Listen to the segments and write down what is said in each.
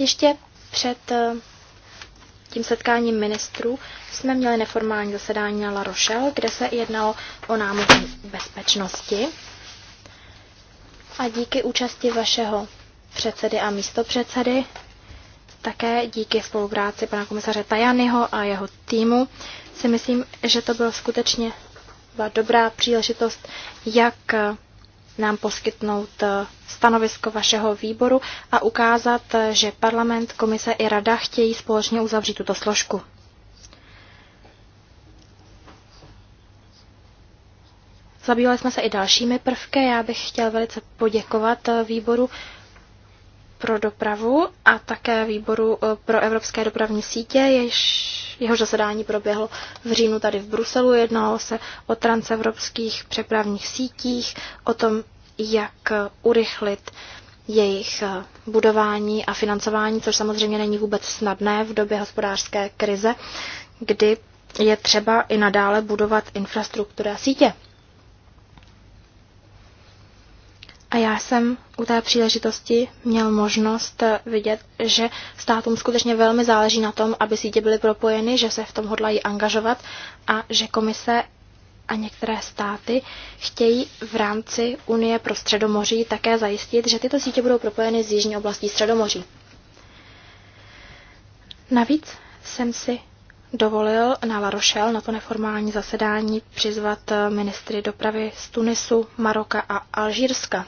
Ještě před eh, tím setkáním ministrů jsme měli neformální zasedání na La Rochelle, kde se jednalo o námořní bezpečnosti. A díky účasti vašeho předsedy a místopředsedy, také díky spolupráci pana komisaře Tajanyho a jeho týmu, si myslím, že to bylo skutečně byla dobrá příležitost, jak eh, nám poskytnout eh, stanovisko vašeho výboru a ukázat, eh, že parlament, komise i rada chtějí společně uzavřít tuto složku. Zabývali jsme se i dalšími prvky. Já bych chtěl velice poděkovat eh, výboru pro dopravu a také výboru pro evropské dopravní sítě, jež jeho zasedání proběhlo v říjnu tady v Bruselu. Jednalo se o transevropských přepravních sítích, o tom, jak urychlit jejich eh, budování a financování, což samozřejmě není vůbec snadné v době hospodářské krize, kdy je třeba i nadále budovat infrastrukturu a sítě. A já jsem u té příležitosti měl možnost eh, vidět, že státům skutečně velmi záleží na tom, aby sítě byly propojeny, že se v tom hodlají angažovat a že komise a některé státy chtějí v rámci Unie pro Středomoří také zajistit, že tyto sítě budou propojeny z jižní oblastí Středomoří. Navíc jsem si dovolil na La Rochelle, na to neformální zasedání, přizvat eh, ministry dopravy z Tunisu, Maroka a Alžírska.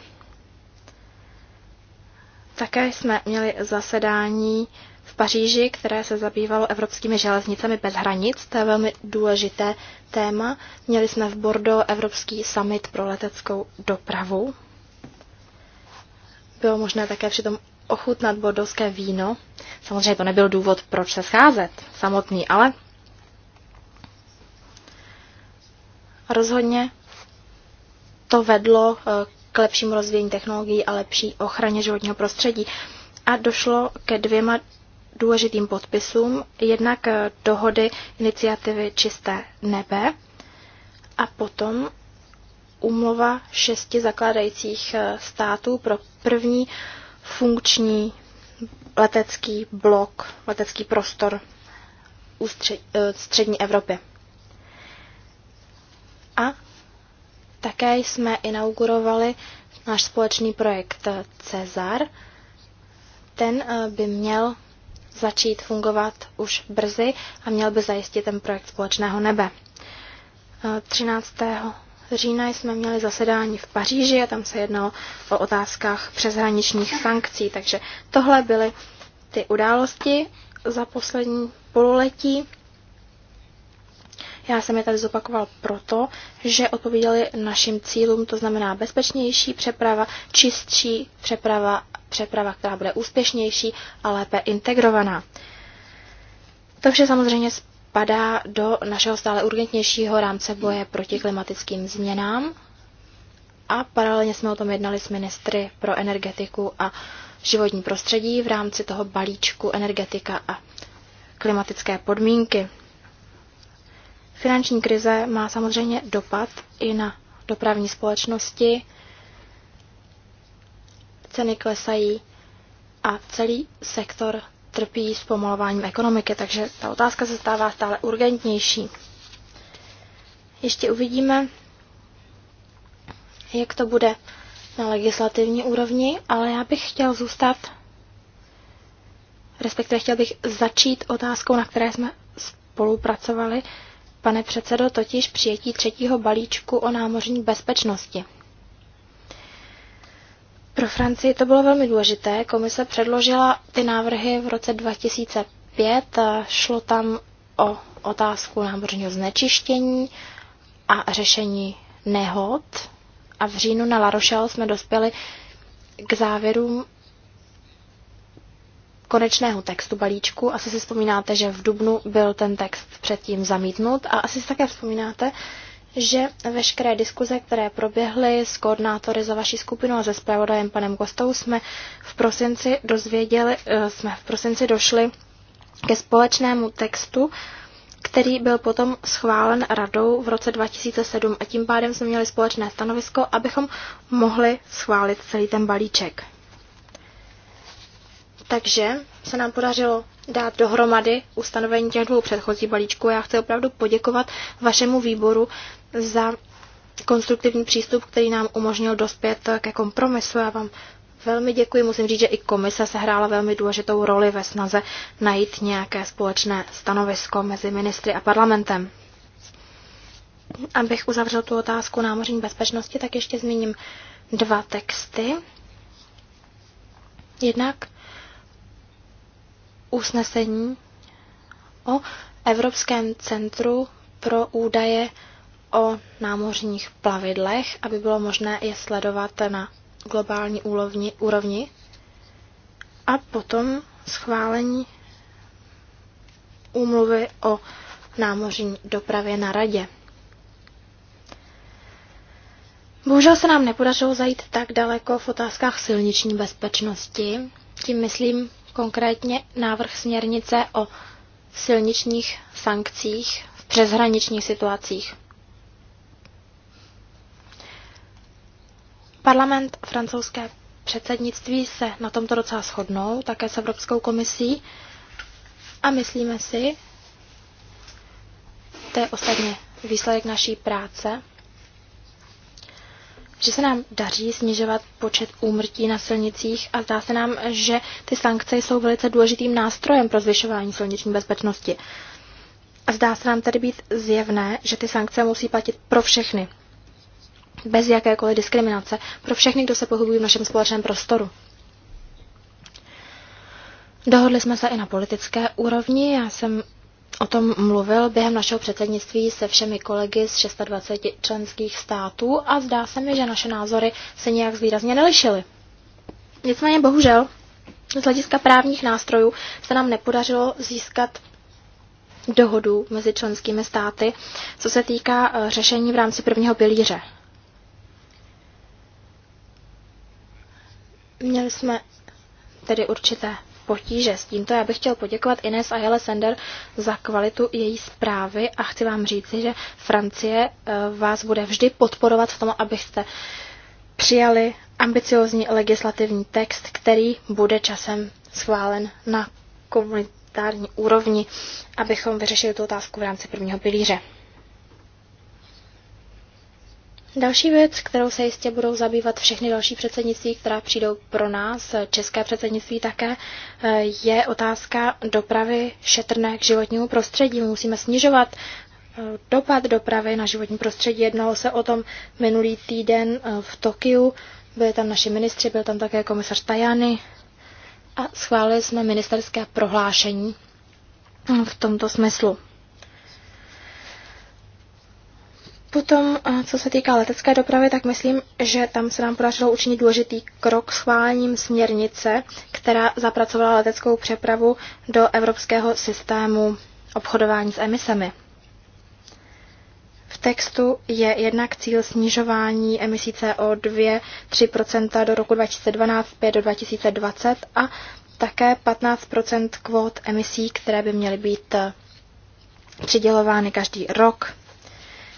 Také jsme měli zasedání v Paříži, které se zabývalo evropskými železnicemi bez hranic. To je velmi důležité téma. Měli jsme v Bordeaux Evropský summit pro leteckou dopravu. Bylo možné také přitom ochutnat bordovské víno. Samozřejmě to nebyl důvod, proč se scházet samotný, ale rozhodně to vedlo eh, k lepšímu rozvíjení technologií a lepší ochraně životního prostředí. A došlo ke dvěma důležitým podpisům, jednak eh, dohody iniciativy Čisté nebe a potom umlova šesti zakládajících eh, států pro první funkční letecký blok, letecký prostor u eh, střední Evropy. A také jsme inaugurovali náš společný projekt Cezar. Ten eh, by měl začít fungovat už brzy a měl by zajistit ten projekt společného nebe. 13. Eh, října jsme měli zasedání v Paříži a tam se jednalo o otázkách přeshraničních sankcí, takže tohle byly ty události za poslední pololetí. Já jsem je tady zopakoval proto, že odpověděli našim cílům, to znamená bezpečnější přeprava, čistší přeprava, přeprava, která bude úspěšnější a lépe integrovaná. To vše samozřejmě spadá do našeho stále urgentnějšího rámce boje proti klimatickým změnám a paralelně jsme o tom jednali s ministry pro energetiku a životní prostředí v rámci toho balíčku energetika a klimatické podmínky. Finanční krize má samozřejmě dopad i na dopravní společnosti. Ceny klesají a celý sektor trpí zpomalováním ekonomiky, takže ta otázka se stává stále urgentnější. Ještě uvidíme, jak to bude na legislativní úrovni, ale já bych chtěl zůstat, respektive chtěl bych začít otázkou, na které jsme spolupracovali pane předsedo, totiž přijetí třetího balíčku o námořní bezpečnosti. Pro Francii to bylo velmi důležité. Komise předložila ty návrhy v roce 2005. A šlo tam o otázku námořního znečištění a řešení nehod. A v říjnu na La Rochelle jsme dospěli k závěrům konečného textu balíčku. Asi si vzpomínáte, že v Dubnu byl ten text předtím zamítnut a asi si také vzpomínáte, že veškeré diskuze, které proběhly s koordinátory za vaší skupinu a se zpravodajem panem Kostou, jsme v prosinci dozvěděli, eh, jsme v prosinci došli ke společnému textu, který byl potom schválen radou v roce 2007 a tím pádem jsme měli společné stanovisko, abychom mohli schválit celý ten balíček. Takže se nám podařilo dát dohromady ustanovení těch dvou předchozích balíčků. Já chci opravdu poděkovat vašemu výboru za konstruktivní přístup, který nám umožnil dospět ke kompromisu. Já vám velmi děkuji. Musím říct, že i komise sehrála velmi důležitou roli ve snaze najít nějaké společné stanovisko mezi ministry a parlamentem. Abych uzavřel tu otázku námořní bezpečnosti, tak ještě zmíním dva texty. Jednak usnesení o Evropském centru pro údaje o námořních plavidlech, aby bylo možné je sledovat na globální úrovni, úrovni a potom schválení úmluvy o námořní dopravě na radě. Bohužel se nám nepodařilo zajít tak daleko v otázkách silniční bezpečnosti. Tím myslím konkrétně návrh směrnice o silničních sankcích v přeshraničních situacích. Parlament francouzské předsednictví se na tomto docela shodnou, také s Evropskou komisí. A myslíme si, to je ostatně výsledek naší práce, že se nám daří snižovat počet úmrtí na silnicích a zdá se nám, že ty sankce jsou velice důležitým nástrojem pro zvyšování silniční bezpečnosti. A zdá se nám tedy být zjevné, že ty sankce musí platit pro všechny, bez jakékoliv diskriminace, pro všechny, kdo se pohybují v našem společném prostoru. Dohodli jsme se i na politické úrovni. Já jsem o tom mluvil během našeho předsednictví se všemi kolegy z 26 členských států a zdá se mi, že naše názory se nějak výrazně nelišily. Nicméně bohužel z hlediska právních nástrojů se nám nepodařilo získat dohodu mezi členskými státy, co se týká eh, řešení v rámci prvního pilíře. Měli jsme tedy určité potíže s tímto. Já bych chtěl poděkovat Ines Jele Sender za kvalitu její zprávy a chci vám říci, že Francie eh, vás bude vždy podporovat v tom, abyste přijali ambiciozní legislativní text, který bude časem schválen na komunitární úrovni, abychom vyřešili tu otázku v rámci prvního pilíře. Další věc, kterou se jistě budou zabývat všechny další předsednictví, která přijdou pro nás, české předsednictví také, eh, je otázka dopravy šetrné k životnímu prostředí. Musíme snižovat eh, dopad dopravy na životní prostředí. Jednalo se o tom minulý týden eh, v Tokiu. Byli tam naši ministři, byl tam také komisař Tajany a schválili jsme ministerské prohlášení v tomto smyslu. Potom, eh, co se týká letecké dopravy, tak myslím, že tam se nám podařilo učinit důležitý krok schválením směrnice, která zapracovala leteckou přepravu do evropského systému obchodování s emisemi. V textu je jednak cíl snižování emisí CO2 3% do roku 2012, 5 do 2020 a také 15% kvót emisí, které by měly být eh, přidělovány každý rok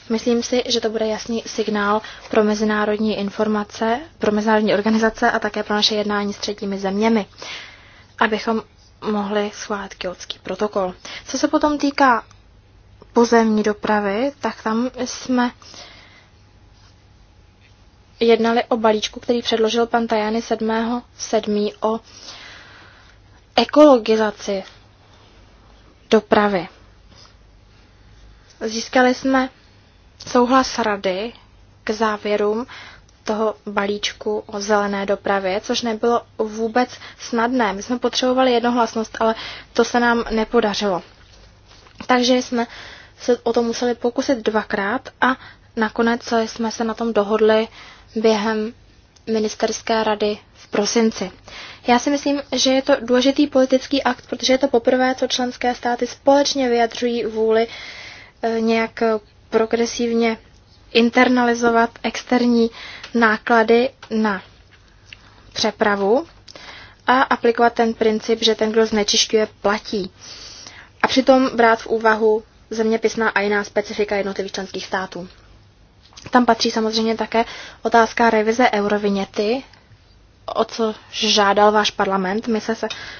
Myslím si, že to bude jasný signál pro mezinárodní informace, pro mezinárodní organizace a také pro naše jednání s třetími zeměmi, abychom mohli schválit kyotský protokol. Co se potom týká pozemní dopravy, tak tam jsme jednali o balíčku, který předložil pan Tajany 7.7. o ekologizaci dopravy. Získali jsme souhlas rady k závěrům toho balíčku o zelené dopravě, což nebylo vůbec snadné. My jsme potřebovali jednohlasnost, ale to se nám nepodařilo. Takže jsme se o to museli pokusit dvakrát a nakonec jsme se na tom dohodli během ministerské rady v prosinci. Já si myslím, že je to důležitý politický akt, protože je to poprvé, co členské státy společně vyjadřují vůli eh, nějak progresivně internalizovat externí náklady na přepravu a aplikovat ten princip, že ten, kdo znečišťuje, platí. A přitom brát v úvahu zeměpisná a jiná specifika jednotlivých členských států. Tam patří samozřejmě také otázka revize eurovinety, o co žádal váš parlament. My se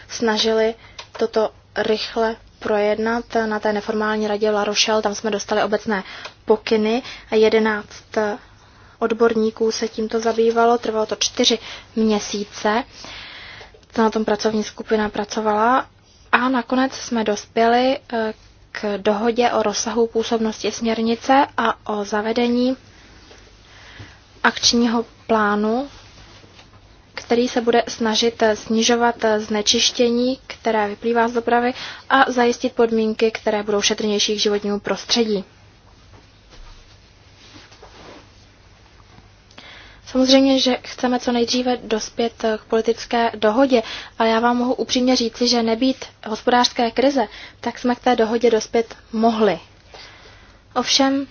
snažili toto rychle projednat na té neformální radě La Rochelle. Tam jsme dostali obecné pokyny a 11 odborníků se tímto zabývalo. Trvalo to čtyři měsíce. co na tom pracovní skupina pracovala a nakonec jsme dospěli eh, k dohodě o rozsahu působnosti směrnice a o zavedení akčního plánu který se bude snažit eh, snižovat eh, znečištění, které vyplývá z dopravy a zajistit podmínky, které budou šetrnější k životnímu prostředí. Samozřejmě, že chceme co nejdříve dospět eh, k politické dohodě, ale já vám mohu upřímně říci, že nebýt hospodářské krize, tak jsme k té dohodě dospět mohli. Ovšem,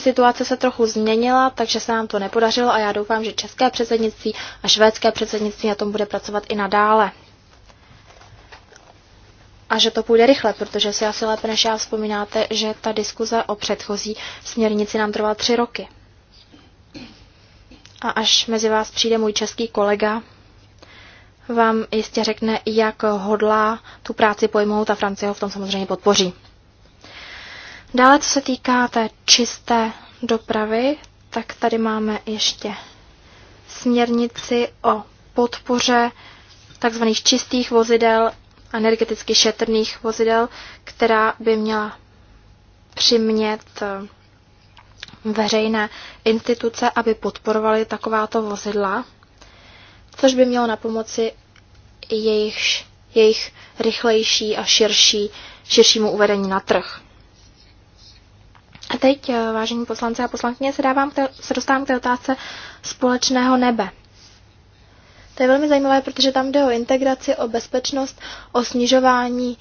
Situace se trochu změnila, takže se nám to nepodařilo a já doufám, že české předsednictví a švédské předsednictví na tom bude pracovat i nadále. A že to půjde rychle, protože si asi lépe než já vzpomínáte, že ta diskuze o předchozí směrnici nám trvala tři roky. A až mezi vás přijde můj český kolega, vám jistě řekne, jak hodlá tu práci pojmout a Francie ho v tom samozřejmě podpoří. Dále, co se týká té čisté dopravy, tak tady máme ještě směrnici o podpoře tzv. čistých vozidel, energeticky šetrných vozidel, která by měla přimět eh, veřejné instituce, aby podporovaly takováto vozidla, což by mělo na pomoci jejich, jejich rychlejší a širší, širšímu uvedení na trh. A teď, eh, vážení poslanci a poslankyně, se, dávám té, se dostávám k té otázce společného nebe. To je velmi zajímavé, protože tam jde o integraci, o bezpečnost, o snižování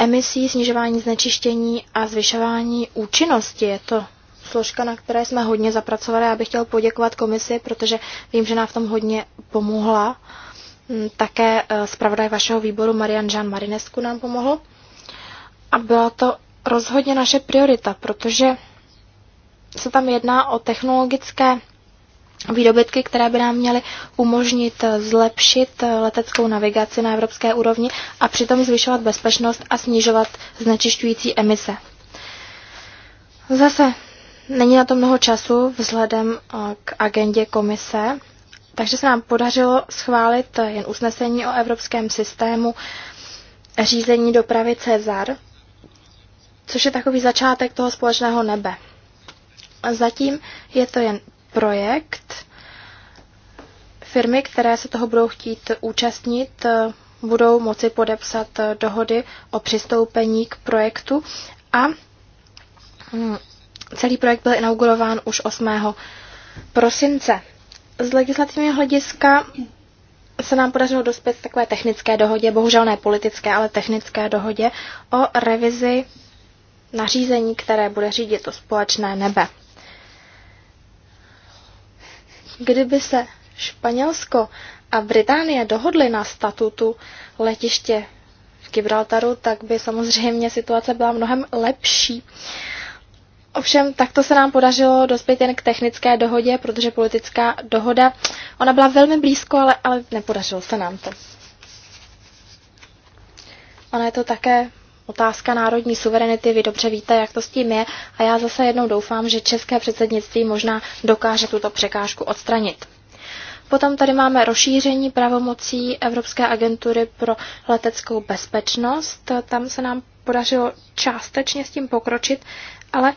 emisí, snižování znečištění a zvyšování účinnosti. Je to složka, na které jsme hodně zapracovali. Já bych chtěl poděkovat komisi, protože vím, že nám v tom hodně pomohla. Mm, také eh, zpravodaj vašeho výboru Marian Jean Marinescu nám pomohl. A byla to rozhodně naše priorita, protože se tam jedná o technologické výdobytky, které by nám měly umožnit zlepšit leteckou navigaci na evropské úrovni a přitom zvyšovat bezpečnost a snižovat znečišťující emise. Zase není na to mnoho času vzhledem eh, k agendě komise, takže se nám podařilo schválit jen usnesení o evropském systému řízení dopravy Cezar, což je takový začátek toho společného nebe. Zatím je to jen projekt. Firmy, které se toho budou chtít účastnit, budou moci podepsat dohody o přistoupení k projektu a mm, celý projekt byl inaugurován už 8. prosince. Z legislativního hlediska se nám podařilo dospět takové technické dohodě, bohužel ne politické, ale technické dohodě o revizi nařízení, které bude řídit to společné nebe. Kdyby se Španělsko a Británie dohodly na statutu letiště v Gibraltaru, tak by samozřejmě situace byla mnohem lepší. Ovšem, takto se nám podařilo dospět jen k technické dohodě, protože politická dohoda, ona byla velmi blízko, ale, ale nepodařilo se nám to. Ono je to také otázka národní suverenity, vy dobře víte, jak to s tím je a já zase jednou doufám, že české předsednictví možná dokáže tuto překážku odstranit. Potom tady máme rozšíření pravomocí Evropské agentury pro leteckou bezpečnost. Tam se nám podařilo částečně s tím pokročit, ale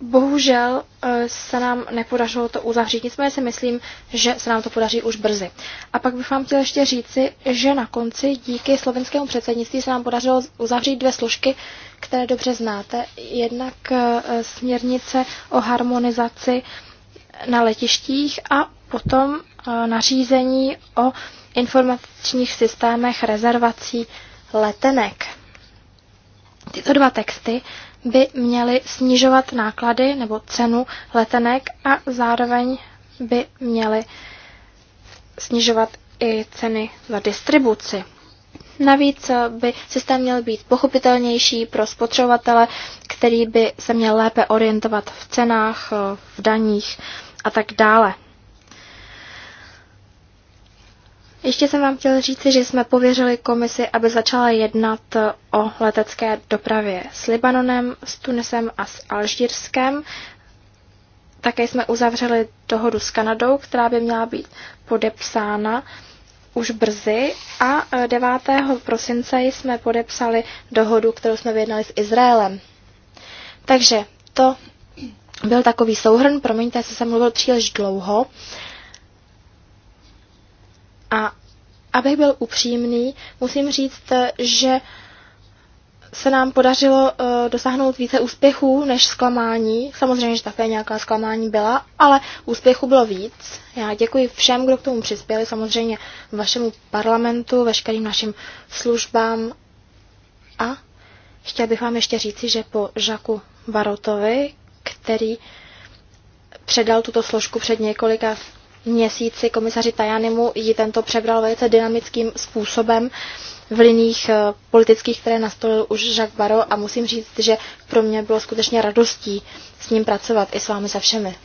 Bohužel eh, se nám nepodařilo to uzavřít, nicméně si myslím, že se nám to podaří už brzy. A pak bych vám chtěla ještě říci, že na konci díky slovenskému předsednictví se nám podařilo uzavřít dvě složky, které dobře znáte. Jednak eh, směrnice o harmonizaci na letištích a potom eh, nařízení o informačních systémech rezervací letenek. Tyto dva texty by měly snižovat náklady nebo cenu letenek a zároveň by měly snižovat i ceny za distribuci. Navíc eh, by systém měl být pochopitelnější pro spotřebovatele, který by se měl lépe orientovat v cenách, eh, v daních a tak dále. Ještě jsem vám chtěl říci, že jsme pověřili komisi, aby začala jednat eh, o letecké dopravě s Libanonem, s Tunisem a s Alžírskem. Také jsme uzavřeli dohodu s Kanadou, která by měla být podepsána už brzy a 9. Eh, prosince jsme podepsali dohodu, kterou jsme vyjednali s Izraelem. Takže to byl takový souhrn, promiňte, jestli jsem mluvil příliš dlouho. A abych byl upřímný, musím říct, že se nám podařilo eh, dosáhnout více úspěchů než zklamání. Samozřejmě, že také nějaká zklamání byla, ale úspěchu bylo víc. Já děkuji všem, kdo k tomu přispěli, samozřejmě vašemu parlamentu, veškerým našim službám. A chtěl bych vám ještě říci, že po Žaku Barotovi, který předal tuto složku před několika měsíci komisaři Tajanimu ji tento přebral velice dynamickým způsobem v liních eh, politických, které nastolil už Jacques Baro a musím říct, že pro mě bylo skutečně radostí s ním pracovat i s vámi se všemi.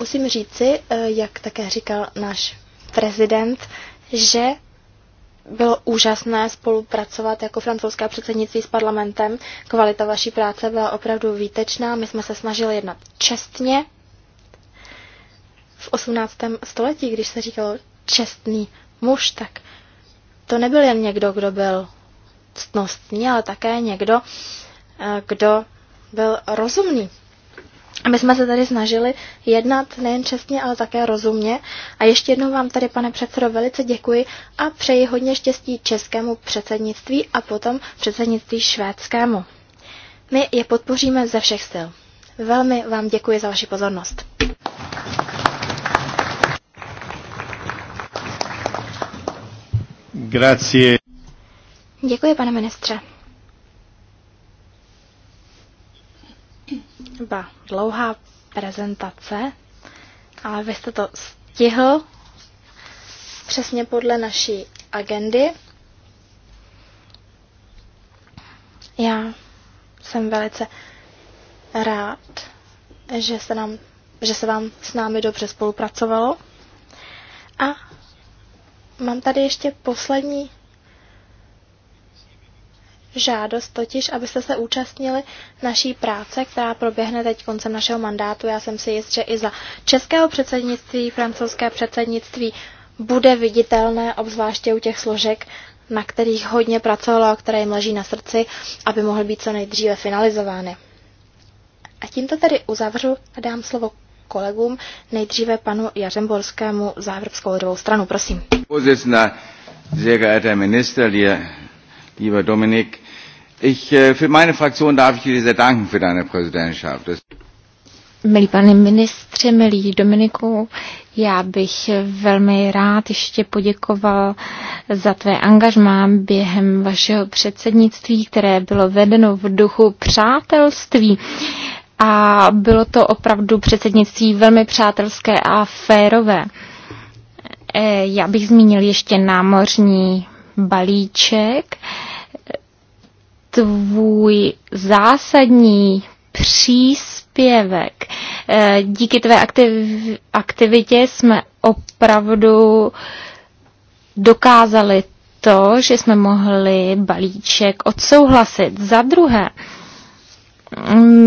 Musím říci, eh, jak také říkal náš prezident, že bylo úžasné spolupracovat jako francouzská předsednictví s parlamentem. Kvalita vaší práce byla opravdu výtečná. My jsme se snažili jednat čestně v 18. století, když se říkalo čestný muž, tak to nebyl jen někdo, kdo byl ctnostní, ale také někdo, eh, kdo byl rozumný. A my jsme se tady snažili jednat nejen čestně, ale také rozumně. A ještě jednou vám tady, pane předsedo, velice děkuji a přeji hodně štěstí českému předsednictví a potom předsednictví švédskému. My je podpoříme ze všech sil. Velmi vám děkuji za vaši pozornost. Grazie. Děkuji, pane ministře. Byla dlouhá prezentace, ale vy jste to stihl přesně podle naší agendy. Já jsem velice rád, že se, nám, že se vám s námi dobře spolupracovalo a Mám tady ještě poslední žádost totiž, abyste se účastnili naší práce, která proběhne teď koncem našeho mandátu. Já jsem si jist, že i za českého předsednictví, francouzské předsednictví bude viditelné, obzvláště u těch složek, na kterých hodně pracovalo a které jim leží na srdci, aby mohly být co nejdříve finalizovány. A tímto tedy uzavřu a dám slovo kolegům, nejdříve panu Jařemborskému za Evropskou lidovou stranu. Prosím. Sehr geehrter Minister, lieber Dominik, ich, äh, für meine Fraktion darf ich dir sehr danken für deine Präsidentschaft. Milí pane ministře, milí Dominiku, já bych velmi rád ještě poděkoval za tvé angažmá během vašeho předsednictví, které bylo vedeno v duchu přátelství a bylo to opravdu předsednictví velmi přátelské a férové. E, já bych zmínil ještě námořní balíček. Tvůj zásadní příspěvek. E, díky tvé aktiv- aktivitě jsme opravdu dokázali to, že jsme mohli balíček odsouhlasit. Za druhé,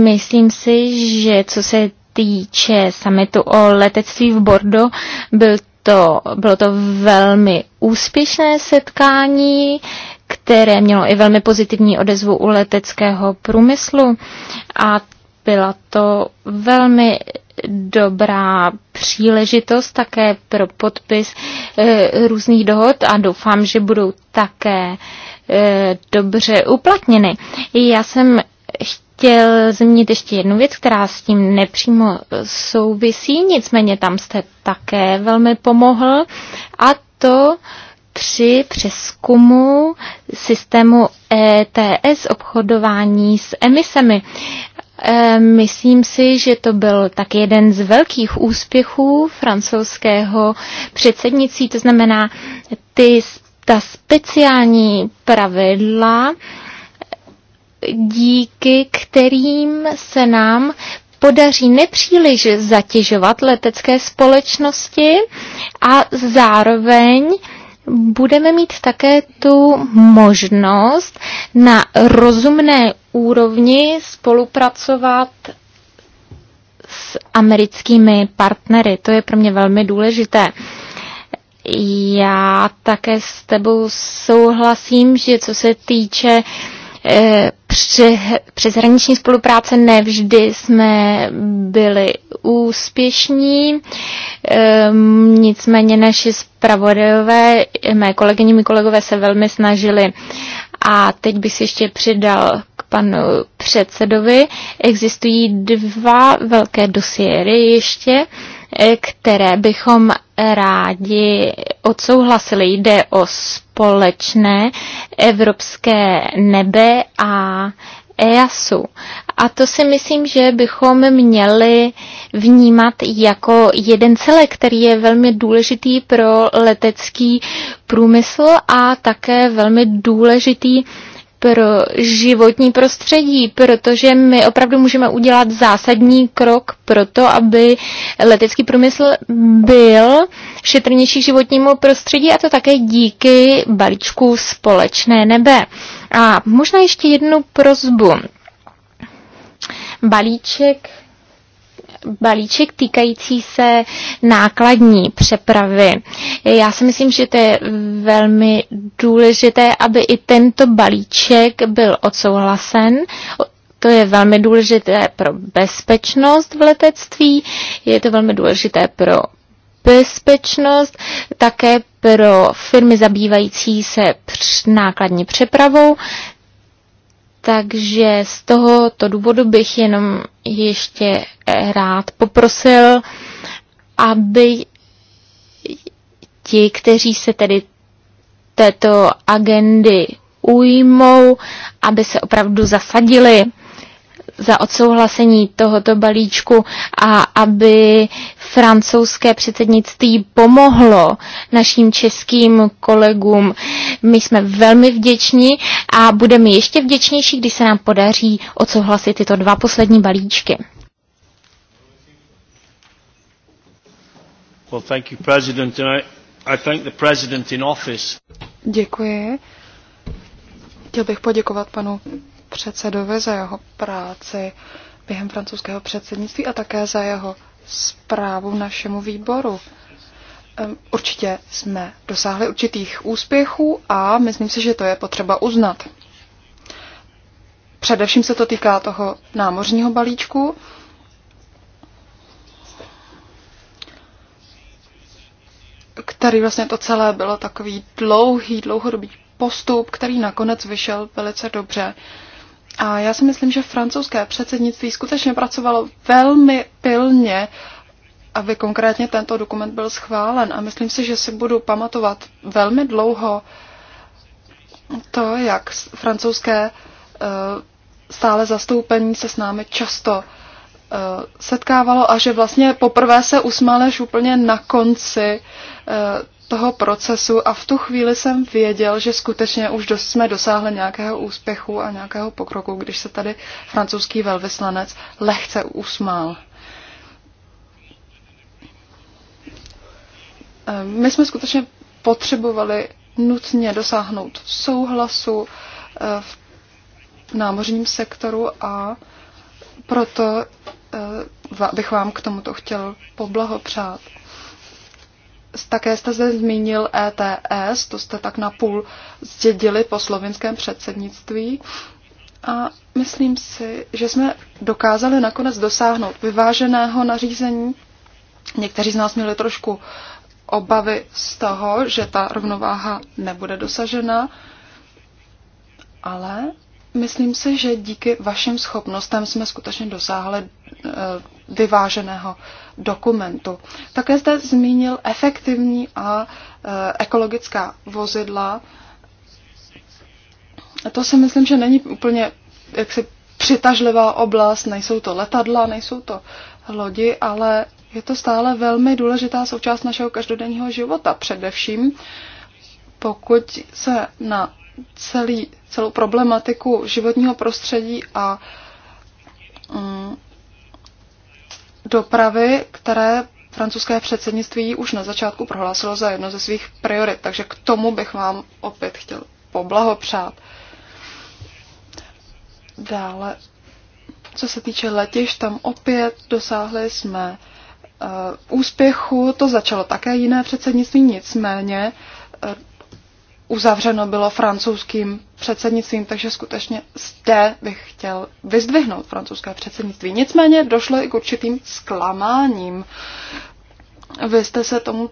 Myslím si, že co se týče samitu o letectví v Bordo, byl to, bylo to velmi úspěšné setkání, které mělo i velmi pozitivní odezvu u leteckého průmyslu a byla to velmi dobrá příležitost také pro podpis e, různých dohod a doufám, že budou také e, dobře uplatněny. Já jsem chtěla chtěl zmínit ještě jednu věc, která s tím nepřímo souvisí, nicméně tam jste také velmi pomohl, a to při přeskumu systému ETS obchodování s emisemi. E, myslím si, že to byl tak jeden z velkých úspěchů francouzského předsednicí, to znamená ty, ta speciální pravidla, díky kterým se nám podaří nepříliš zatěžovat letecké společnosti a zároveň budeme mít také tu možnost na rozumné úrovni spolupracovat s americkými partnery. To je pro mě velmi důležité. Já také s tebou souhlasím, že co se týče uh, Eh, při, přeshraniční spolupráce nevždy jsme byli úspěšní. Ehm, nicméně naši zpravodajové, mé kolegyně, mý kolegové se velmi snažili. A teď bych si ještě přidal k panu předsedovi. Existují dva velké dosiéry ještě. E, které bychom rádi odsouhlasili. Jde o společné evropské nebe a EASu. A to si myslím, že bychom měli vnímat jako jeden celek, který je velmi důležitý pro letecký průmysl a také velmi důležitý pro životní prostředí, protože my opravdu můžeme udělat zásadní krok pro to, aby letecký průmysl byl šetrnější životnímu prostředí a to také díky balíčku Společné nebe. A možná ještě jednu prozbu. Balíček balíček týkající se nákladní přepravy. Já si myslím, že to je velmi důležité, aby i tento balíček byl odsouhlasen. To je velmi důležité pro bezpečnost v letectví, je to velmi důležité pro bezpečnost, také pro firmy zabývající se nákladní přepravou, takže z tohoto důvodu bych jenom ještě rád poprosil, aby ti, kteří se tedy této agendy ujmou, aby se opravdu zasadili za odsouhlasení tohoto balíčku a aby francouzské předsednictví pomohlo našim českým kolegům. My jsme velmi vděční a budeme ještě vděčnější, když se nám podaří odsouhlasit tyto dva poslední balíčky. Well, thank you, President. And I, I thank the President in office. Děkuji. Chtěl bych poděkovat panu předsedovi za jeho práci během francouzského předsednictví a také za jeho zprávu našemu výboru. Ehm, určitě jsme dosáhli určitých úspěchů a myslím si, že to je potřeba uznat. Především se to týká toho námořního balíčku. který vlastně to celé bylo takový dlouhý, dlouhodobý postup, který nakonec vyšel velice dobře. Uh, a já si myslím, že francouzské předsednictví skutečně pracovalo velmi pilně, aby konkrétně tento dokument byl schválen. A myslím si, že si budu pamatovat velmi dlouho to, jak francouzské eh, stále zastoupení se s námi často eh, setkávalo a že vlastně poprvé se usmáleš úplně na konci eh, toho procesu a v tu chvíli jsem věděl, že skutečně už dost jsme dosáhli nějakého úspěchu a nějakého pokroku, když se tady francouzský velvyslanec lehce usmál. Ehm, my jsme skutečně potřebovali nutně dosáhnout souhlasu eh, v námořním sektoru a proto eh, bych vám k tomuto chtěl poblahopřát také jste zde zmínil ETS, to jste tak napůl zdědili po slovinském předsednictví. A myslím si, že jsme dokázali nakonec dosáhnout vyváženého nařízení. Někteří z nás měli trošku obavy z toho, že ta rovnováha nebude dosažena, ale Myslím si, že díky vašim schopnostem jsme skutečně dosáhli eh, vyváženého dokumentu. Také zde zmínil efektivní a eh, ekologická vozidla. To si myslím, že není úplně jaksi přitažlivá oblast, nejsou to letadla, nejsou to lodi, ale je to stále velmi důležitá součást našeho každodenního života. Především pokud se na celý, celou problematiku životního prostředí a mm, dopravy, které francouzské předsednictví už na začátku prohlásilo za jedno ze svých priorit. Takže k tomu bych vám opět chtěl poblahopřát. Dále, co se týče letiš, tam opět dosáhli jsme uh, úspěchu. To začalo také jiné předsednictví, nicméně uzavřeno bylo francouzským předsednictvím, takže skutečně zde bych chtěl vyzdvihnout francouzské předsednictví. Nicméně došlo i k určitým zklamáním. Vy jste se tomu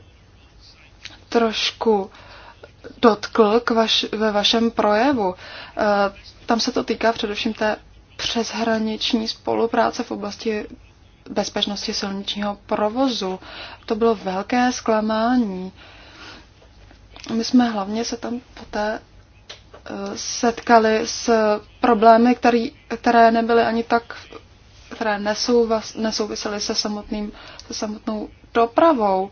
trošku dotkl k vaš, ve vašem projevu. E, tam se to týká především té přeshraniční spolupráce v oblasti bezpečnosti silničního provozu. To bylo velké zklamání. E, my jsme hlavně se tam poté eh, setkali s problémy, který, které nebyly ani tak, které nesouvas, nesouvisely se, samotným, se samotnou dopravou,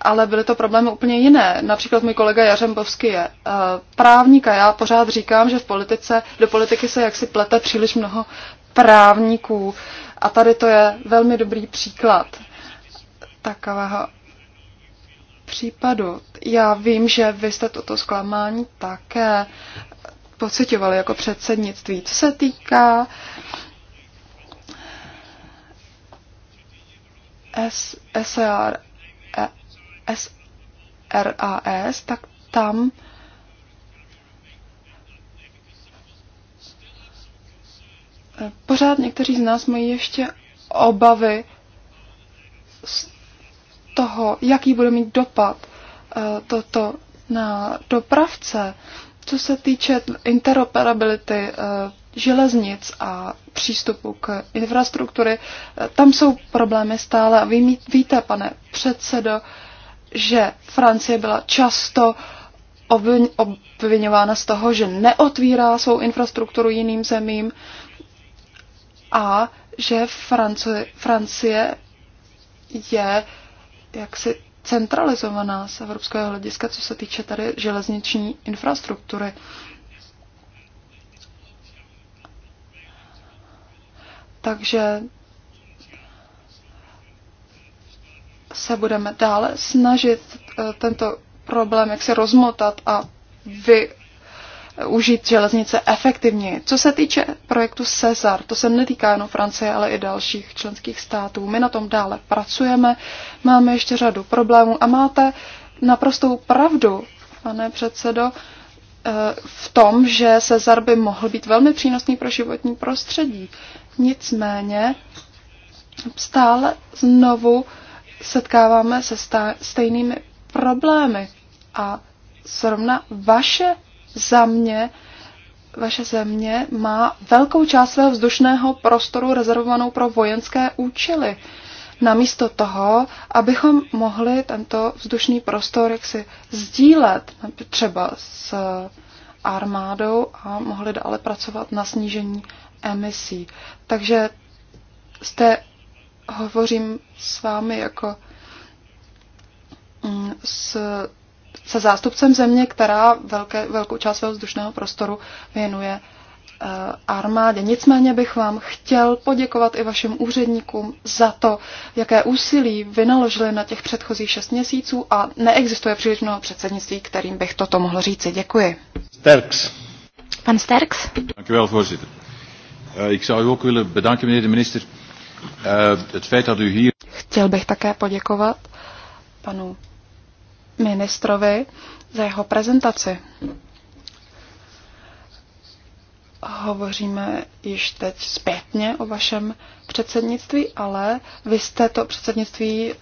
ale byly to problémy úplně jiné. Například můj kolega Jařembovský je eh, právník a já pořád říkám, že v politice, do politiky se jaksi plete příliš mnoho právníků. A tady to je velmi dobrý příklad takového případu. Já vím, že vy jste toto zklamání také pocitovali jako předsednictví. Co se týká SRAS, e, tak tam pořád někteří z nás mají ještě obavy z toho, jaký bude mít dopad eh, toto na dopravce, co se týče interoperability eh, železnic a přístupu k infrastruktury, eh, tam jsou problémy stále. A vy víte, pane předsedo, že Francie byla často obvinována z toho, že neotvírá svou infrastrukturu jiným zemím a že Francie, Francie je jaksi centralizovaná z evropského hlediska, co se týče tady železniční infrastruktury. Takže se budeme dále snažit eh, tento problém jak se rozmotat a vy, užít železnice efektivně. Co se týče projektu Cesar, to se netýká jenom Francie, ale i dalších členských států. My na tom dále pracujeme, máme ještě řadu problémů a máte naprostou pravdu, pane předsedo, eh, v tom, že Cesar by mohl být velmi přínosný pro životní prostředí. Nicméně stále znovu setkáváme se stejnými problémy a zrovna vaše za vaše země má velkou část svého vzdušného prostoru rezervovanou pro vojenské účely. Namísto toho, abychom mohli tento vzdušný prostor jaksi sdílet třeba s armádou a mohli dále pracovat na snížení emisí. Takže zde hovořím s vámi jako mm, s se zástupcem země, která velké, velkou část svého vzdušného prostoru věnuje eh, armádě. Nicméně bych vám chtěl poděkovat i vašim úředníkům za to, jaké úsilí vynaložili na těch předchozích šest měsíců a neexistuje příliš mnoho předsednictví, kterým bych toto mohl říci. Děkuji. Sterks. Pan Sterks. Dankjewel, voorzitter. Eh, ik zou u ook willen bedanken, meneer de minister. Eh, het feit dat u hier... Chtěl bych také poděkovat panu ministrovi za jeho prezentaci. Hovoříme již teď zpětně o vašem předsednictví, ale vy jste to předsednictví eh,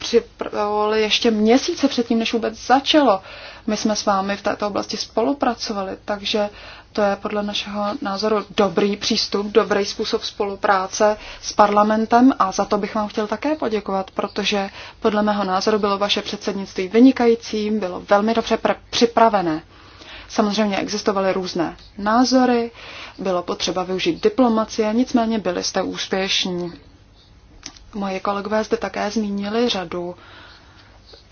připravovali ještě měsíce předtím, než vůbec začalo. My jsme s vámi v této oblasti spolupracovali, takže to je podle našeho názoru dobrý přístup, dobrý způsob spolupráce s parlamentem a za to bych vám chtěl také poděkovat, protože podle mého názoru bylo vaše předsednictví vynikající, bylo velmi dobře připravené. Samozřejmě existovaly různé názory, bylo potřeba využít diplomacie, nicméně byli jste úspěšní. Moje kolegové zde také zmínili řadu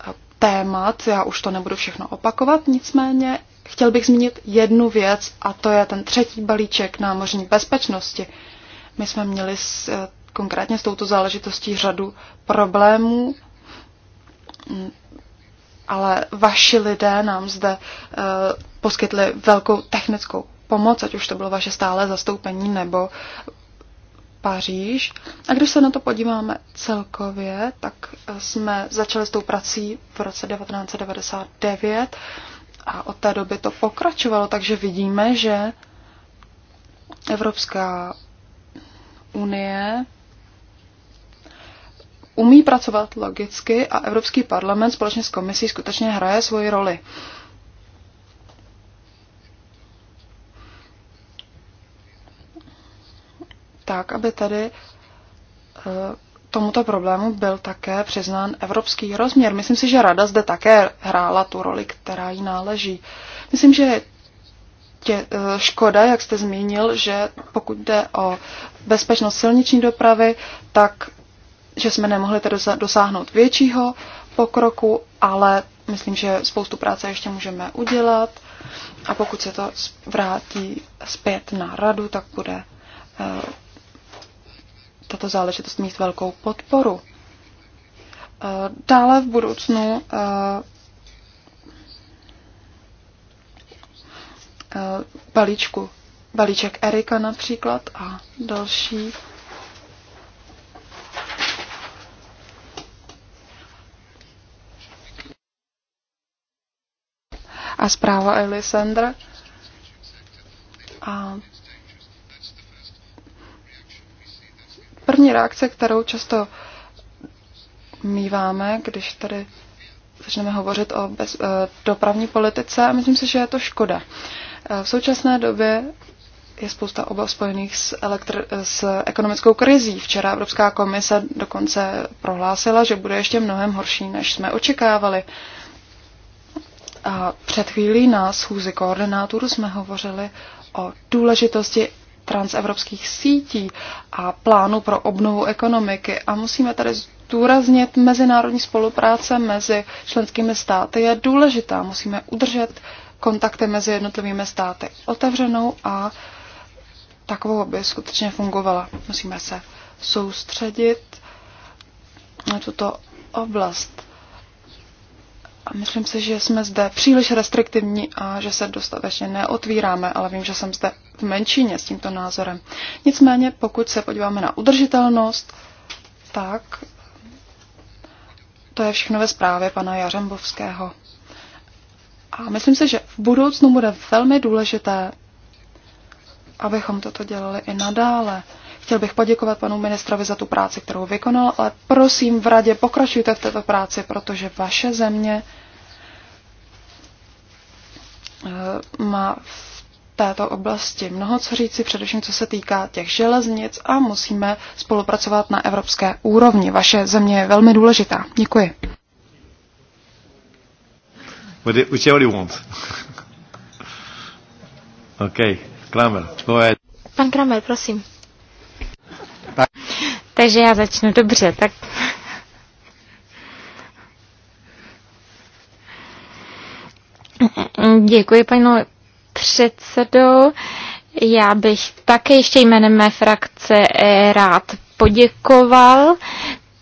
eh, témat, já už to nebudu všechno opakovat, nicméně chtěl bych zmínit jednu věc a to je ten třetí balíček námořní bezpečnosti. My jsme měli s, eh, konkrétně s touto záležitostí řadu problémů, mm, ale vaši lidé nám zde eh, poskytli velkou technickou pomoc, ať už to bylo vaše stále zastoupení nebo Paříž. A když se na to podíváme celkově, tak eh, jsme začali s tou prací v roce 1999 a od té doby to pokračovalo, takže vidíme, že Evropská unie umí pracovat logicky a Evropský parlament společně s komisí skutečně hraje svoji roli. Uh, tak, aby tedy eh, tomuto problému byl také přiznán evropský rozměr. Myslím si, že rada zde také hrála tu roli, která jí náleží. Myslím, že tě, eh, škoda, jak jste zmínil, že pokud jde o bezpečnost silniční dopravy, tak že jsme nemohli tedy dosáhnout většího pokroku, ale myslím, že spoustu práce ještě můžeme udělat a pokud se to vrátí zpět na radu, tak bude eh, tato záležitost mít velkou podporu. E, dále v budoucnu e, e, balíčku, balíček Erika například a další. A zpráva Elisandra. A první reakce, kterou často míváme, když tady začneme hovořit o bez, eh, dopravní politice a myslím si, že je to škoda. Eh, v současné době je spousta obav spojených s, elektr- s ekonomickou krizí. Včera Evropská komise dokonce prohlásila, že bude ještě mnohem horší, než jsme očekávali. A před chvílí na schůzi koordinátorů jsme hovořili o důležitosti transevropských sítí a plánu pro obnovu ekonomiky. A musíme tady zdůraznit, mezinárodní spolupráce mezi členskými státy je důležitá. Musíme udržet kontakty mezi jednotlivými státy otevřenou a takovou, aby skutečně fungovala. Musíme se soustředit na tuto oblast. A myslím si, že jsme zde příliš restriktivní a že se dostatečně neotvíráme, ale vím, že jsem zde v menšině s tímto názorem. Nicméně, pokud se podíváme na udržitelnost, tak to je všechno ve zprávě pana Jařembovského. A myslím si, že v budoucnu bude velmi důležité, abychom toto dělali i nadále. Chtěl bych poděkovat panu ministrovi za tu práci, kterou vykonal, ale prosím v radě pokračujte v této práci, protože vaše země Eh, má v této oblasti mnoho co říci, především co se týká těch železnic a musíme spolupracovat na evropské úrovni. Vaše země je velmi důležitá. Děkuji. Whichever OK, Kramer, go ahead. Pan Kramer, prosím. Tak. Takže já začnu dobře, tak Děkuji, paní předsedo. Já bych také ještě jménem mé frakce eh, rád poděkoval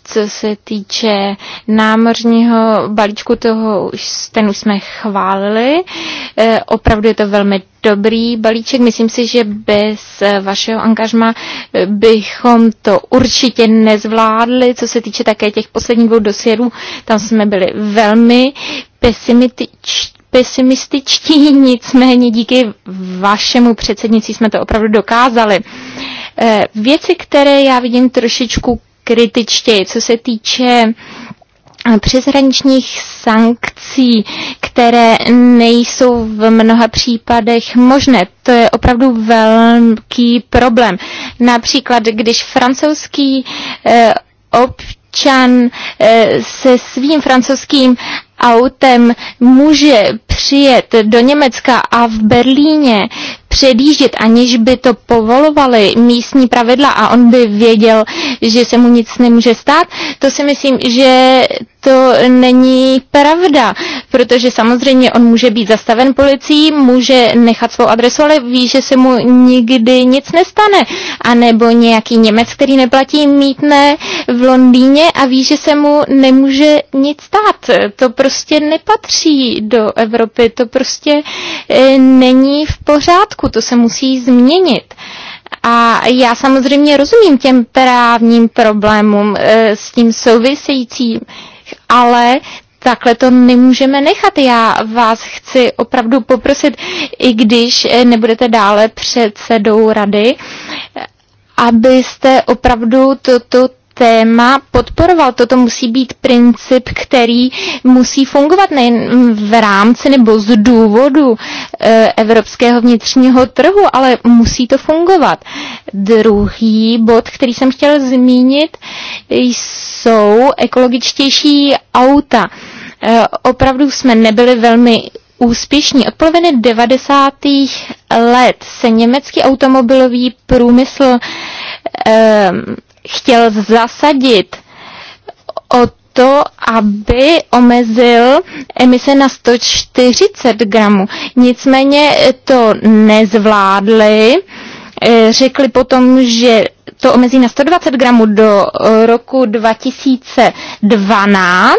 co se týče námořního balíčku, toho už, ten už jsme chválili. E, opravdu je to velmi dobrý balíček. Myslím si, že bez eh, vašeho angažma bychom to určitě nezvládli. Co se týče také těch posledních dvou dosvědů, tam jsme byli velmi pesimističní pesimističtí, nicméně díky vašemu předsednici jsme to opravdu dokázali. Eh, věci, které já vidím trošičku kritičtěji, co se týče eh, přeshraničních sankcí, které nejsou v mnoha případech možné. To je opravdu velký problém. Například, když francouzský eh, občan se svým francouzským autem může přijet do Německa a v Berlíně předjíždět, aniž by to povolovali místní pravidla a on by věděl, že se mu nic nemůže stát, to si myslím, že to není pravda, protože samozřejmě on může být zastaven policií, může nechat svou adresu, ale ví, že se mu nikdy nic nestane. A nebo nějaký Němec, který neplatí mítné v Londýně a ví, že se mu nemůže nic stát. To prostě nepatří do Evropy. Evropy. To prostě e, není v pořádku, to se musí změnit. A já samozřejmě rozumím těm právním problémům e, s tím souvisejícím, ale takhle to nemůžeme nechat. Já vás chci opravdu poprosit, i když e, nebudete dále předsedou rady, abyste opravdu to téma podporoval. Toto musí být princip, který musí fungovat nejen v rámci nebo z důvodu e, evropského vnitřního trhu, ale musí to fungovat. Druhý bod, který jsem chtěl zmínit, jsou ekologičtější auta. E, opravdu jsme nebyli velmi úspěšní. Od poloviny 90. let se německý automobilový průmysl um, chtěl zasadit o to, aby omezil emise na 140 gramů. Nicméně to nezvládli. Eh, řekli potom, že to omezí na 120 gramů do eh, roku 2012.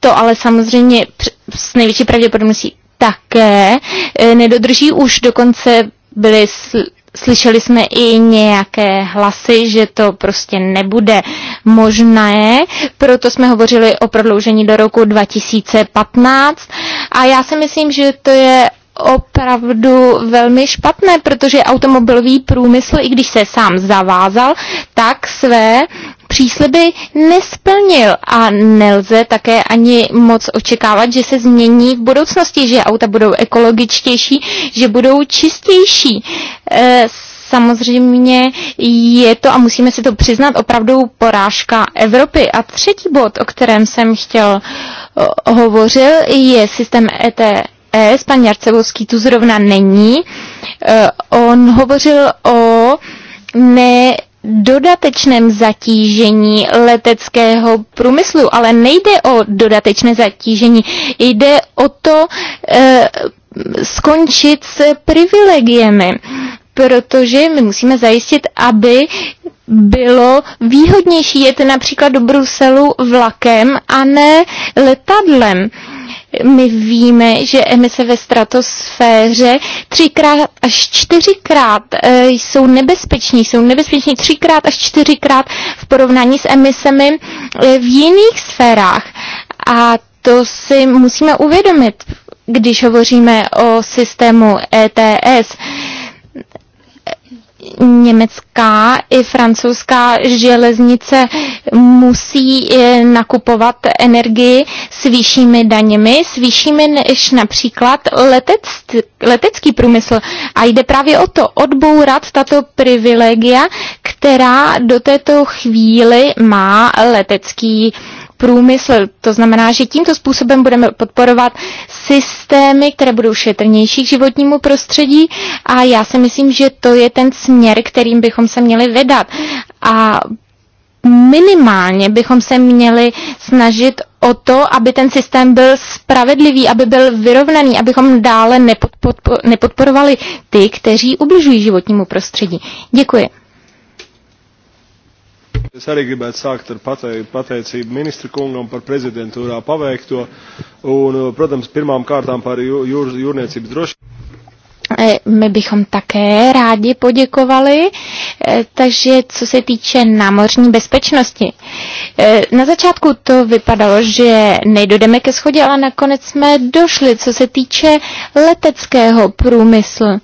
To ale samozřejmě s největší pravděpodobností také eh, nedodrží už dokonce byly Slyšeli jsme i nějaké hlasy, že to prostě nebude možné, proto jsme hovořili o prodloužení do roku 2015 a já si myslím, že to je opravdu velmi špatné, protože automobilový průmysl, i když se sám zavázal, tak své přísliby nesplnil a nelze také ani moc očekávat, že se změní v budoucnosti, že auta budou ekologičtější, že budou čistější. E, samozřejmě je to, a musíme si to přiznat, opravdu porážka Evropy. A třetí bod, o kterém jsem chtěl hovořil, je systém ETS ES, pan Jarcevovský tu zrovna není. E, on hovořil o ne dodatečném zatížení leteckého průmyslu, ale nejde o dodatečné zatížení, jde o to e, skončit s privilegiemi, protože my musíme zajistit, aby bylo výhodnější jet například do Bruselu vlakem a ne letadlem. E, my víme, že emise ve stratosféře třikrát až čtyřikrát e, jsou nebezpeční, jsou nebezpeční třikrát až čtyřikrát v porovnání s emisemi e, v jiných sférách. A to si musíme uvědomit, když hovoříme o systému ETS německá i francouzská železnice musí e, nakupovat energii s vyššími daněmi, s vyššími než například letecký, letecký průmysl. A jde právě o to odbourat tato privilegia, která do této chvíli má letecký průmysl. To znamená, že tímto způsobem budeme podporovat systémy, které budou šetrnější k životnímu prostředí a já si myslím, že to je ten směr, kterým bychom se měli vydat. A minimálně bychom se měli snažit o to, aby ten systém byl spravedlivý, aby byl vyrovnaný, abychom dále nepodporovali ty, kteří ubližují životnímu prostředí. Děkuji. Es arī gribētu sākt ar pateicību ministru kungam par prezidentūrā paveikto un, protams, pirmām kārtām par jūr, jūrniecības drošību. E, my bychom také rádi poděkovali, e, takže co se týče námořní bezpečnosti. E, na začátku to vypadalo, že nejdodeme ke schodě, ale nakonec jsme došli, co se týče leteckého průmyslu.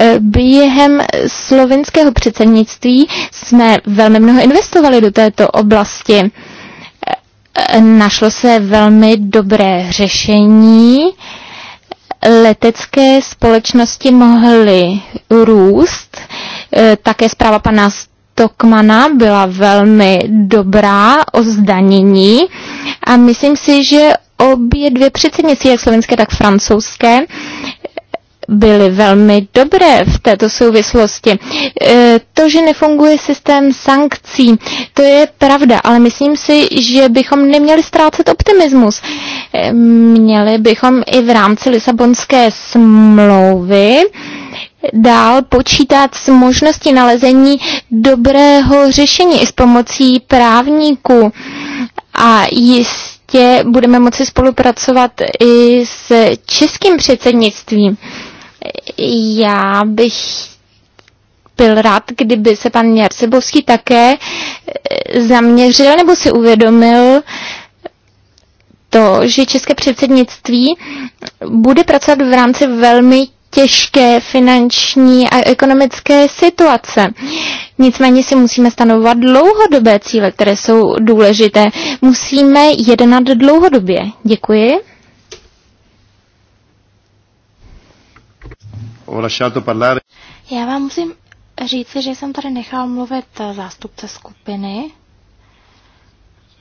Eh, během slovinského předsednictví jsme velmi mnoho investovali do této oblasti. Eh, našlo se velmi dobré řešení. Letecké společnosti mohly růst. Eh, také zpráva pana Stokmana byla velmi dobrá o zdanění a myslím si, že obě dvě předsednictví, jak slovenské, tak francouzské, byly velmi dobré v této souvislosti. E, to, že nefunguje systém sankcí, to je pravda, ale myslím si, že bychom neměli ztrácet optimismus. E, měli bychom i v rámci Lisabonské smlouvy dál počítat s možností nalezení dobrého řešení i s pomocí právníků. A jistě budeme moci spolupracovat i s českým předsednictvím já bych byl rád, kdyby se pan Jarcebovský také eh, zaměřil nebo si uvědomil to, že české předsednictví bude pracovat v rámci velmi těžké finanční a ekonomické situace. Nicméně si musíme stanovovat dlouhodobé cíle, které jsou důležité. Musíme jednat dlouhodobě. Děkuji. Já vám musím říci, že jsem tady nechal mluvit zástupce skupiny.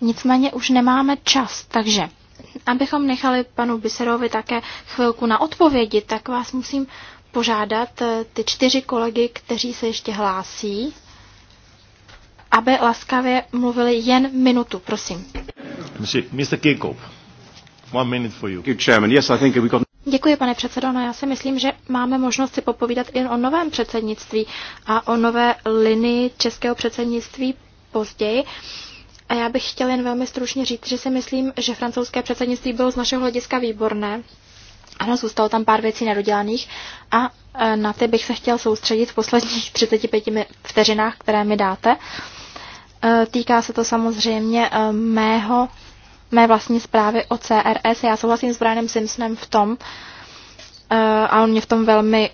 Nicméně už nemáme čas, takže abychom nechali panu Biserovi také chvilku na odpovědi, tak vás musím požádat eh, ty čtyři kolegy, kteří se ještě hlásí, aby laskavě mluvili jen minutu, prosím. Mr. Kirkhope, one minute for you. Good chairman. Yes, I think we got... Děkuji, pane předsedo. No já si myslím, že máme možnost si popovídat i o novém předsednictví a o nové linii českého předsednictví později. A já bych chtěla jen velmi stručně říct, že si myslím, že francouzské předsednictví bylo z našeho hlediska výborné. Ano, zůstalo tam pár věcí nedodělaných a e, na ty bych se chtěl soustředit v posledních 35 vteřinách, které mi dáte. E, týká se to samozřejmě e, mého mé vlastní zprávy o CRS. Já souhlasím s Brianem Simpsonem v tom, eh, a on mě v tom velmi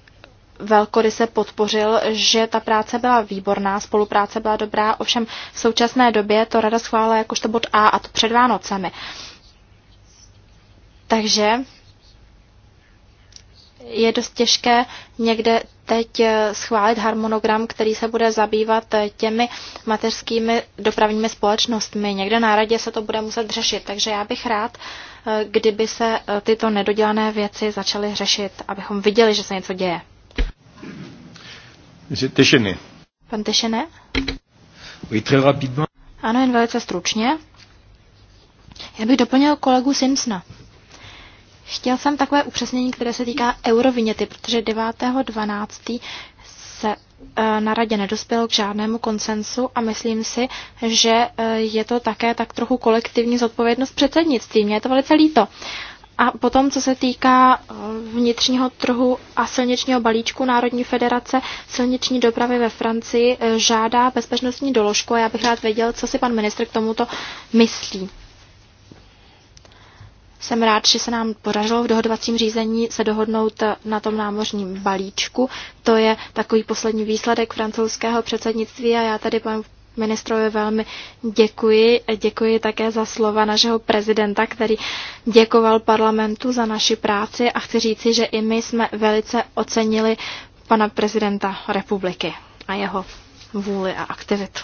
velkoryse podpořil, že ta práce byla výborná, spolupráce byla dobrá, ovšem v současné době to rada schválila jakožto bod A a to před Vánocemi. Takže je dost těžké někde teď eh, schválit harmonogram, který se bude zabývat eh, těmi mateřskými dopravními společnostmi. Někde na radě se to bude muset řešit, takže já bych rád, eh, kdyby se tyto nedodělané věci začaly řešit, abychom viděli, že se něco děje. Tešené. Pan Tešené? Oui, très rapidement. Ano, jen velice stručně. Já bych doplnil kolegu Simpsona. Chtěl jsem takové upřesnění, které se týká eurovinety, protože 9.12. se eh, na radě nedospěl k žádnému konsensu a myslím si, že eh, je to také tak trochu kolektivní zodpovědnost předsednictví. Mně je to velice líto. A potom, co se týká eh, vnitřního trhu a silničního balíčku Národní federace silniční dopravy ve Francii, žádá bezpečnostní doložku a já bych rád věděl, co si pan ministr k tomuto myslí. Jsem rád, že se nám podařilo v dohodovacím řízení se dohodnout na tom námořním balíčku. To je takový poslední výsledek francouzského předsednictví a já tady panu ministrovi velmi děkuji. Děkuji také za slova našeho prezidenta, který děkoval parlamentu za naši práci a chci říci, že i my jsme velice ocenili pana prezidenta republiky a jeho vůli a aktivitu.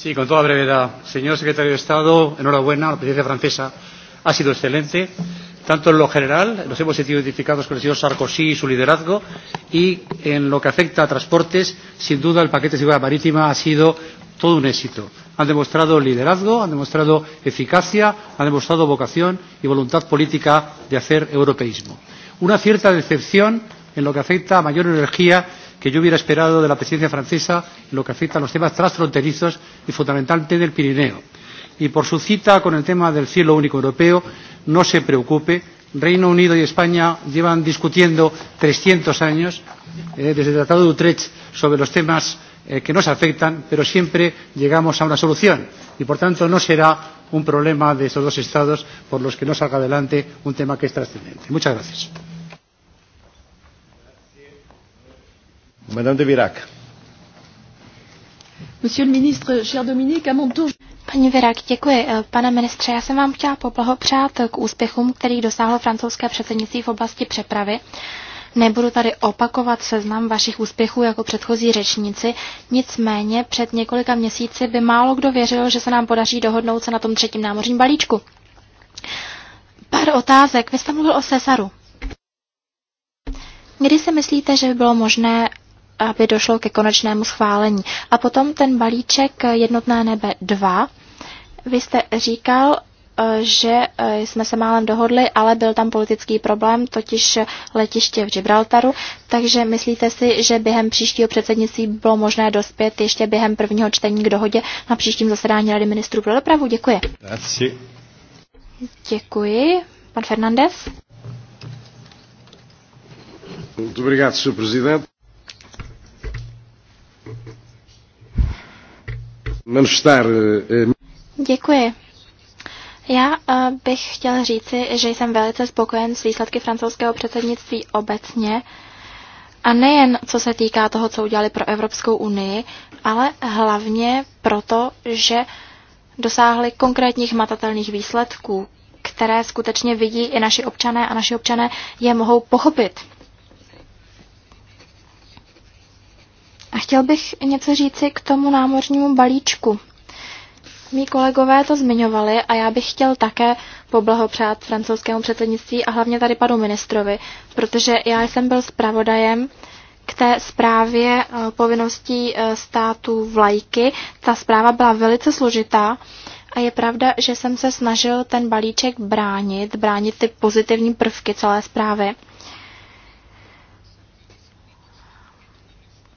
Sí, con toda brevedad. Señor secretario de Estado, enhorabuena, la presidencia francesa ha sido excelente, tanto en lo general, nos hemos sentido identificados con el señor Sarkozy y su liderazgo, y en lo que afecta a transportes, sin duda el paquete de seguridad marítima ha sido todo un éxito. Han demostrado liderazgo, han demostrado eficacia, han demostrado vocación y voluntad política de hacer europeísmo. Una cierta decepción en lo que afecta a mayor energía que yo hubiera esperado de la presidencia francesa en lo que afecta a los temas transfronterizos y fundamentalmente del Pirineo. Y por su cita con el tema del cielo único europeo, no se preocupe, Reino Unido y España llevan discutiendo 300 años eh, desde el Tratado de Utrecht sobre los temas eh, que nos afectan, pero siempre llegamos a una solución y, por tanto, no será un problema de esos dos estados por los que no salga adelante un tema que es trascendente. Muchas gracias. de Virac. Monsieur le ministre, Paní Virak, děkuji. Eh, pane ministře, já jsem vám chtěla poblahopřát k úspěchům, který dosáhlo francouzské předsednictví v oblasti přepravy. Nebudu tady opakovat seznam vašich úspěchů jako předchozí řečníci, nicméně před několika měsíci by málo kdo věřil, že se nám podaří dohodnout se na tom třetím námořním balíčku. Pár otázek. Vy jste mluvil o Cesaru. Kdy si myslíte, že by bylo možné aby došlo ke konečnému schválení. A potom ten balíček Jednotné nebe 2. Vy jste říkal, eh, že eh, jsme se málem dohodli, ale byl tam politický problém, totiž letiště v Gibraltaru, takže myslíte si, že během příštího předsednictví bylo možné dospět ještě během prvního čtení k dohodě na příštím zasedání Rady ministrů pro dopravu? Děkuji. Děkuji. Děkuji. Pan Fernandez. Muito obrigado, Sr. Presidente. Eh, eh, Děkuji. Já eh, bych chtěl říci, že jsem velice spokojen s výsledky francouzského předsednictví obecně. A nejen co se týká toho, co udělali pro Evropskou unii, ale hlavně proto, že dosáhli konkrétních matatelných výsledků, které skutečně vidí i naši občané a naši občané je mohou pochopit. A chtěl bych něco říci k tomu námořnímu balíčku. Mí kolegové to zmiňovali a já bych chtěl také poblahopřát francouzskému předsednictví a hlavně tady panu ministrovi, protože já jsem byl zpravodajem k té zprávě eh, povinností eh, států vlajky. Ta zpráva byla velice složitá a je pravda, že jsem se snažil ten balíček bránit, bránit ty pozitivní prvky celé zprávy.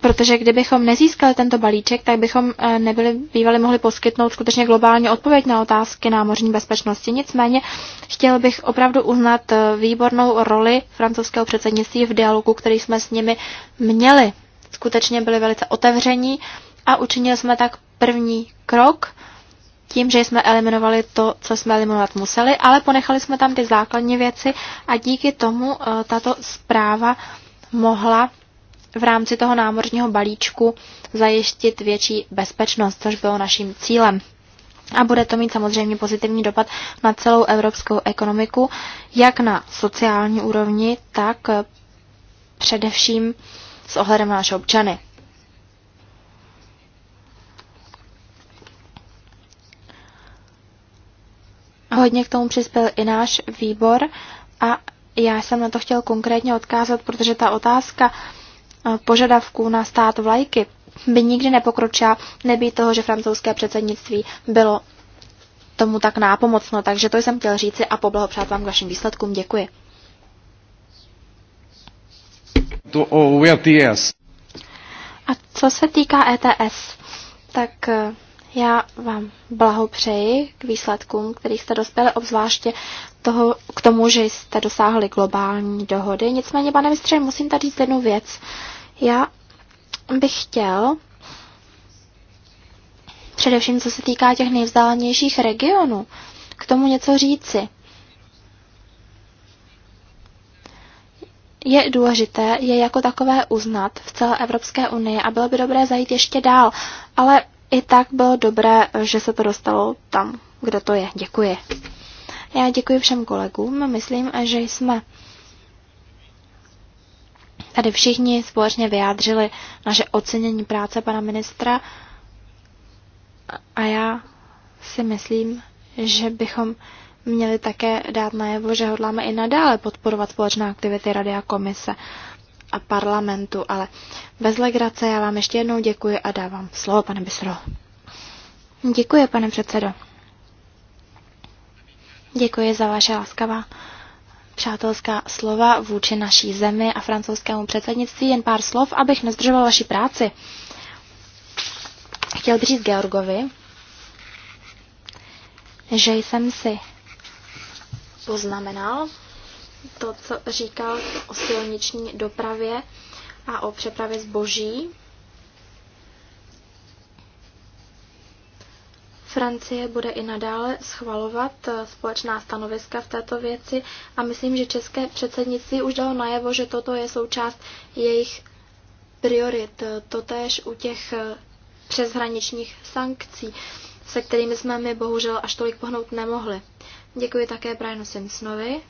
Protože kdybychom nezískali tento balíček, tak bychom eh, nebyli bývali mohli poskytnout skutečně globální odpověď na otázky námořní bezpečnosti. Nicméně chtěl bych opravdu uznat eh, výbornou roli francouzského předsednictví v dialogu, který jsme s nimi měli. Skutečně byli velice otevření a učinili jsme tak první krok tím, že jsme eliminovali to, co jsme eliminovat museli, ale ponechali jsme tam ty základní věci a díky tomu eh, tato zpráva mohla v rámci toho námořního balíčku zajistit větší bezpečnost, což bylo naším cílem. A bude to mít samozřejmě pozitivní dopad na celou evropskou ekonomiku, jak na sociální úrovni, tak především s ohledem na naše občany. Hodně k tomu přispěl i náš výbor a já jsem na to chtěl konkrétně odkázat, protože ta otázka požadavků na stát vlajky by nikdy nepokročila, nebýt toho, že francouzské předsednictví bylo tomu tak nápomocno. Takže to jsem chtěl říci a poblahopřát vám k vašim výsledkům. Děkuji. To o A co se týká ETS, tak eh, já vám blahopřeji k výsledkům, kterých jste dospěli, obzvláště toho, k tomu, že jste dosáhli globální dohody. Nicméně, pane mistře, musím tady říct jednu věc. Já bych chtěl, především co se týká těch nejvzdálenějších regionů, k tomu něco říci. je důležité je jako takové uznat v celé Evropské unii a bylo by dobré zajít ještě dál, ale i tak bylo dobré, že se to dostalo tam, kde to je. Děkuji. Já děkuji všem kolegům. Myslím, že jsme tady všichni společně vyjádřili naše ocenění práce pana ministra a já si myslím, že bychom měli také dát najevo, že hodláme i nadále podporovat společné aktivity Rady a komise a parlamentu, ale bez legrace já vám ještě jednou děkuji a dávám slovo, pane Bysro. Děkuji, pane předsedo. Děkuji za vaše laskavá přátelská slova vůči naší zemi a francouzskému předsednictví. Jen pár slov, abych nezdržoval vaši práci. Chtěl bych říct Georgovi, že jsem si poznamenal to, co říkal o silniční dopravě a o přepravě zboží. Francie bude i nadále schvalovat eh, společná stanoviska v této věci a myslím, že české předsednictví už dalo najevo, že toto je součást jejich priorit. Eh, totéž u těch eh, přeshraničních sankcí, se kterými jsme my bohužel až tolik pohnout nemohli. Děkuji také Brianu Simpsonovi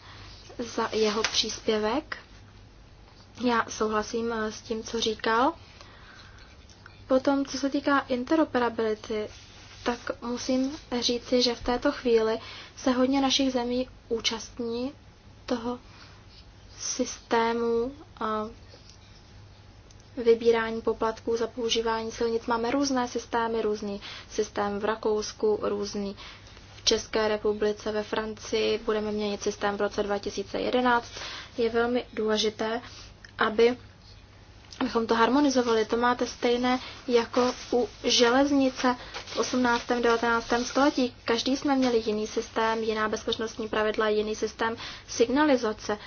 za jeho příspěvek. Já souhlasím eh, s tím, co říkal. Potom, co se týká interoperability, tak musím říci, že v této chvíli se hodně našich zemí účastní toho systému eh, vybírání poplatků za používání silnic. Máme různé systémy, různý systém v Rakousku, různý České republice, ve Francii, budeme měnit systém v roce 2011, je velmi důležité, aby abychom to harmonizovali. To máte stejné jako u železnice v 18. a 19. století. Každý jsme měli jiný systém, jiná bezpečnostní pravidla, jiný systém signalizace.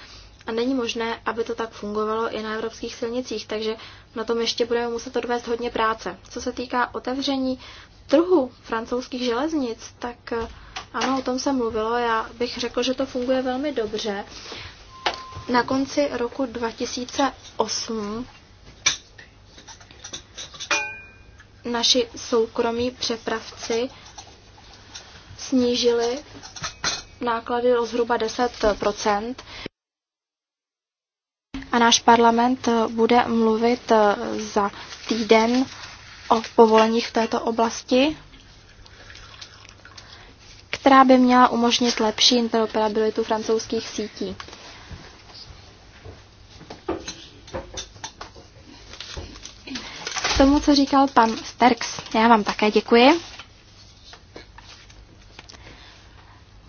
A není možné, aby to tak fungovalo i na evropských silnicích, takže na tom ještě budeme muset odvést hodně práce. Co se týká otevření trhu francouzských železnic, tak eh, ano, o tom se mluvilo. Já bych řekl, že to funguje velmi dobře. Na konci roku 2008 naši soukromí přepravci snížili náklady o zhruba 10 a náš parlament eh, bude mluvit eh, za týden o povoleních v této oblasti, která by měla umožnit lepší interoperabilitu francouzských sítí. K tomu, co říkal pan Sterks, já vám také děkuji.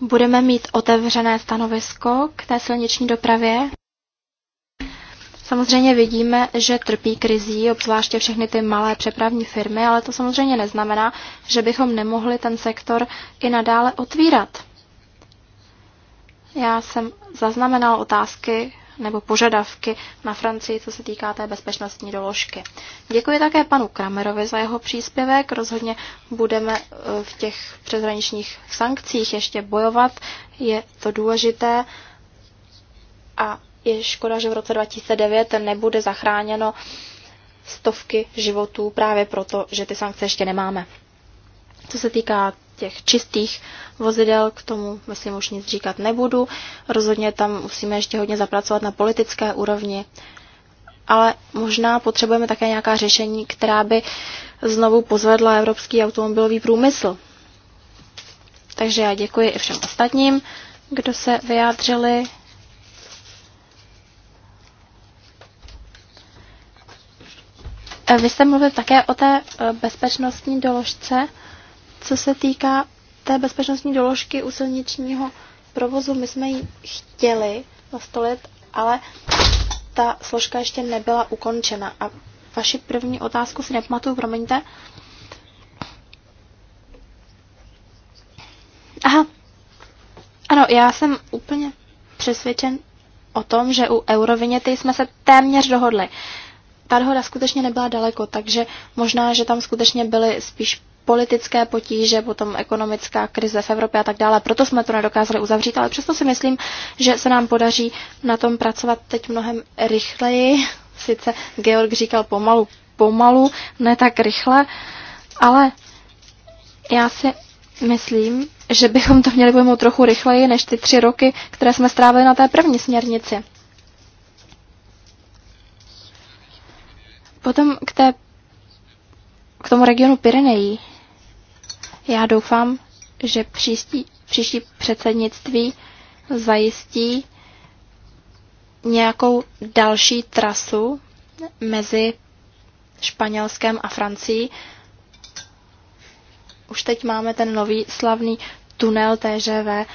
Budeme mít otevřené stanovisko k té silniční dopravě. Samozřejmě vidíme, že trpí krizí, obzvláště všechny ty malé přepravní firmy, ale to samozřejmě neznamená, že bychom nemohli ten sektor i nadále otvírat. Já jsem zaznamenal otázky nebo požadavky na Francii, co se týká té bezpečnostní doložky. Děkuji také panu Kramerovi za jeho příspěvek. Rozhodně budeme eh, v těch přeshraničních sankcích ještě bojovat. Je to důležité a je škoda, že v roce 2009 nebude zachráněno stovky životů právě proto, že ty sankce ještě nemáme. Co se týká těch čistých vozidel, k tomu myslím už nic říkat nebudu. Rozhodně tam musíme ještě hodně zapracovat na politické úrovni. Ale možná potřebujeme také nějaká řešení, která by znovu pozvedla evropský automobilový průmysl. Takže já děkuji i všem ostatním, kdo se vyjádřili. Eh, vy jste mluvil také o té eh, bezpečnostní doložce. Co se týká té bezpečnostní doložky u silničního provozu, my jsme ji chtěli nastolit, ale ta složka ještě nebyla ukončena. A vaši první otázku si nepamatuju, promiňte. Aha. Ano, já jsem úplně přesvědčen o tom, že u eurovinety jsme se téměř dohodli ta dohoda skutečně nebyla daleko, takže možná, že tam skutečně byly spíš politické potíže, potom ekonomická krize v Evropě a tak dále. Proto jsme to nedokázali uzavřít, ale přesto si myslím, že se nám podaří na tom pracovat teď mnohem rychleji. Sice Georg říkal pomalu, pomalu, ne tak rychle, ale já si myslím, že bychom to měli pojmout trochu rychleji než ty tři roky, které jsme strávili na té první směrnici. Potom k, té, k tomu regionu Pyrenejí. Já doufám, že příští, příští předsednictví zajistí nějakou další trasu mezi Španělskem a Francií. Už teď máme ten nový slavný tunel TŽV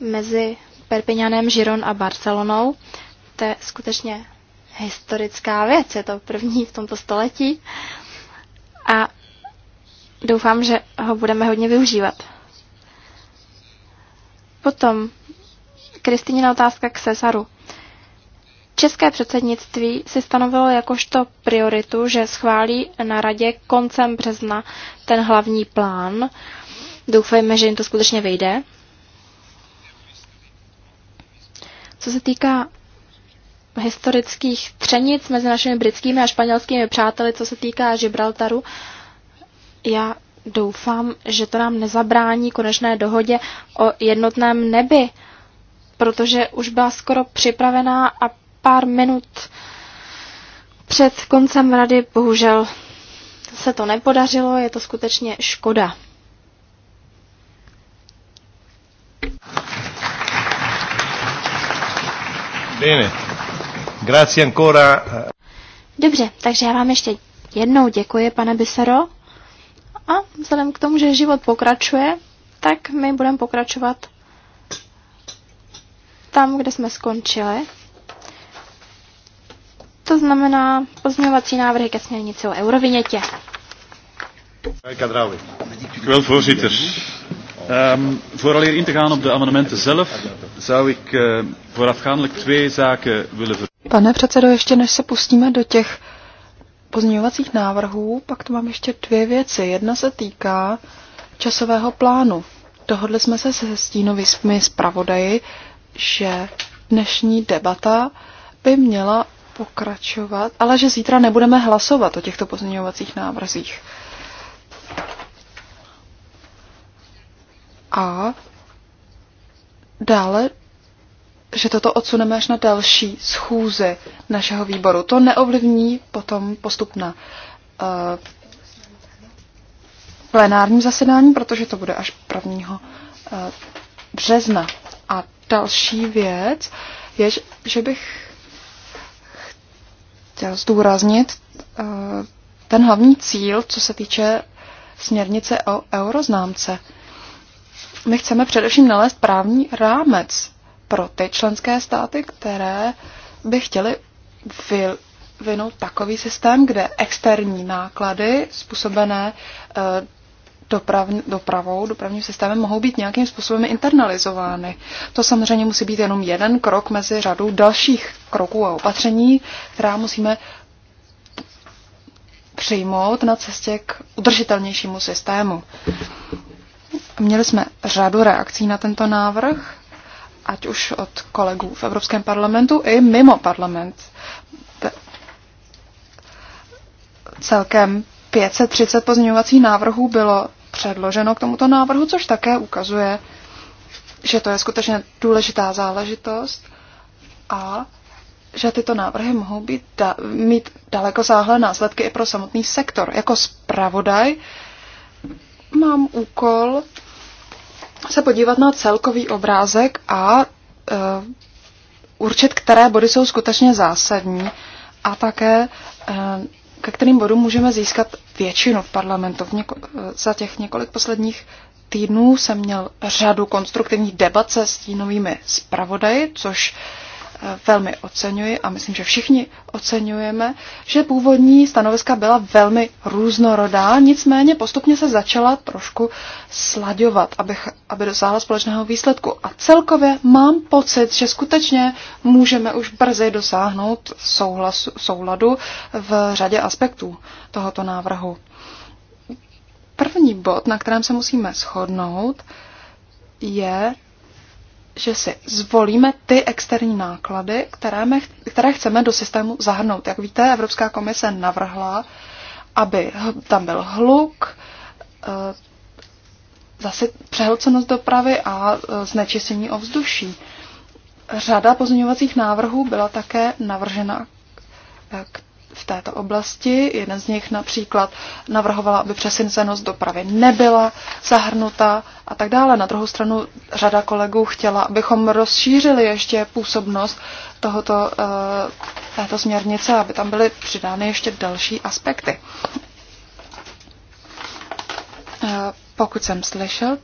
mezi Perpignanem, Žiron a Barcelonou. To je skutečně historická věc, je to první v tomto století a doufám, že ho budeme hodně využívat. Potom Kristýnina otázka k Cesaru. České předsednictví si stanovilo jakožto prioritu, že schválí na radě koncem března ten hlavní plán. Doufejme, že jim to skutečně vyjde. Co se týká historických třenic mezi našimi britskými a španělskými přáteli, co se týká Gibraltaru. Já doufám, že to nám nezabrání konečné dohodě o jednotném nebi, protože už byla skoro připravená a pár minut před koncem rady bohužel se to nepodařilo, je to skutečně škoda. Bene. Grazie ancora. Dobře, takže já vám ještě jednou děkuji, pane Bisero. A vzhledem k tomu, že život pokračuje, tak my budeme pokračovat tam, kde jsme skončili. To znamená pozměňovací návrhy ke směrnici o eurovinětě. Wel, voorzitter. Um, ehm, vooraleer in te gaan op de amendementen zelf, zou ik uh, voorafgaandelijk twee zaken willen vermelden. Pane předsedo, ještě než se pustíme do těch pozměňovacích návrhů, pak tu mám ještě dvě věci. Jedna se týká časového plánu. Dohodli jsme se se stínovými zpravodaji, že dnešní debata by měla pokračovat, ale že zítra nebudeme hlasovat o těchto pozměňovacích návrzích. A dále že toto odsuneme až na další schůze našeho výboru. To neovlivní potom postup na uh, plenárním zasedání, protože to bude až 1. Uh, eh, března. A další věc je, že bych chtěl zdůraznit uh, ten hlavní cíl, co se týče směrnice o euroznámce. My chceme především nalézt právní rámec pro ty členské státy, které by chtěly vyvinout takový systém, kde externí náklady způsobené eh, doprav, dopravou, dopravním systémem mohou být nějakým způsobem internalizovány. To samozřejmě musí být jenom jeden krok mezi řadou dalších kroků a opatření, která musíme přijmout na cestě k udržitelnějšímu systému. Měli jsme řadu reakcí na tento návrh ať už od kolegů v Evropském parlamentu i mimo parlament. Celkem 530 pozměňovacích návrhů bylo předloženo k tomuto návrhu, což také ukazuje, že to je skutečně důležitá záležitost a že tyto návrhy mohou být da- mít daleko záhle následky i pro samotný sektor. Jako zpravodaj mám úkol se podívat na celkový obrázek a e, určit, které body jsou skutečně zásadní a také e, ke kterým bodům můžeme získat většinu v parlamentu. V něko- e, za těch několik posledních týdnů jsem měl řadu konstruktivních debat se stínovými zpravodaji, což uh, velmi oceňuji a myslím, že všichni oceňujeme, že původní stanoviska byla velmi různorodá, nicméně postupně se začala trošku slaďovat, abych, aby dosáhla společného výsledku. A celkově mám pocit, že skutečně můžeme už brzy dosáhnout souhlasu, souladu v řadě aspektů tohoto návrhu. První bod, na kterém se musíme shodnout, je že si zvolíme ty externí náklady, které, my, které chceme do systému zahrnout. Jak víte, Evropská komise navrhla, aby tam byl hluk, eh, zase přehlcenost dopravy a eh, znečištění ovzduší. Řada pozměňovacích návrhů byla také navržena k v této oblasti. Jeden z nich například navrhovala, aby přesincenost dopravy nebyla zahrnuta a tak dále. Na druhou stranu řada kolegů chtěla, abychom rozšířili ještě působnost tohoto, eh, této směrnice, aby tam byly přidány ještě další aspekty. Eh, pokud jsem slyšel,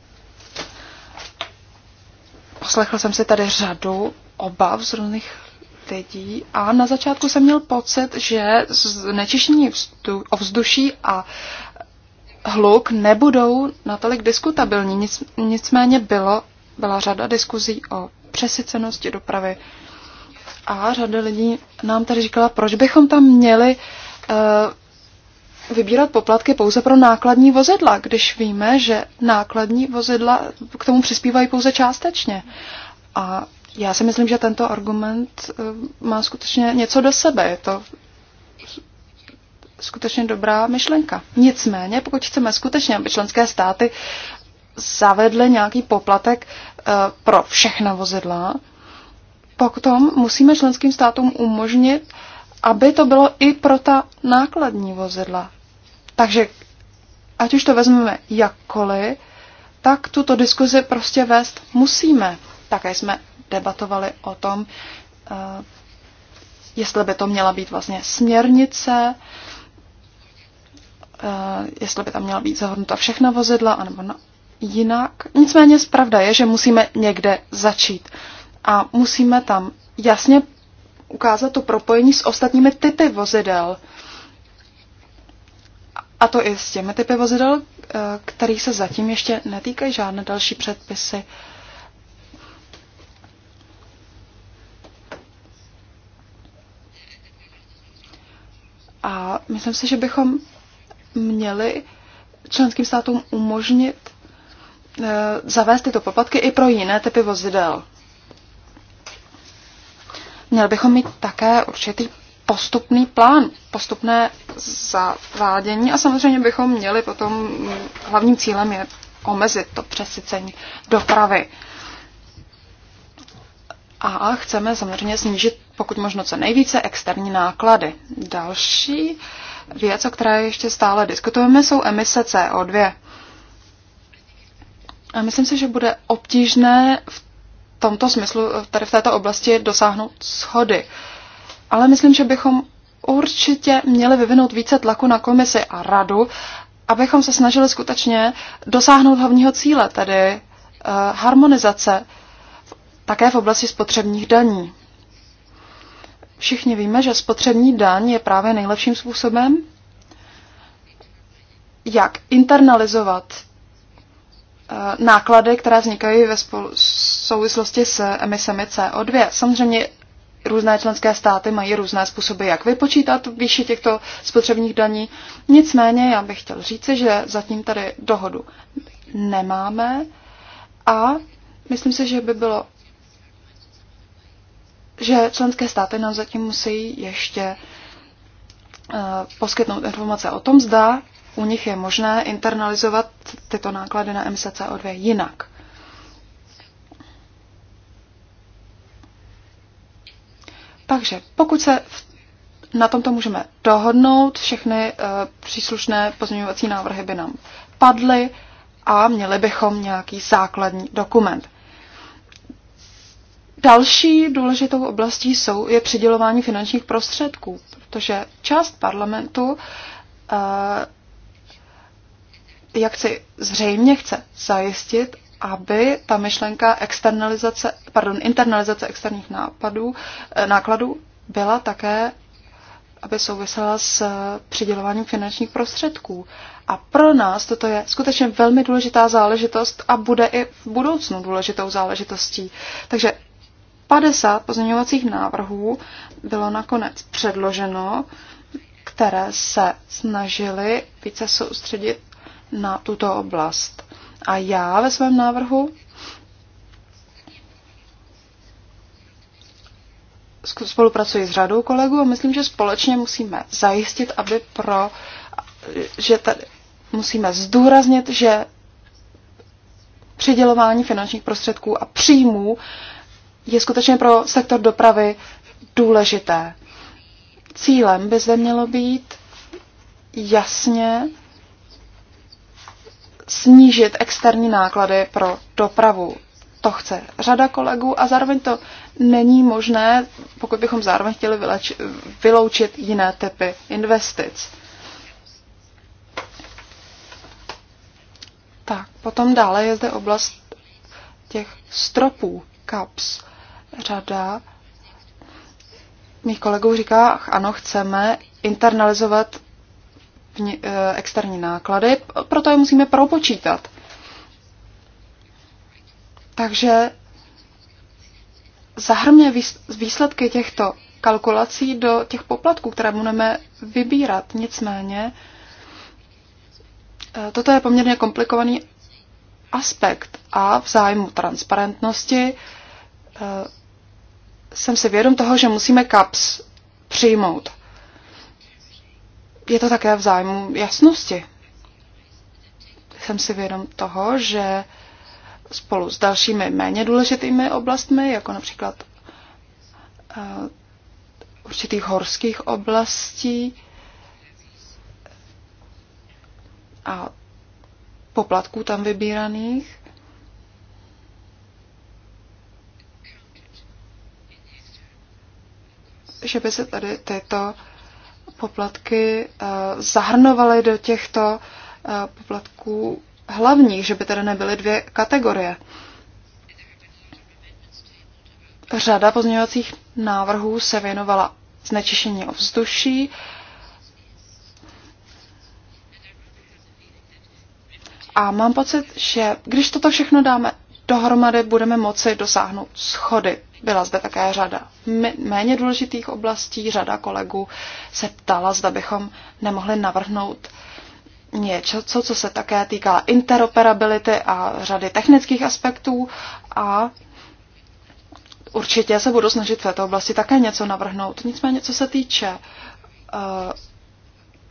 poslechl jsem si tady řadu obav z různých tedy a na začátku jsem měl pocit, že znečištění ovzduší a hluk nebudou natolik diskutabilní. Nic, nicméně bylo, byla řada diskuzí o přesycenosti dopravy a řada lidí nám tady říkala, proč bychom tam měli uh, vybírat poplatky pouze pro nákladní vozidla, když víme, že nákladní vozidla k tomu přispívají pouze částečně. A já si myslím, že tento argument eh, má skutečně něco do sebe. Je to skutečně dobrá myšlenka. Nicméně, pokud chceme skutečně, aby členské státy zavedly nějaký poplatek eh, pro všechna vozidla, potom musíme členským státům umožnit, aby to bylo i pro ta nákladní vozidla. Takže ať už to vezmeme jakkoliv, tak tuto diskuzi prostě vést musíme. Také jsme debatovali o tom, eh, jestli by to měla být vlastně směrnice, eh, jestli by tam měla být zahrnuta všechna vozidla, anebo na, jinak. Nicméně pravda je, že musíme někde začít. A musíme tam jasně ukázat to propojení s ostatními typy vozidel. A to i s těmi typy vozidel, eh, který se zatím ještě netýkají žádné další předpisy. Uh, A myslím si, že bychom měli členským státům umožnit eh, zavést tyto poplatky i pro jiné typy vozidel. Měli bychom mít také určitý postupný plán, postupné zavádění a samozřejmě bychom měli potom, hm, hlavním cílem je omezit to přesycení dopravy. A chceme samozřejmě snížit pokud možno co nejvíce externí náklady. Další věc, o které ještě stále diskutujeme, jsou emise CO2. A myslím si, že bude obtížné v tomto smyslu, tady v této oblasti dosáhnout schody. Ale myslím, že bychom určitě měli vyvinout více tlaku na komisi a radu, abychom se snažili skutečně dosáhnout hlavního cíle, tedy eh, harmonizace také v oblasti spotřebních daní. Všichni víme, že spotřební daň je právě nejlepším způsobem, jak internalizovat eh, náklady, které vznikají ve souvislosti s emisemi CO2. Samozřejmě různé členské státy mají různé způsoby, jak vypočítat výši těchto spotřebních daní. Nicméně já bych chtěl říci, že zatím tady dohodu nemáme a myslím si, že by bylo že členské státy nám zatím musí ještě eh, poskytnout informace o tom, zda u nich je možné internalizovat tyto náklady na emise CO2 jinak. Takže pokud se v na tomto můžeme dohodnout, všechny uh, příslušné pozměňovací návrhy by nám padly a měli bychom nějaký základní dokument. Další důležitou oblastí jsou, je přidělování finančních prostředků, protože část parlamentu, eh, jak si zřejmě chce zajistit, aby ta myšlenka externalizace, pardon, internalizace externích nápadů, eh, nákladů byla také, aby souvisela s eh, přidělováním finančních prostředků. A pro nás toto je skutečně velmi důležitá záležitost a bude i v budoucnu důležitou záležitostí. Takže 50 pozměňovacích návrhů bylo nakonec předloženo, které se snažily více soustředit na tuto oblast. A já ve svém návrhu spolupracuji s řadou kolegů a myslím, že společně musíme zajistit, aby pro, že tady musíme zdůraznit, že přidělování finančních prostředků a příjmů je skutečně pro sektor dopravy důležité. Cílem by zde mělo být jasně snížit externí náklady pro dopravu. To chce řada kolegů a zároveň to není možné, pokud bychom zároveň chtěli vyloučit jiné typy investic. Tak, potom dále je zde oblast těch stropů, kaps řada mých kolegů říká, ano, chceme internalizovat eh, externí náklady, proto je musíme propočítat. Takže zahrmě výsledky těchto kalkulací do těch poplatků, které budeme vybírat. Nicméně, eh, toto je poměrně komplikovaný aspekt a v zájmu transparentnosti eh, jsem si vědom toho, že musíme kaps přijmout. Je to také v zájmu jasnosti. Jsem si vědom toho, že spolu s dalšími méně důležitými oblastmi, jako například uh, určitých horských oblastí a poplatků tam vybíraných, že by se tady tyto poplatky eh, zahrnovaly do těchto eh, poplatků hlavních, že by tady nebyly dvě kategorie. Řada pozměňovacích návrhů se věnovala znečištění ovzduší, A mám pocit, že když toto všechno dáme dohromady budeme moci dosáhnout schody. Byla zde také řada méně důležitých oblastí. Řada kolegů se ptala, zda bychom nemohli navrhnout něco, co se také týká interoperability a řady technických aspektů a určitě se budu snažit v této oblasti také něco navrhnout. Nicméně, co se týče uh,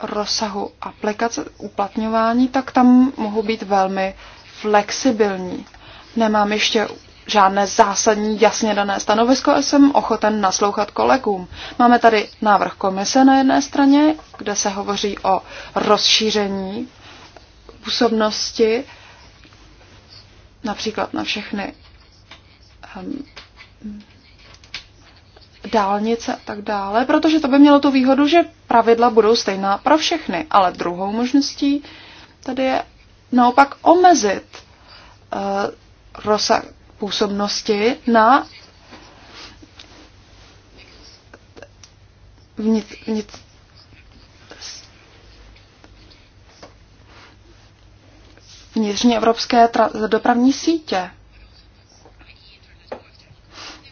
rozsahu aplikace uplatňování, tak tam mohu být velmi flexibilní. Nemám ještě žádné zásadní jasně dané stanovisko a jsem ochoten naslouchat kolegům. Máme tady návrh komise na jedné straně, kde se hovoří o rozšíření působnosti například na všechny um, dálnice a tak dále, protože to by mělo tu výhodu, že pravidla budou stejná pro všechny. Ale druhou možností tady je naopak omezit uh, rozsah působnosti na vnitř, vnitř, vnitřní evropské dopravní sítě.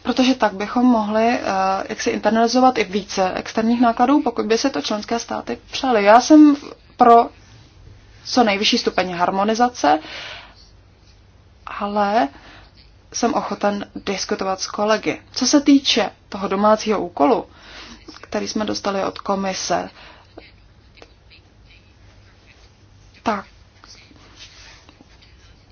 Protože tak bychom mohli uh, eh, jaksi internalizovat i více externích nákladů, pokud by se to členské státy přáli. Já jsem pro co nejvyšší stupeň harmonizace ale jsem ochoten diskutovat s kolegy. Co se týče toho domácího úkolu, který jsme dostali od komise, tak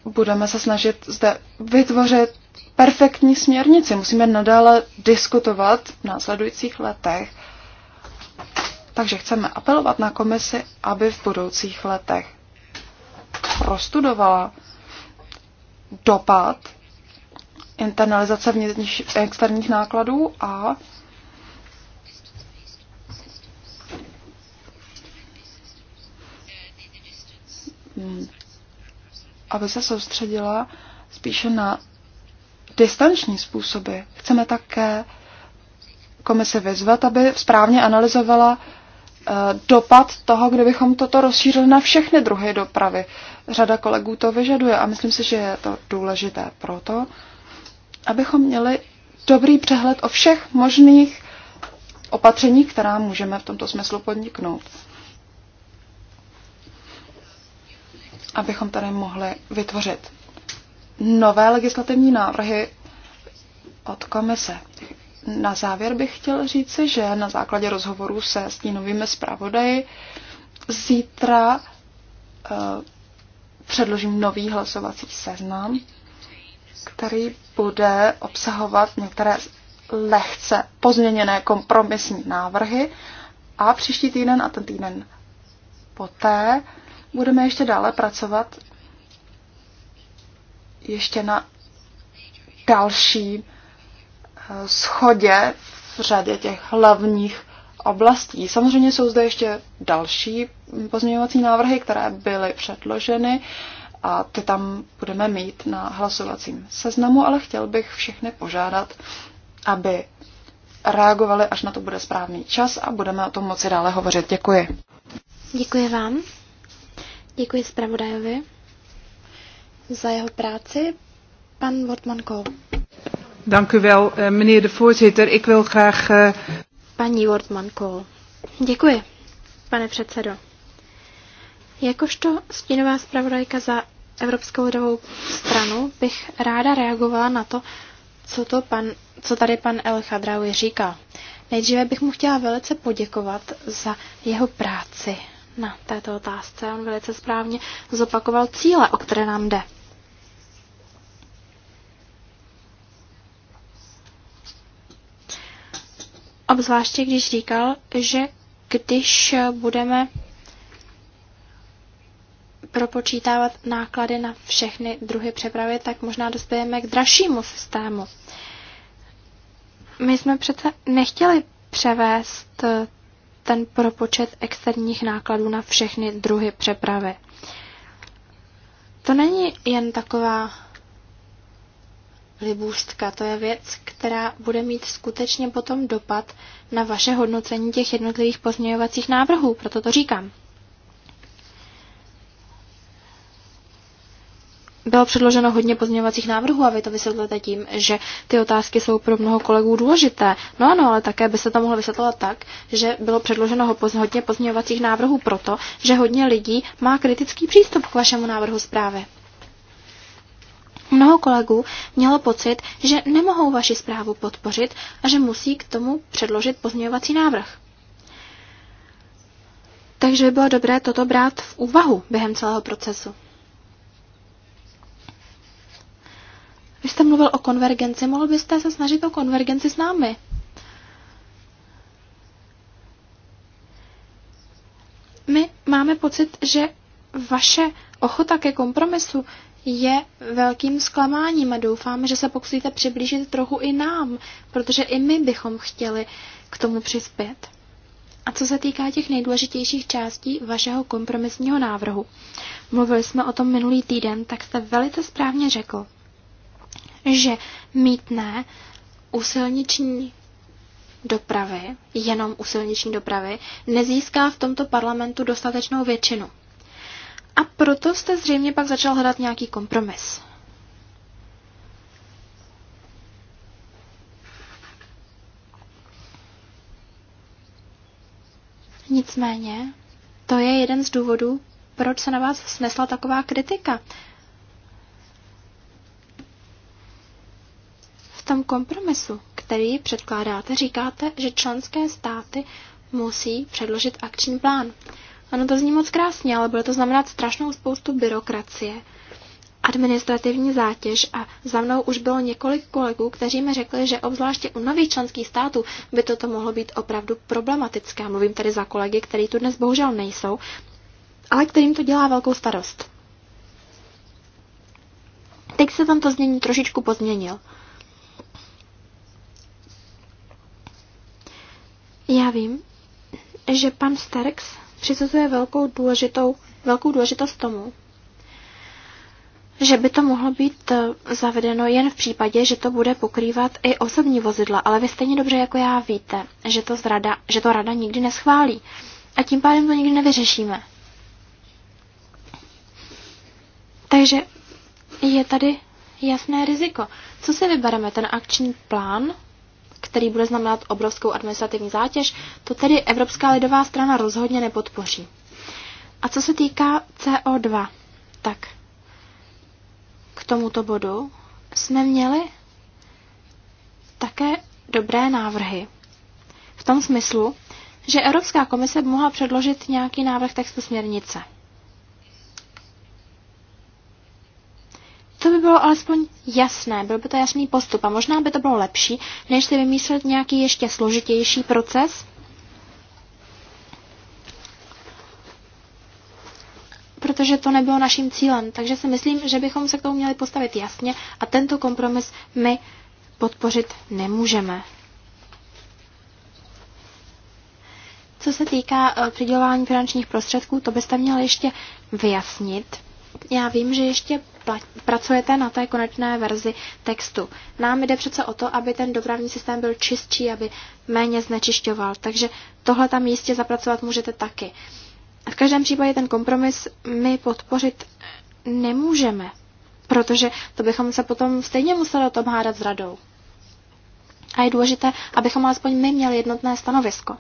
budeme se snažit zde vytvořit perfektní směrnici. Musíme nadále diskutovat v následujících letech. Takže chceme apelovat na komisi, aby v budoucích letech prostudovala dopad internalizace vnitřních externích nákladů a aby se soustředila spíše na distanční způsoby. Chceme také komise vyzvat, aby správně analyzovala Eh, dopad toho, kdybychom toto rozšířili na všechny druhy dopravy. Řada kolegů to vyžaduje a myslím si, že je to důležité proto, abychom měli dobrý přehled o všech možných opatření, která můžeme v tomto smyslu podniknout. Abychom tady mohli vytvořit nové legislativní návrhy od komise na závěr bych chtěl říci, že na základě rozhovoru se stínovými zpravodaji zítra eh, předložím nový hlasovací seznam, který bude obsahovat některé lehce pozměněné kompromisní návrhy a příští týden a ten týden poté budeme ještě dále pracovat ještě na další schodě v řadě těch hlavních oblastí. Samozřejmě jsou zde ještě další pozměňovací návrhy, které byly předloženy a ty tam budeme mít na hlasovacím seznamu, ale chtěl bych všechny požádat, aby reagovali, až na to bude správný čas a budeme o tom moci dále hovořit. Děkuji. Děkuji vám. Děkuji zpravodajovi za jeho práci. Pan Bortmanko. Dank u wel, eh, meneer de voorzitter. Ik wil graag... Eh, Paní wortmann Děkuji, pane předsedo. Jakožto stínová zpravodajka za Evropskou lidovou stranu bych ráda reagovala na to, co, to pan, co tady pan El Chadraoui říká. Nejdříve bych mu chtěla velice poděkovat za jeho práci na této otázce. On velice správně zopakoval cíle, o které nám jde. Obzvláště když říkal, že když budeme propočítávat náklady na všechny druhy přepravy, tak možná dospějeme k dražšímu systému. My jsme přece nechtěli převést ten propočet externích nákladů na všechny druhy přepravy. To není jen taková Libůstka, to je věc, která bude mít skutečně potom dopad na vaše hodnocení těch jednotlivých pozměňovacích návrhů, proto to říkám. Bylo předloženo hodně pozměňovacích návrhů a vy to vysvětlete tím, že ty otázky jsou pro mnoho kolegů důležité. No ano, ale také by se to mohlo vysvětlovat tak, že bylo předloženo hodně pozměňovacích návrhů proto, že hodně lidí má kritický přístup k vašemu návrhu zprávy. Mnoho kolegů mělo pocit, že nemohou vaši zprávu podpořit a že musí k tomu předložit pozměňovací návrh. Takže by bylo dobré toto brát v úvahu během celého procesu. Vy jste mluvil o konvergenci, mohl byste se snažit o konvergenci s námi. My máme pocit, že vaše ochota ke kompromisu je velkým zklamáním a doufám, že se pokusíte přiblížit trochu i nám, protože i my bychom chtěli k tomu přispět. A co se týká těch nejdůležitějších částí vašeho kompromisního návrhu, mluvili jsme o tom minulý týden, tak jste velice správně řekl, že mítné u silniční dopravy, jenom u silniční dopravy, nezíská v tomto parlamentu dostatečnou většinu. A proto jste zřejmě pak začal hledat nějaký kompromis. Nicméně, to je jeden z důvodů, proč se na vás snesla taková kritika. V tom kompromisu, který předkládáte, říkáte, že členské státy musí předložit akční plán. Ano, to zní moc krásně, ale bude to znamenat strašnou spoustu byrokracie, administrativní zátěž a za mnou už bylo několik kolegů, kteří mi řekli, že obzvláště u nových členských států by toto mohlo být opravdu problematické. Mluvím tady za kolegy, který tu dnes bohužel nejsou, ale kterým to dělá velkou starost. Teď se tam to změní trošičku pozměnil. Já vím, že pan Sterks přisuzuje velkou, důležitou, velkou důležitost tomu, že by to mohlo být eh, zavedeno jen v případě, že to bude pokrývat i osobní vozidla, ale vy stejně dobře jako já víte, že to, zrada, že to rada nikdy neschválí a tím pádem to nikdy nevyřešíme. Takže je tady jasné riziko. Co si vybereme, ten akční plán který bude znamenat obrovskou administrativní zátěž, to tedy Evropská lidová strana rozhodně nepodpoří. A co se týká CO2, tak k tomuto bodu jsme měli také dobré návrhy. V tom smyslu, že Evropská komise mohla předložit nějaký návrh textu směrnice. To by bylo alespoň jasné, byl by to jasný postup a možná by to bylo lepší, než si vymyslet nějaký ještě složitější proces. Protože to nebylo naším cílem. Takže si myslím, že bychom se k tomu měli postavit jasně a tento kompromis my podpořit nemůžeme. Co se týká eh, přidělování finančních prostředků, to byste měli ještě vyjasnit. Já vím, že ještě pracujete na té konečné verzi textu. Nám jde přece o to, aby ten dopravní systém byl čistší, aby méně znečišťoval. Takže tohle tam jistě zapracovat můžete taky. V každém případě ten kompromis my podpořit nemůžeme, protože to bychom se potom stejně museli o tom hádat s radou. A je důležité, abychom alespoň my měli jednotné stanovisko.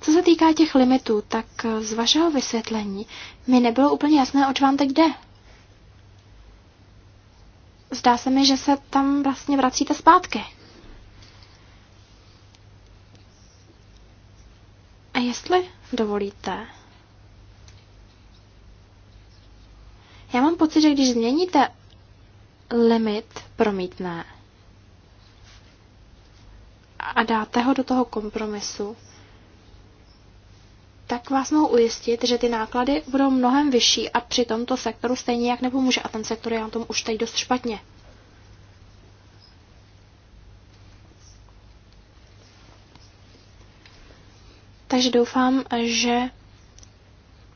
Co se týká těch limitů, tak eh, z vašeho vysvětlení mi nebylo úplně jasné, oč vám teď jde. Zdá se mi, že se tam vlastně vracíte zpátky. A jestli dovolíte, já mám pocit, že když změníte limit promítné a dáte ho do toho kompromisu, tak vás mohu ujistit, že ty náklady budou mnohem vyšší a při tomto sektoru stejně jak nepomůže a ten sektor je na tom už teď dost špatně. Takže doufám, že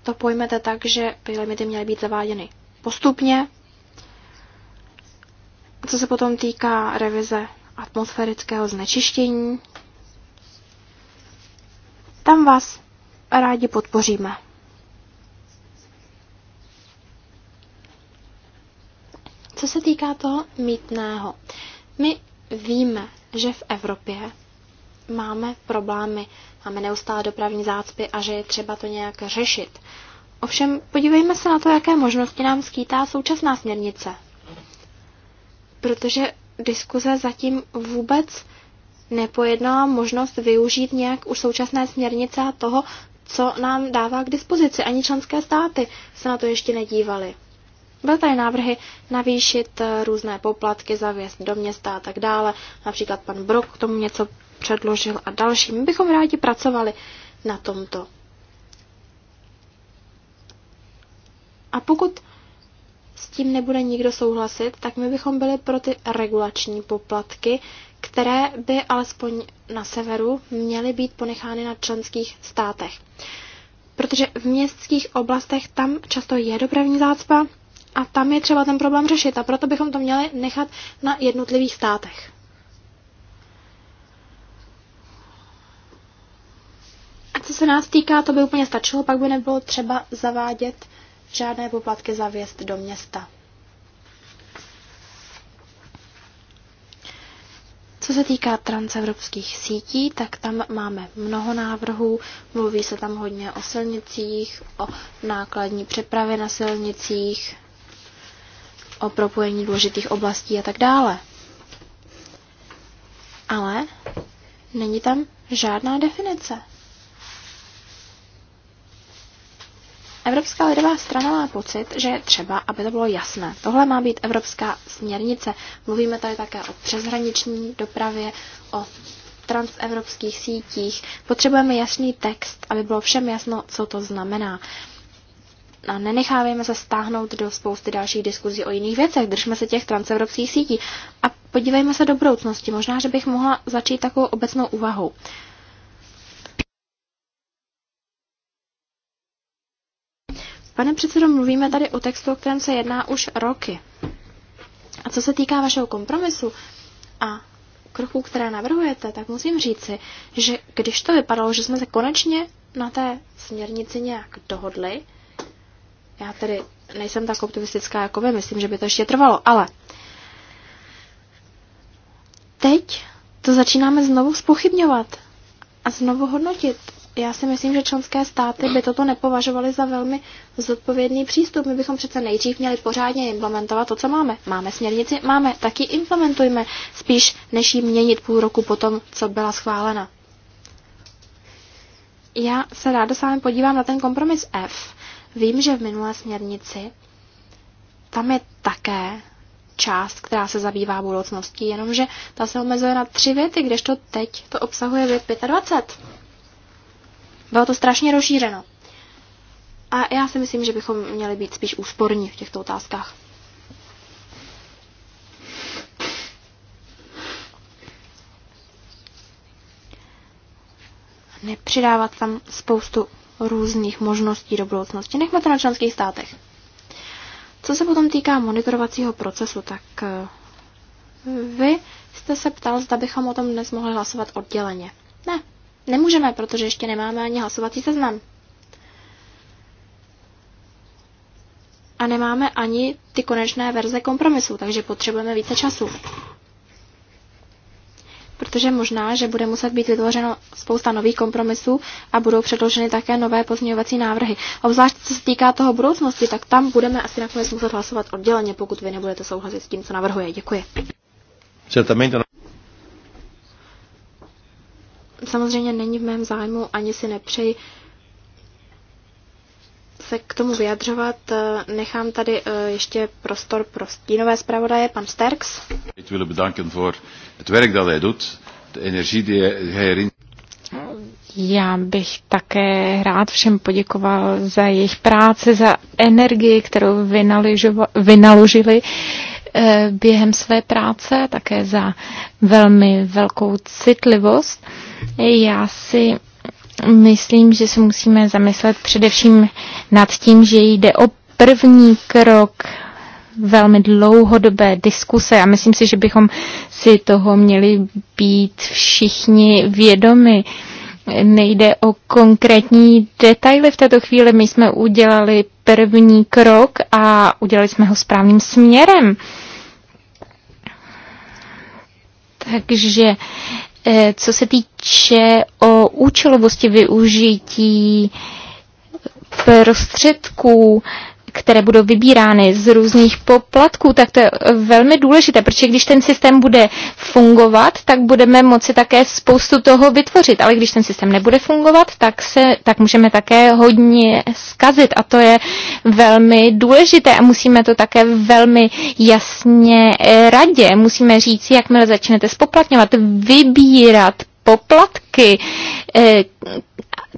to pojmete tak, že by limity měly být zaváděny postupně. Co se potom týká revize atmosférického znečištění, tam vás a rádi podpoříme. Co se týká toho mítného, my víme, že v Evropě máme problémy, máme neustále dopravní zácpy a že je třeba to nějak řešit. Ovšem, podívejme se na to, jaké možnosti nám skýtá současná směrnice. Protože diskuze zatím vůbec nepojednala možnost využít nějak už současné směrnice a toho, co nám dává k dispozici. Ani členské státy se na to ještě nedívaly. Byly tady návrhy navýšit eh, různé poplatky za vjezd do města a tak dále. Například pan Brok k tomu něco předložil a další. My bychom rádi pracovali na tomto. A pokud s tím nebude nikdo souhlasit, tak my bychom byli pro ty regulační poplatky, které by alespoň na severu měly být ponechány na členských státech. Protože v městských oblastech tam často je dopravní zácpa a tam je třeba ten problém řešit a proto bychom to měli nechat na jednotlivých státech. A co se nás týká, to by úplně stačilo, pak by nebylo třeba zavádět žádné poplatky za vjezd do města. Co se týká transevropských sítí, tak tam máme mnoho návrhů. Mluví se tam hodně o silnicích, o nákladní přepravě na silnicích, o propojení důležitých oblastí a tak dále. Ale není tam žádná definice. Evropská lidová strana má pocit, že je třeba, aby to bylo jasné. Tohle má být evropská směrnice. Mluvíme tady také o přeshraniční dopravě, o transevropských sítích. Potřebujeme jasný text, aby bylo všem jasno, co to znamená. A nenechávejme se stáhnout do spousty dalších diskuzí o jiných věcech. Držme se těch transevropských sítí a podívejme se do budoucnosti. Možná, že bych mohla začít takovou obecnou úvahou. Pane předsedo, mluvíme tady o textu, o kterém se jedná už roky. A co se týká vašeho kompromisu a kroků, které navrhujete, tak musím říci, že když to vypadalo, že jsme se konečně na té směrnici nějak dohodli, já tedy nejsem tak optimistická jako vy, myslím, že by to ještě trvalo, ale teď to začínáme znovu spochybňovat a znovu hodnotit já si myslím, že členské státy by toto nepovažovaly za velmi zodpovědný přístup. My bychom přece nejdřív měli pořádně implementovat to, co máme. Máme směrnici, máme, taky implementujme, spíš než ji měnit půl roku potom, co byla schválena. Já se ráda s vámi podívám na ten kompromis F. Vím, že v minulé směrnici tam je také část, která se zabývá budoucností, jenomže ta se omezuje na tři věty, kdežto teď to obsahuje věc 25. Bylo to strašně rozšířeno. A já si myslím, že bychom měli být spíš úsporní v těchto otázkách. Nepřidávat tam spoustu různých možností do budoucnosti. Nechme to na členských státech. Co se potom týká monitorovacího procesu, tak eh, vy jste se ptal, zda bychom o tom dnes mohli hlasovat odděleně. Ne, Nemůžeme, protože ještě nemáme ani hlasovací seznam. A nemáme ani ty konečné verze kompromisu, takže potřebujeme více času. Protože možná, že bude muset být vytvořeno spousta nových kompromisů a budou předloženy také nové pozměňovací návrhy. Obzvlášť co se týká toho budoucnosti, tak tam budeme asi nakonec muset hlasovat odděleně, pokud vy nebudete souhlasit s tím, co navrhuje. Děkuji. Certamente no samozřejmě není v mém zájmu, ani si nepřeji se k tomu vyjadřovat. Nechám tady eh, ještě prostor pro stínové zpravodaje, pan Sterks. Já bych také rád všem poděkoval za jejich práci, za energii, kterou vynaložili eh, během své práce, také za velmi velkou citlivost. Já si myslím, že se musíme zamyslet především nad tím, že jde o první krok velmi dlouhodobé diskuse a myslím si, že bychom si toho měli být všichni vědomi. Nejde o konkrétní detaily v této chvíli. My jsme udělali první krok a udělali jsme ho správným směrem. Takže Eh, co se týče o účelovosti využití prostředků, které budou vybírány z různých poplatků, tak to je velmi důležité, protože když ten systém bude fungovat, tak budeme moci také spoustu toho vytvořit, ale když ten systém nebude fungovat, tak, se, tak můžeme také hodně zkazit a to je velmi důležité a musíme to také velmi jasně eh, radě. Musíme říct, jakmile začnete spoplatňovat, vybírat poplatky, eh,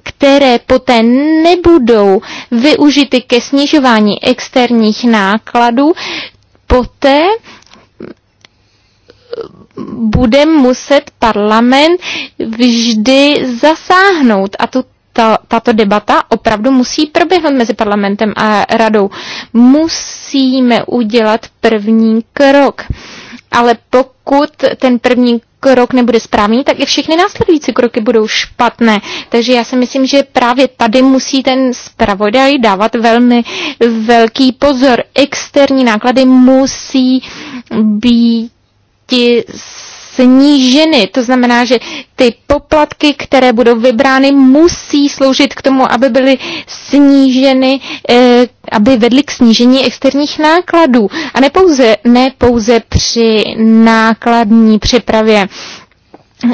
které poté nebudou využity ke snižování externích nákladů, poté bude muset parlament vždy zasáhnout a to ta, tato debata opravdu musí proběhnout mezi parlamentem a radou. Musíme udělat první krok ale pokud ten první krok nebude správný, tak i všechny následující kroky budou špatné. Takže já si myslím, že právě tady musí ten zpravodaj dávat velmi velký pozor. Externí náklady musí být sníženy. To znamená, že ty poplatky, které budou vybrány, musí sloužit k tomu, aby byly sníženy, eh, aby vedly k snížení externích nákladů. A ne pouze, ne pouze při nákladní přepravě.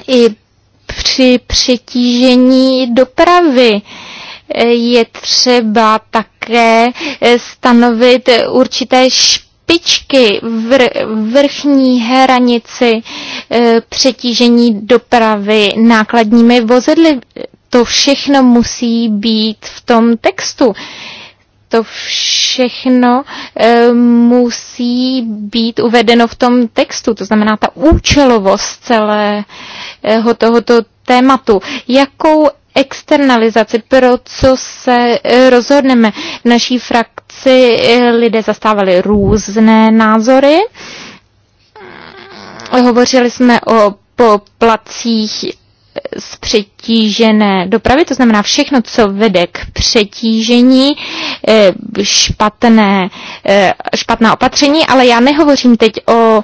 I při přetížení dopravy eh, je třeba také eh, stanovit určité špatné špičky, vr, vrchní hranici e, přetížení dopravy nákladními vozidly. To všechno musí být v tom textu. To všechno e, musí být uvedeno v tom textu, to znamená ta účelovost celého tohoto tématu. Jakou externalizaci, pro co se eh, rozhodneme. V naší frakci eh, lidé zastávali různé názory. Hovořili jsme o poplacích eh, z přetížené dopravy, to znamená všechno, co vede k přetížení, špatné, špatná opatření, ale já nehovořím teď o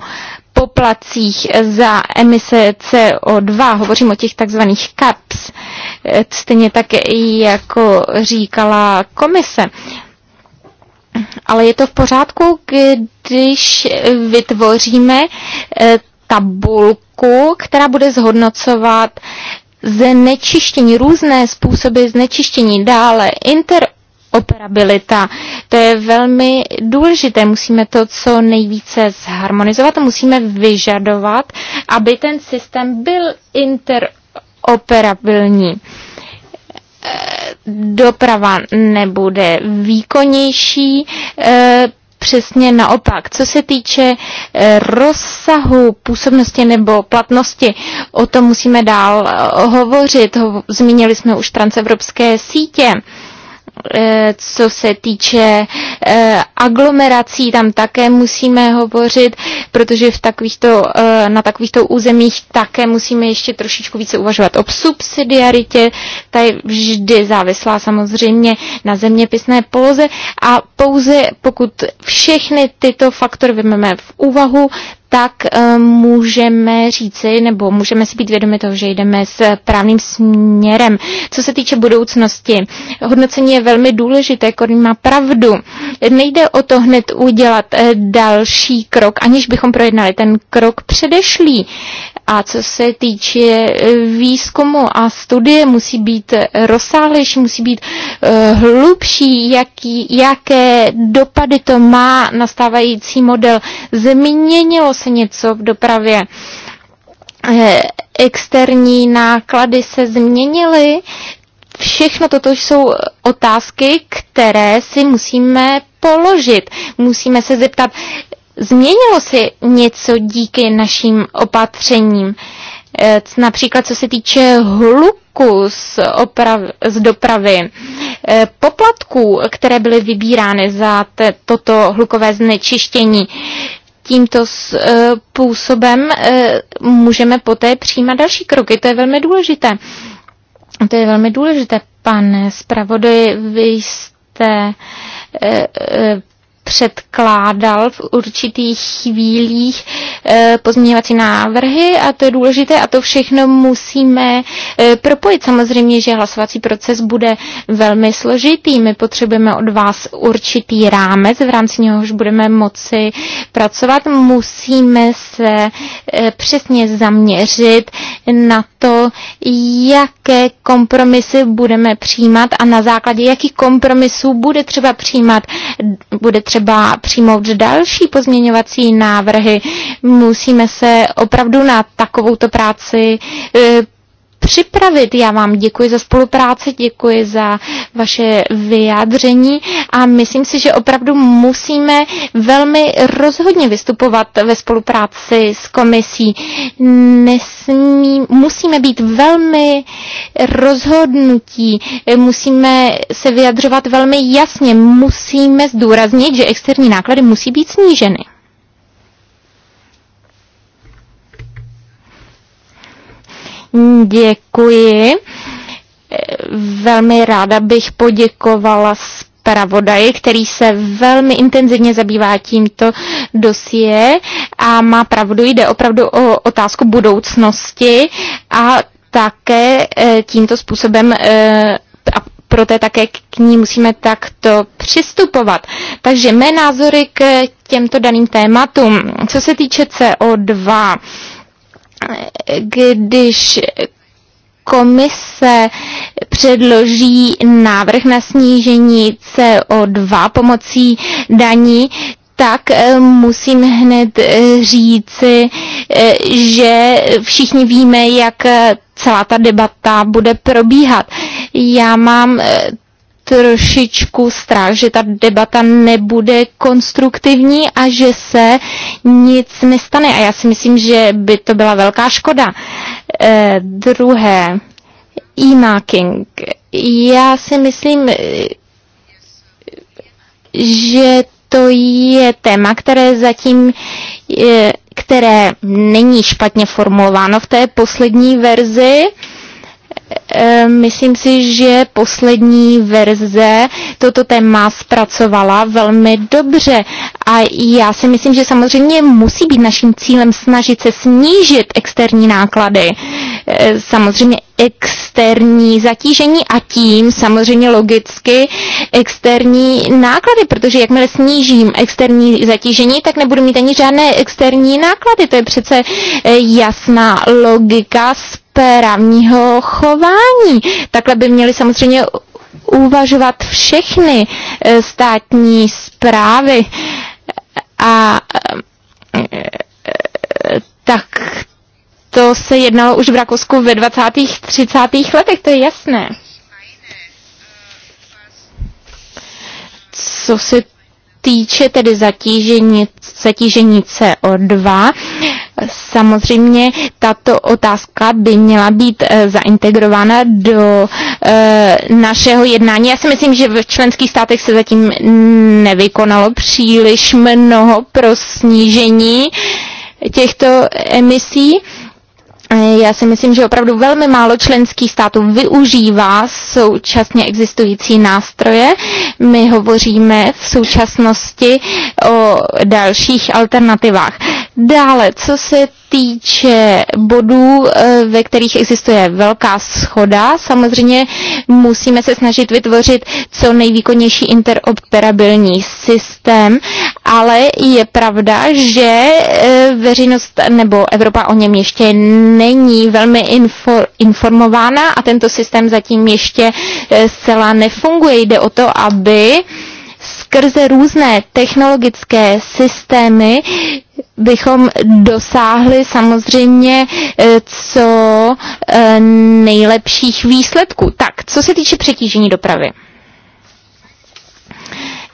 poplacích za emise CO2, hovořím o těch takzvaných CAPS, eh, stejně tak jako říkala komise. Ale je to v pořádku, když vytvoříme eh, tabulku, která bude zhodnocovat znečištění, různé způsoby znečištění, dále inter interoperabilita. To je velmi důležité. Musíme to co nejvíce zharmonizovat a musíme vyžadovat, aby ten systém byl interoperabilní. Eh, doprava nebude výkonnější, eh, přesně naopak. Co se týče eh, rozsahu působnosti nebo platnosti, o tom musíme dál hovořit. Zmínili jsme už transevropské sítě. Eh, co se týče eh, aglomerací, tam také musíme hovořit, protože v takovýchto, eh, na takovýchto územích také musíme ještě trošičku více uvažovat o subsidiaritě, ta je vždy závislá samozřejmě na zeměpisné poloze a pouze pokud všechny tyto faktory vezmeme v úvahu, tak eh, můžeme říci, nebo můžeme si být vědomi toho, že jdeme s právným směrem. Co se týče budoucnosti, hodnocení je velmi důležité, Korin má pravdu. Nejde o to hned udělat eh, další krok, aniž bychom projednali ten krok předešlý. A co se týče eh, výzkumu a studie, musí být rozsáhlejší, musí být hlubší, jaký, jaké dopady to má nastávající model. Změnilo se něco v dopravě. Eh, externí náklady se změnily. Všechno toto jsou otázky, které si musíme položit. Musíme se zeptat, změnilo se něco díky našim opatřením? Eh, například co se týče hluku z, oprav, z dopravy, eh, poplatků, které byly vybírány za te, toto hlukové znečištění tímto způsobem e, e, můžeme poté přijímat další kroky. To je velmi důležité. To je velmi důležité, pane zpravodaj, Vy jste e, předkládal v určitých chvílích eh, pozměňovací návrhy a to je důležité a to všechno musíme eh, propojit. Samozřejmě, že hlasovací proces bude velmi složitý. My potřebujeme od vás určitý rámec, v rámci něhož budeme moci pracovat. Musíme se eh, přesně zaměřit na to, jaké kompromisy budeme přijímat a na základě jakých kompromisů bude třeba přijímat, bude třeba třeba přijmout další pozměňovací návrhy. Musíme se opravdu na takovouto práci eh, připravit. Já vám děkuji za spolupráci, děkuji za vaše vyjádření a myslím si, že opravdu musíme velmi rozhodně vystupovat ve spolupráci s komisí. Nesmí, musíme být velmi rozhodnutí, musíme se vyjadřovat velmi jasně, musíme zdůraznit, že externí náklady musí být sníženy. Děkuji. Velmi ráda bych poděkovala zpravodaji, který se velmi intenzivně zabývá tímto dosie a má pravdu, jde opravdu o otázku budoucnosti a také eh, tímto způsobem eh, a proto také k ní musíme takto přistupovat. Takže mé názory k těmto daným tématům. Co se týče CO2, když komise předloží návrh na snížení CO2 pomocí daní, tak eh, musím hned eh, říci, eh, že všichni víme, jak celá ta debata bude probíhat. Já mám trošičku strach, že ta debata nebude konstruktivní a že se nic nestane. A já si myslím, že by to byla velká škoda. Eh, druhé, e-marking. Já si myslím, že to je téma, které zatím je, eh, které není špatně formulováno v té poslední verzi Ehm, myslím si, že poslední verze toto téma zpracovala velmi dobře a já si myslím, že samozřejmě musí být naším cílem snažit se snížit externí náklady. Ehm, samozřejmě externí zatížení a tím samozřejmě logicky externí náklady, protože jakmile snížím externí zatížení, tak nebudu mít ani žádné externí náklady. To je přece eh, jasná logika správního chování jednání. Takhle by měly samozřejmě uvažovat všechny eh, státní zprávy a eh, tak to se jednalo už v Rakousku ve 20. 30. letech, to je jasné. Co se týče tedy zatížení, zatížení CO2, samozřejmě tato otázka by měla být eh, zaintegrována do eh, našeho jednání. Já si myslím, že v členských státech se zatím nevykonalo příliš mnoho pro snížení těchto emisí. Eh, já si myslím, že opravdu velmi málo členských států využívá současně existující nástroje. My hovoříme v současnosti o dalších alternativách. Dále, co se týče bodů, eh, ve kterých existuje velká schoda, samozřejmě musíme se snažit vytvořit co nejvýkonnější interoperabilní systém, ale je pravda, že eh, veřejnost nebo Evropa o něm ještě není velmi info, informována a tento systém zatím ještě e, zcela nefunguje. Jde o to, aby skrze různé technologické systémy bychom dosáhli samozřejmě e, co e, nejlepších výsledků. Tak, co se týče přetížení dopravy.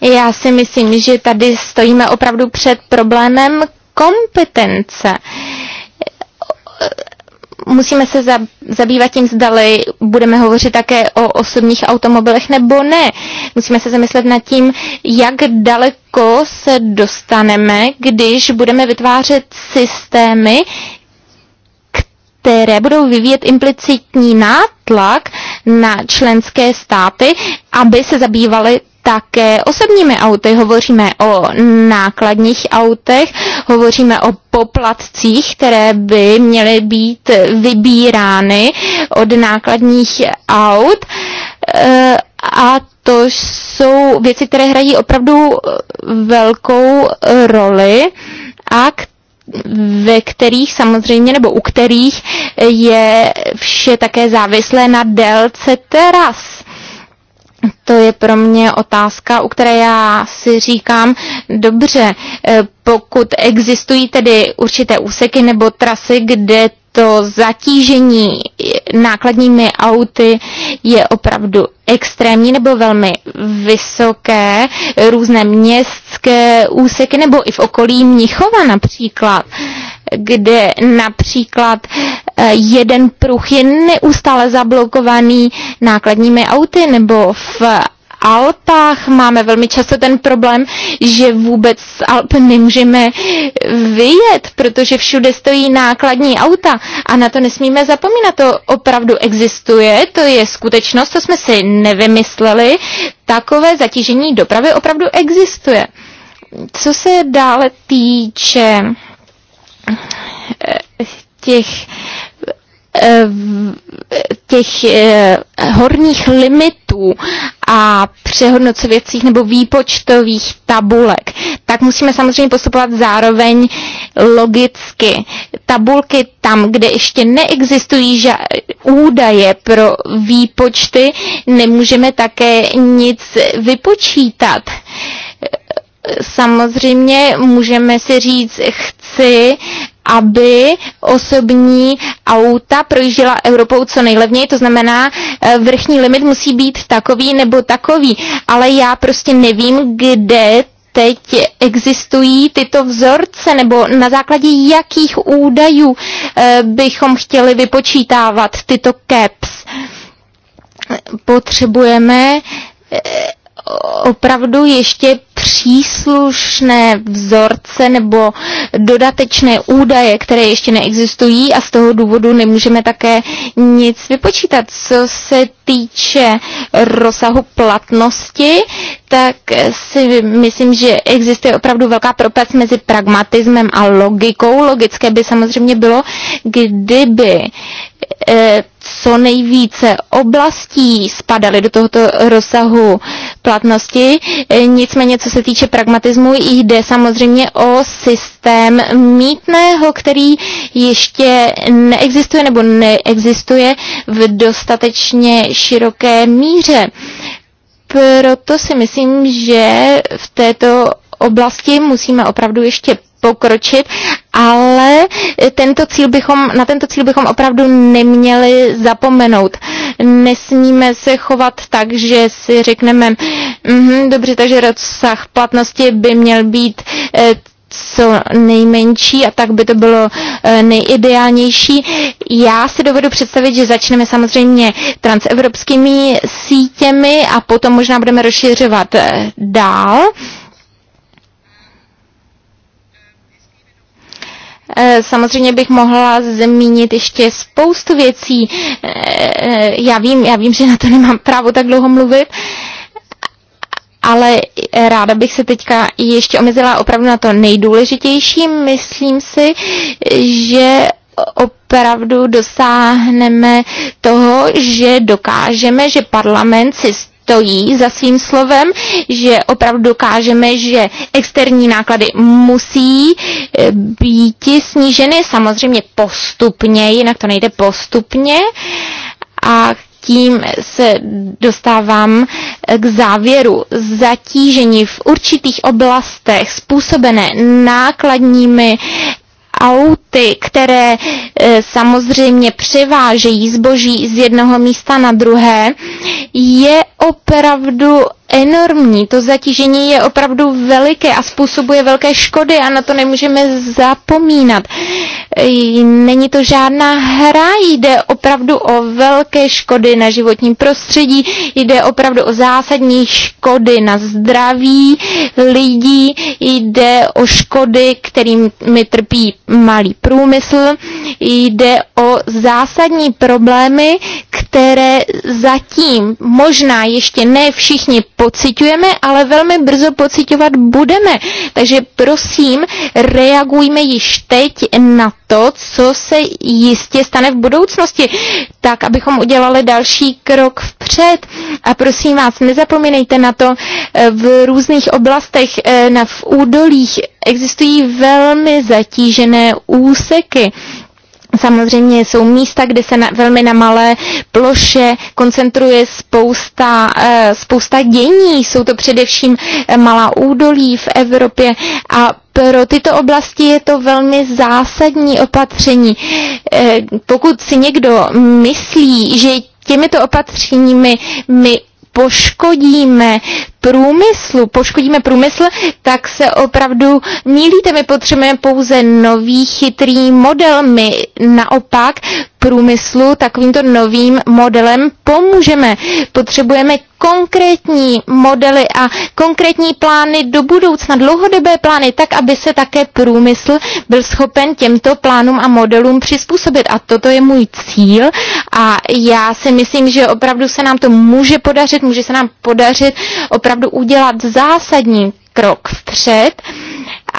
Já si myslím, že tady stojíme opravdu před problémem kompetence musíme se zabývat tím, zdali budeme hovořit také o osobních automobilech nebo ne. Musíme se zamyslet nad tím, jak daleko se dostaneme, když budeme vytvářet systémy, které budou vyvíjet implicitní nátlak na členské státy, aby se zabývaly také osobními auty. Hovoříme o nákladních autech, hovoříme o poplatcích, které by měly být vybírány od nákladních aut. Eh, a to jsou věci, které hrají opravdu velkou roli a ve kterých samozřejmě, nebo u kterých je vše také závislé na délce teras to je pro mě otázka, u které já si říkám, dobře, eh, pokud existují tedy určité úseky nebo trasy, kde to zatížení nákladními auty je opravdu extrémní nebo velmi vysoké, různé městské úseky nebo i v okolí Mnichova například, kde například eh, jeden pruh je neustále zablokovaný nákladními auty nebo v Alpách máme velmi často ten problém, že vůbec z Alp nemůžeme vyjet, protože všude stojí nákladní auta a na to nesmíme zapomínat. To opravdu existuje, to je skutečnost, to jsme si nevymysleli. Takové zatížení dopravy opravdu existuje. Co se dále týče eh, těch Eh, těch eh, horních limitů a přehodnocovacích nebo výpočtových tabulek, tak musíme samozřejmě postupovat zároveň logicky. Tabulky tam, kde ještě neexistují ža- údaje pro výpočty, nemůžeme také nic vypočítat samozřejmě můžeme si říct, chci aby osobní auta projížděla Evropou co nejlevněji, to znamená, eh, vrchní limit musí být takový nebo takový, ale já prostě nevím, kde teď existují tyto vzorce, nebo na základě jakých údajů eh, bychom chtěli vypočítávat tyto caps. Potřebujeme eh, opravdu ještě příslušné vzorce nebo dodatečné údaje, které ještě neexistují a z toho důvodu nemůžeme také nic vypočítat. Co se týče rozsahu platnosti, tak si myslím, že existuje opravdu velká propast mezi pragmatismem a logikou. Logické by samozřejmě bylo, kdyby eh, co nejvíce oblastí spadaly do tohoto rozsahu platnosti. E, nicméně, co se týče pragmatismu, jde samozřejmě o systém mítného, který ještě neexistuje nebo neexistuje v dostatečně široké míře. Proto si myslím, že v této oblasti musíme opravdu ještě pokročit, ale tento cíl bychom, na tento cíl bychom opravdu neměli zapomenout. Nesmíme se chovat tak, že si řekneme, mm, dobře, takže rozsah platnosti by měl být eh, co nejmenší a tak by to bylo eh, nejideálnější. Já si dovedu představit, že začneme samozřejmě transevropskými sítěmi a potom možná budeme rozšiřovat eh, dál. Eh, samozřejmě bych mohla zmínit ještě spoustu věcí. Eh, eh, já vím, já vím, že na to nemám právo tak dlouho mluvit, ale ráda bych se teďka ještě omezila opravdu na to nejdůležitější. Myslím si, že opravdu dosáhneme toho, že dokážeme, že parlament si stojí za svým slovem, že opravdu dokážeme, že externí náklady musí e, být sníženy samozřejmě postupně, jinak to nejde postupně. A tím se dostávám e, k závěru. Zatížení v určitých oblastech způsobené nákladními auty, které e, samozřejmě převážejí zboží z jednoho místa na druhé, je opravdu enormní. To zatížení je opravdu veliké a způsobuje velké škody a na to nemůžeme zapomínat. Není to žádná hra, jde opravdu o velké škody na životním prostředí, jde opravdu o zásadní škody na zdraví lidí, jde o škody, kterými trpí malý průmysl, jde o zásadní problémy, které zatím možná ještě ne všichni pocitujeme, ale velmi brzo pocitovat budeme. Takže prosím, reagujme již teď na to, co se jistě stane v budoucnosti, tak abychom udělali další krok vpřed. A prosím vás, nezapomínejte na to, v různých oblastech, eh, v údolích existují velmi zatížené úseky. Samozřejmě jsou místa, kde se na, velmi na malé ploše koncentruje spousta, eh, spousta dění. Jsou to především eh, malá údolí v Evropě a pro tyto oblasti je to velmi zásadní opatření. Eh, pokud si někdo myslí, že těmito opatřeními my poškodíme průmyslu, poškodíme průmysl, tak se opravdu mílíte. My potřebujeme pouze nový chytrý model. My naopak průmyslu takovýmto novým modelem pomůžeme. Potřebujeme konkrétní modely a konkrétní plány do budoucna, dlouhodobé plány, tak, aby se také průmysl byl schopen těmto plánům a modelům přizpůsobit. A toto je můj cíl a já si myslím, že opravdu se nám to může podařit, může se nám podařit opravdu opravdu udělat zásadní krok vpřed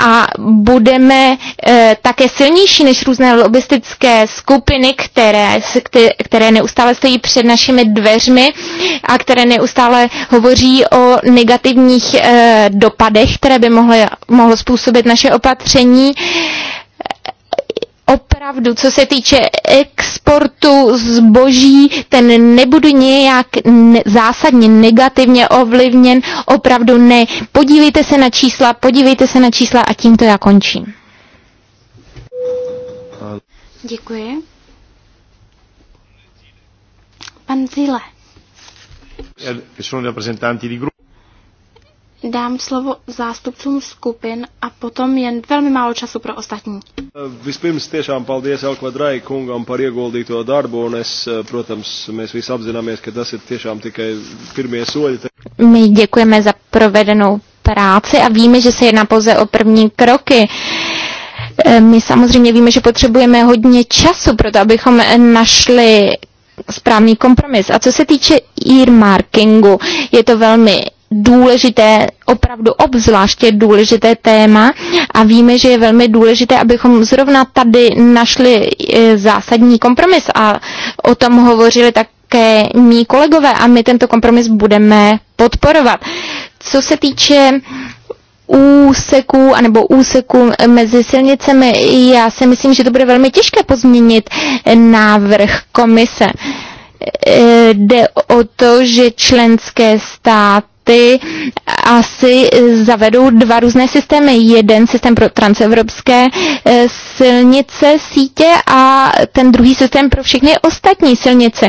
a budeme e, také silnější než různé lobistické skupiny, které, které neustále stojí před našimi dveřmi a které neustále hovoří o negativních e, dopadech, které by mohly, mohlo způsobit naše opatření opravdu, co se týče exportu zboží, ten nebudu nějak ne, zásadně negativně ovlivněn, opravdu ne. Podívejte se na čísla, podívejte se na čísla a tím to já končím. Děkuji. Pan Zile. Sono rappresentanti di gruppo dám slovo zástupcům skupin a potom jen velmi málo času pro ostatní. Vyspím s těšám paldies Elkvadrai kungam par ieguldīto darbu, un es, eh, protams, mēs visi apzināmies, ka tas ir tiešām tikai pirmie soļi. My děkujeme za provedenou práci a víme, že se jedná pouze o první kroky. Eh, my samozřejmě víme, že potřebujeme hodně času pro to, abychom našli správný kompromis. A co se týče earmarkingu, je to velmi důležité, opravdu obzvláště důležité téma a víme, že je velmi důležité, abychom zrovna tady našli e, zásadní kompromis a o tom hovořili také mý kolegové a my tento kompromis budeme podporovat. Co se týče úseků anebo úseků mezi silnicemi, já si myslím, že to bude velmi těžké pozměnit návrh komise. E, e, jde o to, že členské státy státy asi zavedou dva různé systémy. Jeden systém pro transevropské eh, silnice, sítě a ten druhý systém pro všechny ostatní silnice.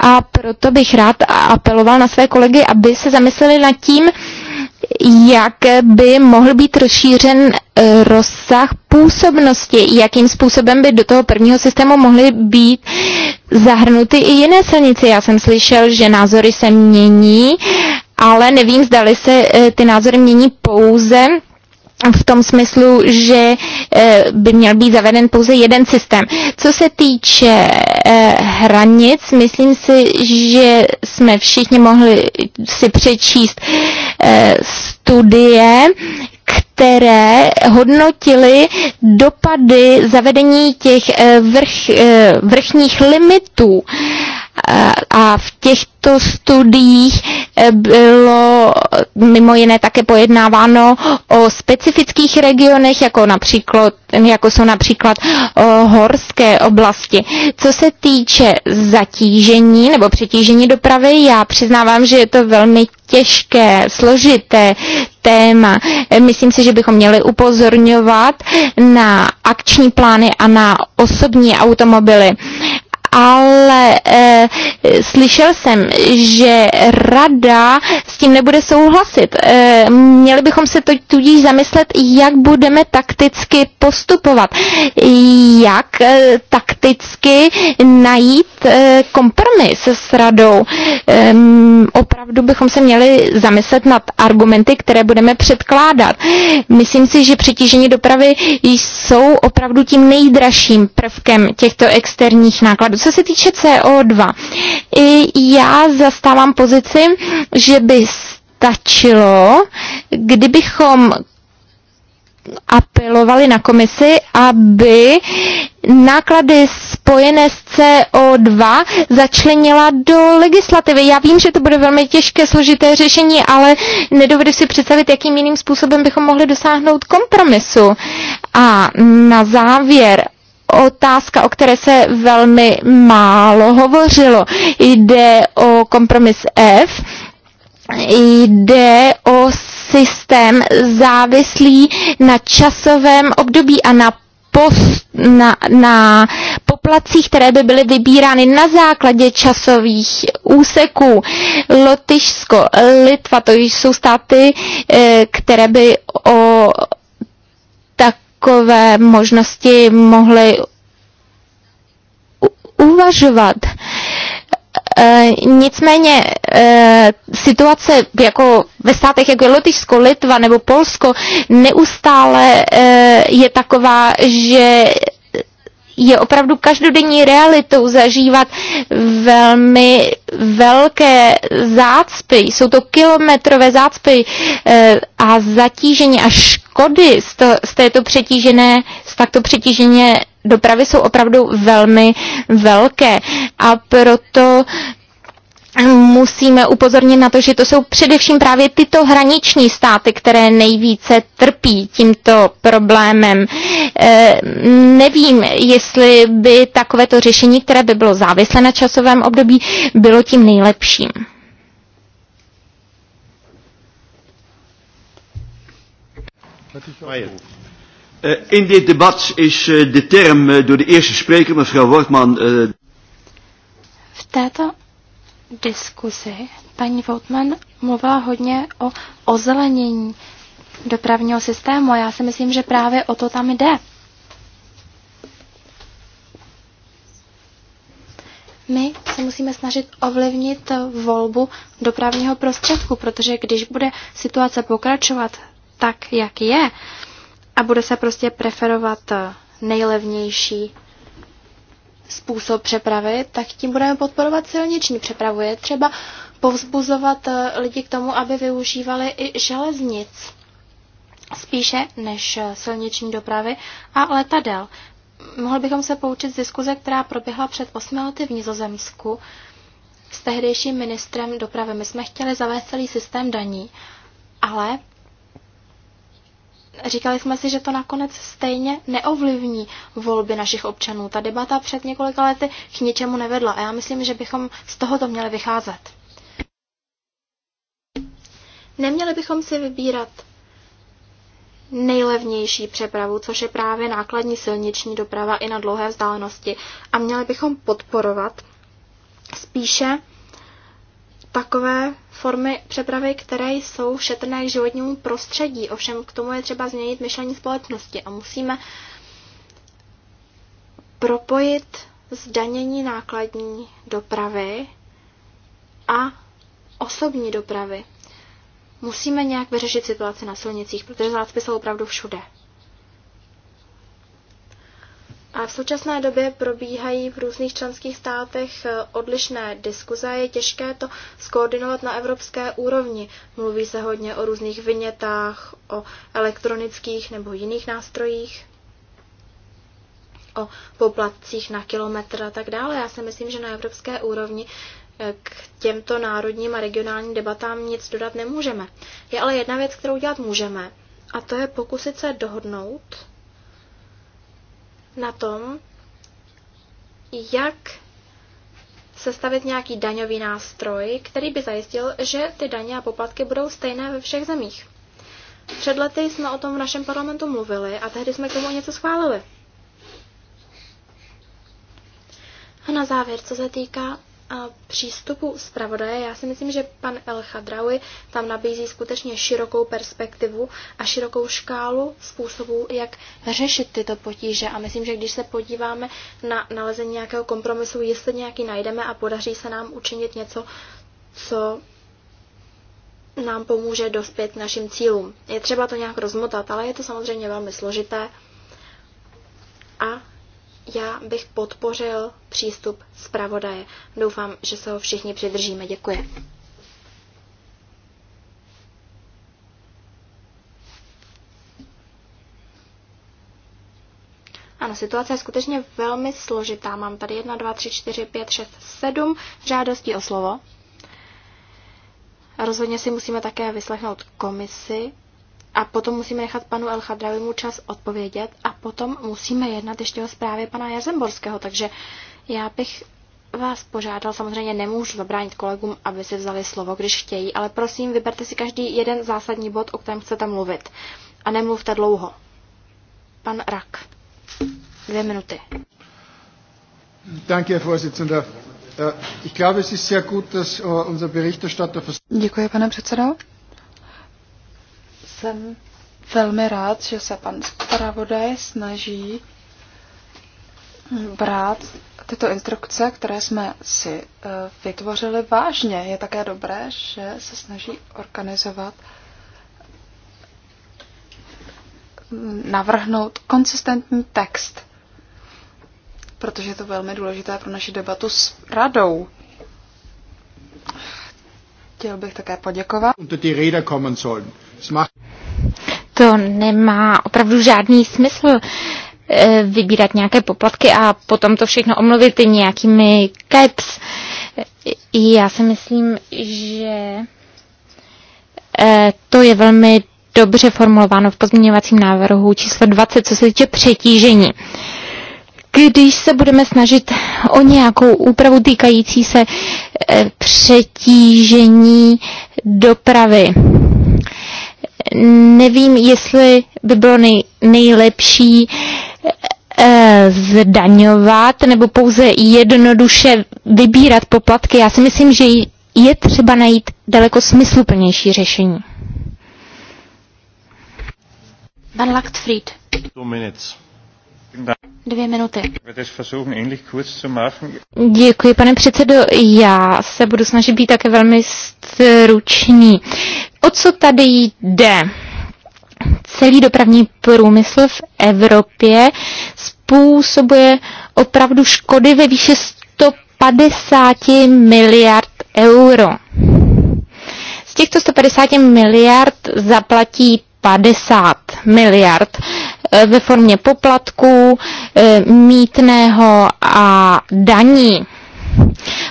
A proto bych rád apeloval na své kolegy, aby se zamysleli nad tím, jak by mohl být rozšířen eh, rozsah působnosti, jakým způsobem by do toho prvního systému mohly být zahrnuty i jiné silnice. Já jsem slyšel, že názory se mění ale nevím, zdali se eh, ty názory mění pouze v tom smyslu, že eh, by měl být zaveden pouze jeden systém. Co se týče eh, hranic, myslím si, že jsme všichni mohli si přečíst studie, které hodnotily dopady zavedení těch vrch, vrchních limitů a v těchto studiích eh, bylo mimo jiné také pojednáváno o specifických regionech, jako, například, jako jsou například eh, horské oblasti. Co se týče zatížení nebo přetížení dopravy, já přiznávám, že je to velmi těžké, složité téma. Eh, myslím si, že bychom měli upozorňovat na akční plány a na osobní automobily ale e, slyšel jsem, že rada s tím nebude souhlasit. E, měli bychom se to tudíž zamyslet, jak budeme takticky postupovat, jak e, takticky najít e, kompromis s radou. E, opravdu bychom se měli zamyslet nad argumenty, které budeme předkládat. Myslím si, že přetížení dopravy jsou opravdu tím nejdražším prvkem těchto externích nákladů co se týče CO2, i já zastávám pozici, že by stačilo, kdybychom apelovali na komisi, aby náklady spojené s CO2 začlenila do legislativy. Já vím, že to bude velmi těžké, složité řešení, ale nedovedu si představit, jakým jiným způsobem bychom mohli dosáhnout kompromisu. A na závěr otázka, o které se velmi málo hovořilo. Jde o kompromis F, jde o systém závislý na časovém období a na post, na, na poplacích, které by byly vybírány na základě časových úseků. Lotyšsko, Litva, to jsou státy, eh, které by o takové možnosti mohli uvažovat. E, nicméně e, situace jako ve státech jako je Lotyšsko, Litva nebo Polsko neustále e, je taková, že je opravdu každodenní realitou zažívat velmi velké zácpy. Jsou to kilometrové zácpy eh, a zatížení a škody z, to, této přetížené, z takto přetížené dopravy jsou opravdu velmi velké. A proto musíme upozornit na to, že to jsou především právě tyto hraniční státy, které nejvíce trpí tímto problémem. E, nevím, jestli by takovéto řešení, které by bylo závislé na časovém období, bylo tím nejlepším. Eh, in dit debat is eh, de term door de eerste spreker, mevrouw Wortman. V této diskuzi paní Voutman mluvila hodně o ozelenění dopravního systému a já si myslím, že právě o to tam jde. My se musíme snažit ovlivnit volbu dopravního prostředku, protože když bude situace pokračovat tak, jak je, a bude se prostě preferovat nejlevnější způsob přepravy, tak tím budeme podporovat silniční přepravu. Je třeba povzbuzovat eh, lidi k tomu, aby využívali i železnic spíše než eh, silniční dopravy a letadel. Mohli bychom se poučit z diskuze, která proběhla před osmi lety v Nizozemsku s tehdejším ministrem dopravy. My jsme chtěli zavést celý systém daní, ale říkali jsme si, že to nakonec stejně neovlivní volby našich občanů. Ta debata před několika lety k ničemu nevedla a já myslím, že bychom z tohoto měli vycházet. Neměli bychom si vybírat nejlevnější přepravu, což je právě nákladní silniční doprava i na dlouhé vzdálenosti. A měli bychom podporovat spíše takové formy přepravy, které jsou šetrné k životnímu prostředí. Ovšem k tomu je třeba změnit myšlení společnosti a musíme propojit zdanění nákladní dopravy a osobní dopravy. Musíme nějak vyřešit situaci na silnicích, protože zácpy jsou opravdu všude. A v současné době probíhají v různých členských státech eh, odlišné diskuze. Je těžké to skoordinovat na evropské úrovni. Mluví se hodně o různých vynětách, o elektronických nebo jiných nástrojích, o poplatcích na kilometr a tak dále. Já si myslím, že na evropské úrovni eh, k těmto národním a regionálním debatám nic dodat nemůžeme. Je ale jedna věc, kterou dělat můžeme, a to je pokusit se dohodnout na tom, jak sestavit nějaký daňový nástroj, který by zajistil, že ty daně a poplatky budou stejné ve všech zemích. Před lety jsme o tom v našem parlamentu mluvili a tehdy jsme k tomu něco schválili. A na závěr, co se týká přístupu zpravodaje, já si myslím, že pan El Khadraoui tam nabízí skutečně širokou perspektivu a širokou škálu způsobů, jak řešit tyto potíže. A myslím, že když se podíváme na nalezení nějakého kompromisu, jestli nějaký najdeme a podaří se nám učinit něco, co nám pomůže dospět k našim cílům. Je třeba to nějak rozmotat, ale je to samozřejmě velmi složité a já bych podpořil přístup zpravodaje. Doufám, že se ho všichni přidržíme. Děkuji. Ano, situace je skutečně velmi složitá. Mám tady 1, 2, 3, 4, 5, 6, 7 žádostí o slovo. Rozhodně si musíme také vyslechnout komisi, a potom musíme nechat panu El Chadravimu čas odpovědět a potom musíme jednat ještě o zprávě pana Jazemborského, takže já bych vás požádal, samozřejmě nemůžu zabránit kolegům, aby si vzali slovo, když chtějí, ale prosím, vyberte si každý jeden zásadní bod, o kterém chcete mluvit. A nemluvte dlouho. Pan Rak. Dvě minuty. Danke, Herr Vorsitzender. Äh, ich glaube, es ist sehr gut, dass äh, unser Berichterstatter... Děkuji, pane předsedo jsem velmi rád, že se pan zpravodaj snaží brát tyto instrukce, které jsme si eh, vytvořili vážně. Je také dobré, že se snaží organizovat mm, navrhnout konsistentní text, protože je to velmi důležité pro naši debatu s radou. Chtěl bych také poděkovat. Unter die Räder kommen sollen. To nemá opravdu žádný smysl eh, vybírat nějaké poplatky a potom to všechno omluvit nějakými caps. Já si myslím, že eh, to je velmi dobře formulováno v pozměňovacím návrhu číslo 20, co se týče přetížení. Když se budeme snažit o nějakou úpravu týkající se eh, přetížení dopravy, nevím, jestli by bylo nej, nejlepší e, zdaňovat nebo pouze jednoduše vybírat poplatky. Já si myslím, že je třeba najít daleko smysluplnější řešení. Pan Lachtfried. Two minutes. Dvě minuty. Děkuji, pane předsedo. Já se budu snažit být také velmi stručný. O co tady jde? Celý dopravní průmysl v Evropě způsobuje opravdu škody ve výše 150 miliard euro. Z těchto 150 miliard zaplatí 50 miliard Eh, ve formě poplatků, eh, mítného a daní.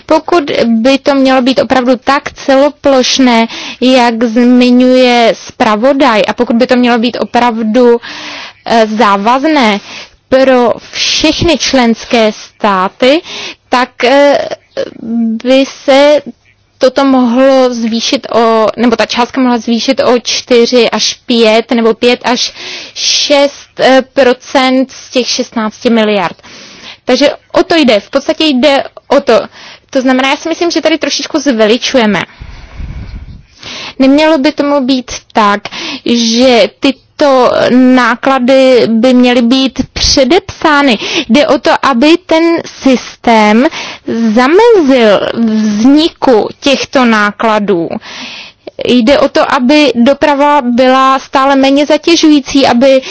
Pokud by to mělo být opravdu tak celoplošné, jak zmiňuje zpravodaj, a pokud by to mělo být opravdu eh, závazné pro všechny členské státy, tak by se toto mohlo zvýšit o, nebo ta částka mohla zvýšit o 4 až 5 nebo 5 až 6 eh, z těch 16 miliard. Takže o to jde, v podstatě jde o to. To znamená, já si myslím, že tady trošičku zveličujeme. Nemělo by tomu být tak, že ty tyto náklady by měly být předepsány. Jde o to, aby ten systém zamezil vzniku těchto nákladů. Jde o to, aby doprava byla stále méně zatěžující, aby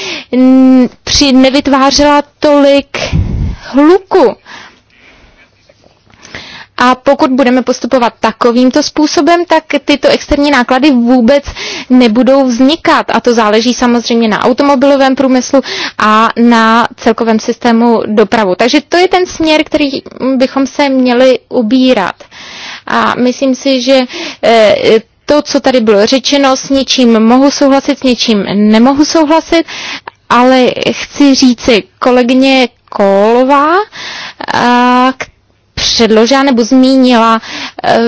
při nevytvářela tolik hluku. A pokud budeme postupovat takovýmto způsobem, tak tyto externí náklady vůbec nebudou vznikat. A to záleží samozřejmě na automobilovém průmyslu a na celkovém systému dopravu. Takže to je ten směr, který bychom se měli ubírat. A myslím si, že e, to, co tady bylo řečeno, s něčím mohu souhlasit, s něčím nemohu souhlasit, ale chci říci kolegyně Kolová, předložila nebo zmínila eh,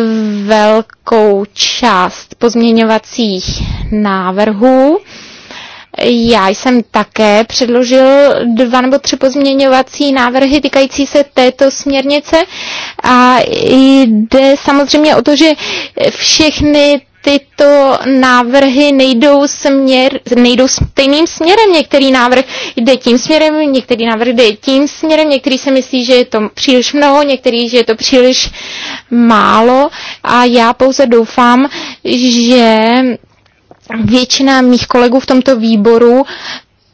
velkou část pozměňovacích návrhů. Já jsem také předložil dva nebo tři pozměňovací návrhy týkající se této směrnice a jde samozřejmě o to, že všechny tyto návrhy nejdou, směr, nejdou stejným směrem. Některý návrh jde tím směrem, některý návrh jde tím směrem, některý se myslí, že je to příliš mnoho, některý, že je to příliš málo a já pouze doufám, že většina mých kolegů v tomto výboru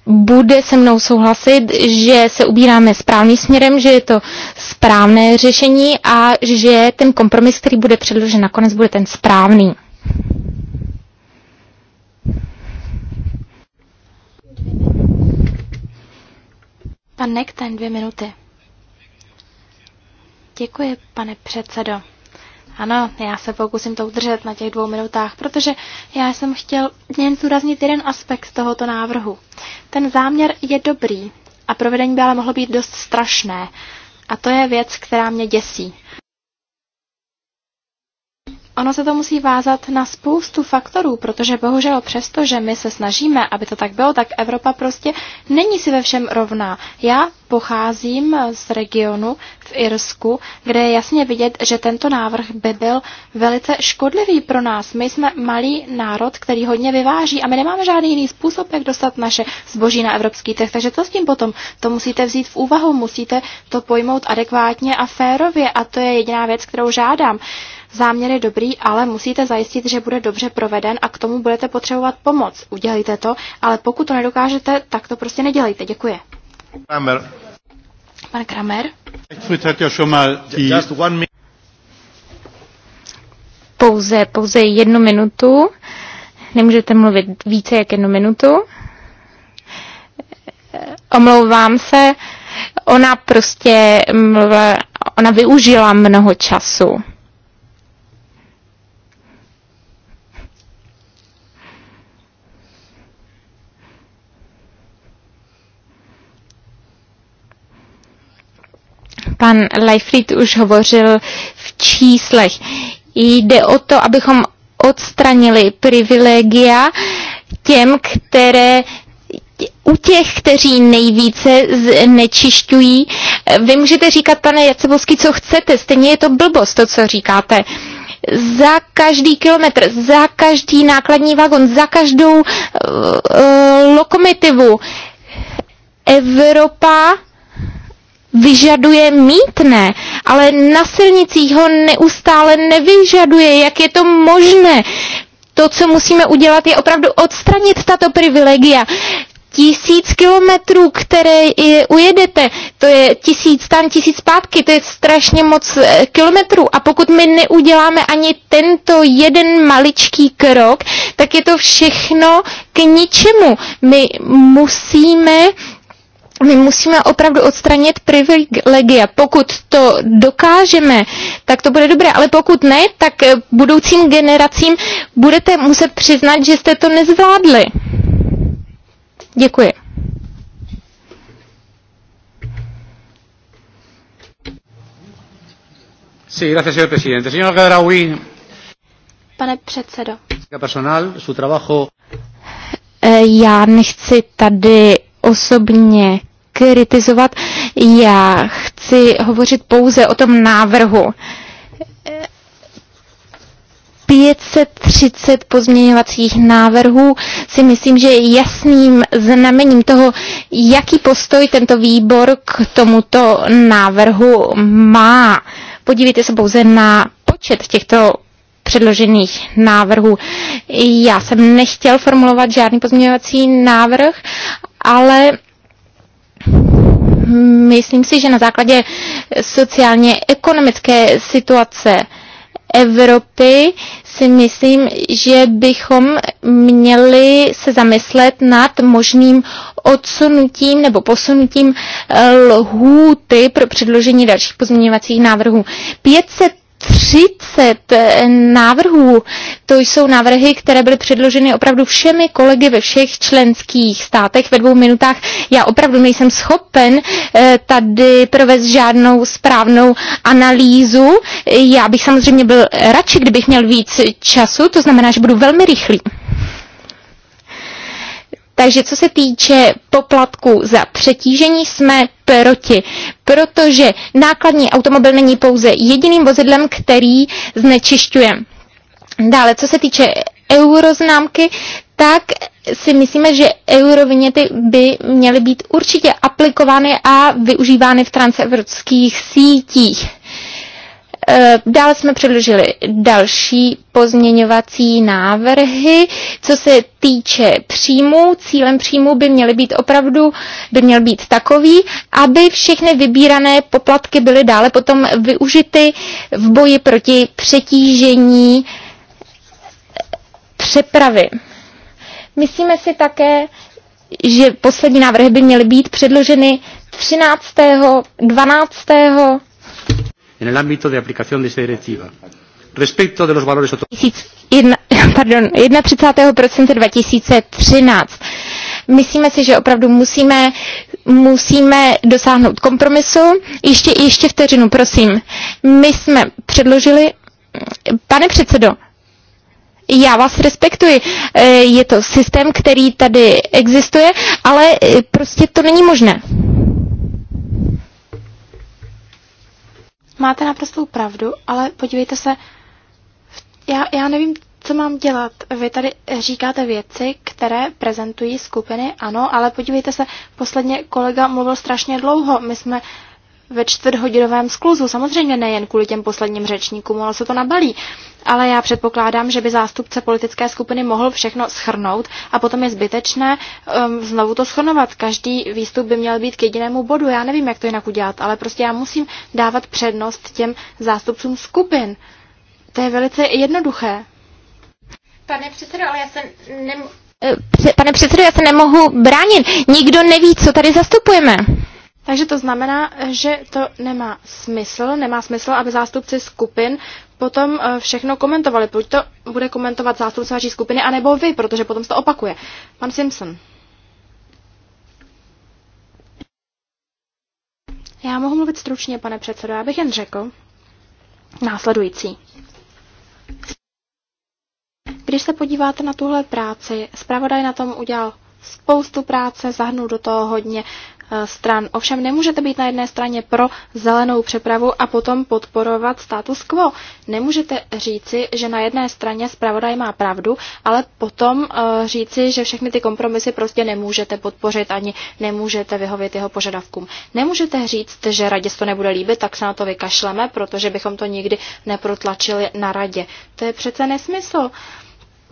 bude se mnou souhlasit, že se ubíráme správným směrem, že je to správné řešení a že ten kompromis, který bude předložen nakonec, bude ten správný. Pan Nektaň, dvě minuty. Děkuji, pane předsedo. Ano, já se pokusím to udržet na těch dvou minutách, protože já jsem chtěl jen zúraznit jeden aspekt z tohoto návrhu. Ten záměr je dobrý a provedení by ale mohlo být dost strašné. A to je věc, která mě děsí ono se to musí vázat na spoustu faktorů, protože bohužel přesto, že my se snažíme, aby to tak bylo, tak Evropa prostě není si ve všem rovná. Já pocházím z regionu v Irsku, kde je jasně vidět, že tento návrh by byl velice škodlivý pro nás. My jsme malý národ, který hodně vyváží a my nemáme žádný jiný způsob, jak dostat naše zboží na evropský trh. Takže co s tím potom? To musíte vzít v úvahu, musíte to pojmout adekvátně a férově a to je jediná věc, kterou žádám. Záměr je dobrý, ale musíte zajistit, že bude dobře proveden a k tomu budete potřebovat pomoc. Udělejte to, ale pokud to nedokážete, tak to prostě nedělejte. Děkuji. Kramer. Pan Kramer. Pouze, pouze jednu minutu. Nemůžete mluvit více jak jednu minutu. Omlouvám se. Ona prostě mluvila, ona využila mnoho času. pan Leifried už hovořil v číslech. Jde o to, abychom odstranili privilegia těm, které u těch, kteří nejvíce znečišťují. Vy můžete říkat, pane Jacebovský, co chcete, stejně je to blbost, to, co říkáte za každý kilometr, za každý nákladní vagon, za každou uh, uh, lokomotivu. Evropa vyžaduje mítné, ale na silnicích ho neustále nevyžaduje. Jak je to možné? To, co musíme udělat, je opravdu odstranit tato privilegia tisíc kilometrů, které ujedete, to je tisíc tam, tisíc zpátky, to je strašně moc eh, kilometrů. A pokud my neuděláme ani tento jeden maličký krok, tak je to všechno k ničemu. My musíme my musíme opravdu odstranit privilegia. Pokud to dokážeme, tak to bude dobré, ale pokud ne, tak eh, budoucím generacím budete muset přiznat, že jste to nezvládli. Děkuji. Sí, gracias, señor presidente. Señor Gadraoui. Pane předsedo. Personal, su trabajo... Eh, já nechci tady osobně kritizovat. Já chci hovořit pouze o tom návrhu. 530 pozměňovacích návrhů si myslím, že je jasným znamením toho, jaký postoj tento výbor k tomuto návrhu má. Podívejte se pouze na počet těchto předložených návrhů. Já jsem nechtěl formulovat žádný pozměňovací návrh, ale myslím si, že na základě sociálně-ekonomické situace Evropy si myslím, že bychom měli se zamyslet nad možným odsunutím nebo posunutím eh, lhůty pro předložení dalších pozměňovacích návrhů. 500 30 eh, návrhů. To jsou návrhy, které byly předloženy opravdu všemi kolegy ve všech členských státech ve dvou minutách. Já opravdu nejsem schopen eh, tady provést žádnou správnou analýzu. Já bych samozřejmě byl radši, kdybych měl víc času, to znamená, že budu velmi rychlý. Takže co se týče poplatku za přetížení, jsme proti, protože nákladní automobil není pouze jediným vozidlem, který znečišťuje. Dále, co se týče euroznámky, tak si myslíme, že eurovinety by měly být určitě aplikovány a využívány v transevropských sítích. Eh, dále jsme předložili další pozměňovací návrhy. Co se týče příjmu, cílem příjmu by měly být opravdu, by měl být takový, aby všechny vybírané poplatky byly dále potom využity v boji proti přetížení eh, přepravy. Myslíme si také, že poslední návrhy by měly být předloženy 13. 12 en el ámbito de aplicación de esta directiva. Respecto de los valores Pardon, 31. 2013. Myslíme si, že opravdu musíme, musíme dosáhnout kompromisu. Ještě, ještě vteřinu, prosím. My jsme předložili, pane předsedo, já vás respektuji. Eh, je to systém, který tady existuje, ale eh, prostě to není možné. Máte naprostou pravdu, ale podívejte se, já, já nevím, co mám dělat. Vy tady říkáte věci, které prezentují skupiny, ano, ale podívejte se, posledně kolega mluvil strašně dlouho. My jsme ve čtvrthodinovém skluzu. Samozřejmě nejen kvůli těm posledním řečníkům, ono se to nabalí. Ale já předpokládám, že by zástupce politické skupiny mohl všechno schrnout a potom je zbytečné um, znovu to schrnovat. Každý výstup by měl být k jedinému bodu. Já nevím, jak to jinak udělat, ale prostě já musím dávat přednost těm zástupcům skupin. To je velice jednoduché. Pane předsedo, ale já se nem... Eh, pane předsedo, já se nemohu bránit. Nikdo neví, co tady zastupujeme. Takže to znamená, že to nemá smysl, nemá smysl, aby zástupci skupin potom eh, všechno komentovali. Buď to bude komentovat zástupce vaší skupiny, anebo vy, protože potom se to opakuje. Pan Simpson. Já mohu mluvit stručně, pane předsedo. Já bych jen řekl následující. Když se podíváte na tuhle práci, zpravodaj na tom udělal spoustu práce, zahnul do toho hodně Eh, stran. Ovšem nemůžete být na jedné straně pro zelenou přepravu a potom podporovat status quo. Nemůžete říci, že na jedné straně zpravodaj má pravdu, ale potom eh, říci, že všechny ty kompromisy prostě nemůžete podpořit ani nemůžete vyhovět jeho požadavkům. Nemůžete říct, že radě to nebude líbit, tak se na to vykašleme, protože bychom to nikdy neprotlačili na radě. To je přece nesmysl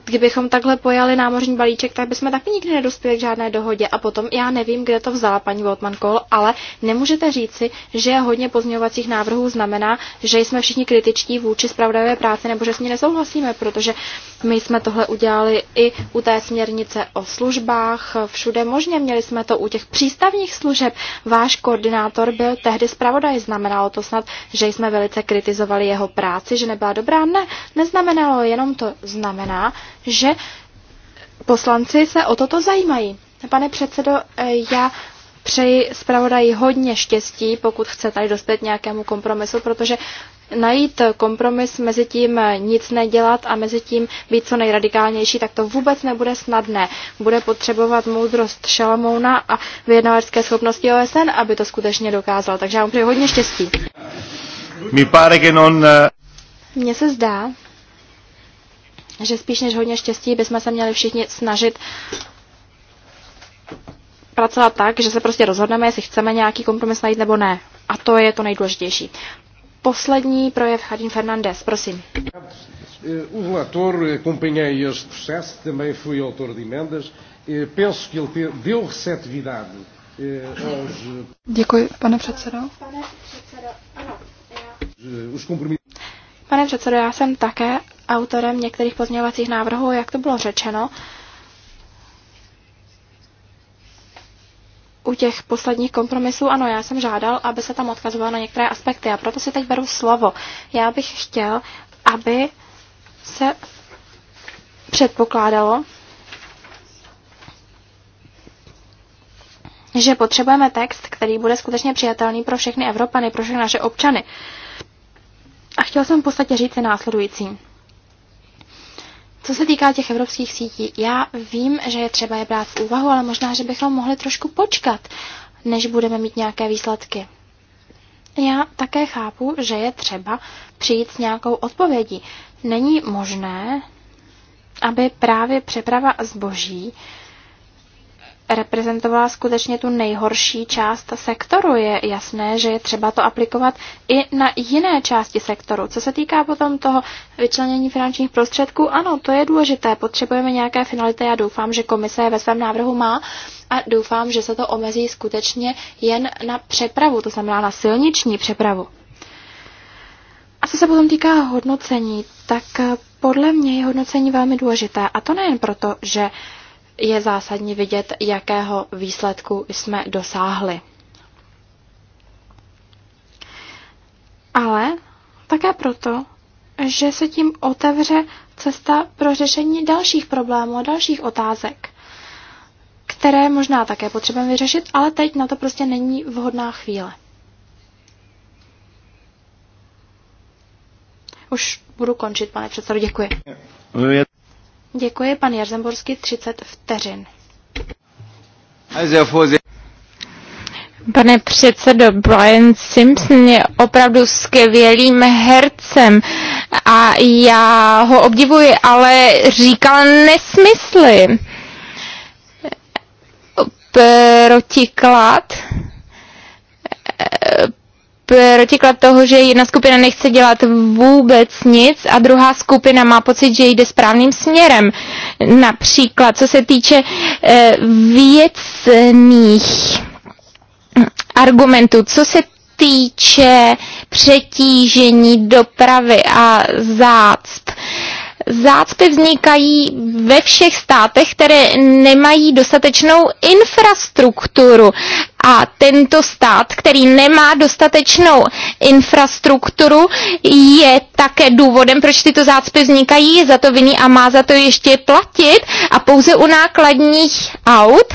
kdybychom takhle pojali námořní balíček, tak bychom taky nikdy nedospěli k žádné dohodě. A potom já nevím, kde to vzala paní Voltman Kohl, ale nemůžete říci, že hodně pozměňovacích návrhů znamená, že jsme všichni kritičtí vůči spravodajové práci nebo že s ní nesouhlasíme, protože my jsme tohle udělali i u té směrnice o službách, všude možně měli jsme to u těch přístavních služeb. Váš koordinátor byl tehdy zpravodaj, znamenalo to snad, že jsme velice kritizovali jeho práci, že nebyla dobrá? Ne, neznamenalo, jenom to znamená, že poslanci se o toto zajímají. Pane předsedo, já přeji zpravodaji hodně štěstí, pokud chce tady dostat nějakému kompromisu, protože najít kompromis mezi tím nic nedělat a mezi tím být co nejradikálnější, tak to vůbec nebude snadné. Bude potřebovat moudrost Šalamouna a vyjednávačské schopnosti OSN, aby to skutečně dokázal. Takže já mu přeji hodně štěstí. Mi pare non... Eh, Mně se zdá, že spíš než hodně štěstí bychom se měli všichni snažit pracovat tak, že se prostě rozhodneme, jestli chceme nějaký kompromis najít nebo ne. A to je to nejdůležitější. Poslední projev Hadin Fernandez, prosím. Eh, o relator, eh, acompanhei este processo, também fui autor de emendas. E penso que ele deu receptividade eh, aos. Děkuji, pane předsedo. Pane předsedo, ano. Os compromissos. Pane předsedo, já jsem také autorem některých pozměňovacích návrhů, jak to bylo řečeno. U těch posledních kompromisů, ano, já jsem žádal, aby se tam odkazovalo na některé aspekty a proto si teď beru slovo. Já bych chtěl, aby se předpokládalo, že potřebujeme text, který bude skutečně přijatelný pro všechny Evropany, pro všechny naše občany. A chtěl jsem v podstatě říct i následující. Co se týká těch evropských sítí, já vím, že je třeba je brát v úvahu, ale možná, že bychom mohli trošku počkat, než budeme mít nějaké výsledky. Já také chápu, že je třeba přijít s nějakou odpovědí. Není možné, aby právě přeprava zboží reprezentovala skutečně tu nejhorší část sektoru. Je jasné, že je třeba to aplikovat i na jiné části sektoru. Co se týká potom toho vyčlenění finančních prostředků, ano, to je důležité. Potřebujeme nějaké finality. Já doufám, že komise je ve svém návrhu má a doufám, že se to omezí skutečně jen na přepravu, to znamená na silniční přepravu. A co se potom týká hodnocení, tak podle mě je hodnocení velmi důležité. A to nejen proto, že je zásadní vidět, jakého výsledku jsme dosáhli. Ale také proto, že se tím otevře cesta pro řešení dalších problémů a dalších otázek, které možná také potřebujeme vyřešit, ale teď na to prostě není vhodná chvíle. Už budu končit, pane předsedo, děkuji. Děkuji, pan Jarzemborský, 30 vteřin. Pane předsedo, Brian Simpson je opravdu skvělým hercem a já ho obdivuji, ale říkal nesmysly. Protiklad protiklad toho, že jedna skupina nechce dělat vůbec nic a druhá skupina má pocit, že jde správným směrem. Například, co se týče eh, věcných argumentů, co se týče přetížení dopravy a zácp. Zácpy vznikají ve všech státech, které nemají dostatečnou infrastrukturu a tento stát, který nemá dostatečnou infrastrukturu, je také důvodem, proč tyto zácpy vznikají, za to viní a má za to ještě platit a pouze u nákladních aut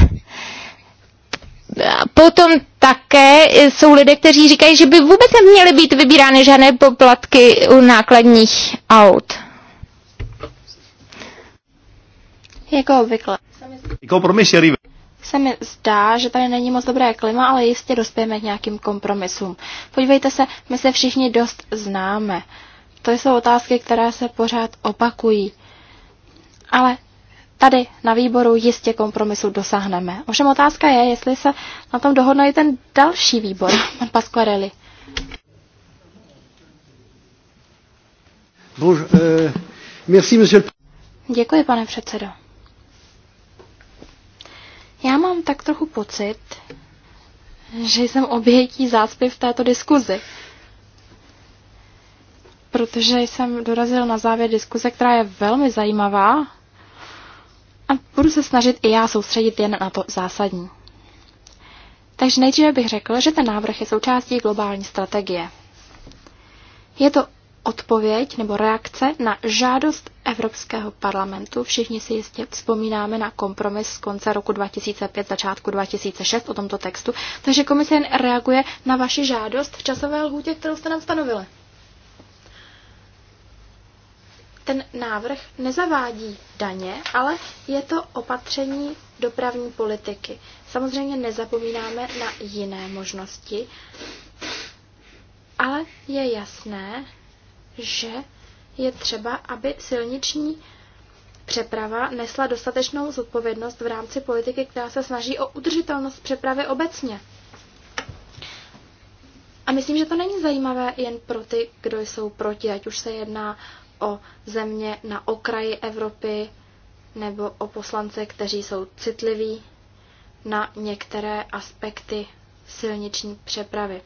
potom také jsou lidé, kteří říkají, že by vůbec neměly být vybírány žádné poplatky u nákladních aut. Jako obvykle. Jako je se mi zdá, že tady není moc dobré klima, ale jistě dospějeme k nějakým kompromisům. Podívejte se, my se všichni dost známe. To jsou otázky, které se pořád opakují. Ale tady na výboru jistě kompromisu dosáhneme. Ovšem otázka je, jestli se na tom dohodne i ten další výbor, pan Pasquarelli. Euh, Děkuji, pane předsedo. Já mám tak trochu pocit, že jsem obětí zácpy v této diskuzi. Protože jsem dorazil na závěr diskuze, která je velmi zajímavá a budu se snažit i já soustředit jen na to zásadní. Takže nejdříve bych řekl, že ten návrh je součástí globální strategie. Je to odpověď nebo reakce na žádost Evropského parlamentu. Všichni si jistě vzpomínáme na kompromis z konce roku 2005, začátku 2006 o tomto textu. Takže komise jen reaguje na vaši žádost v časové lhůtě, kterou jste nám stanovili. Ten návrh nezavádí daně, ale je to opatření dopravní politiky. Samozřejmě nezapomínáme na jiné možnosti, ale je jasné, že je třeba, aby silniční přeprava nesla dostatečnou zodpovědnost v rámci politiky, která se snaží o udržitelnost přepravy obecně. A myslím, že to není zajímavé jen pro ty, kdo jsou proti, ať už se jedná o země na okraji Evropy nebo o poslance, kteří jsou citliví na některé aspekty silniční přepravy.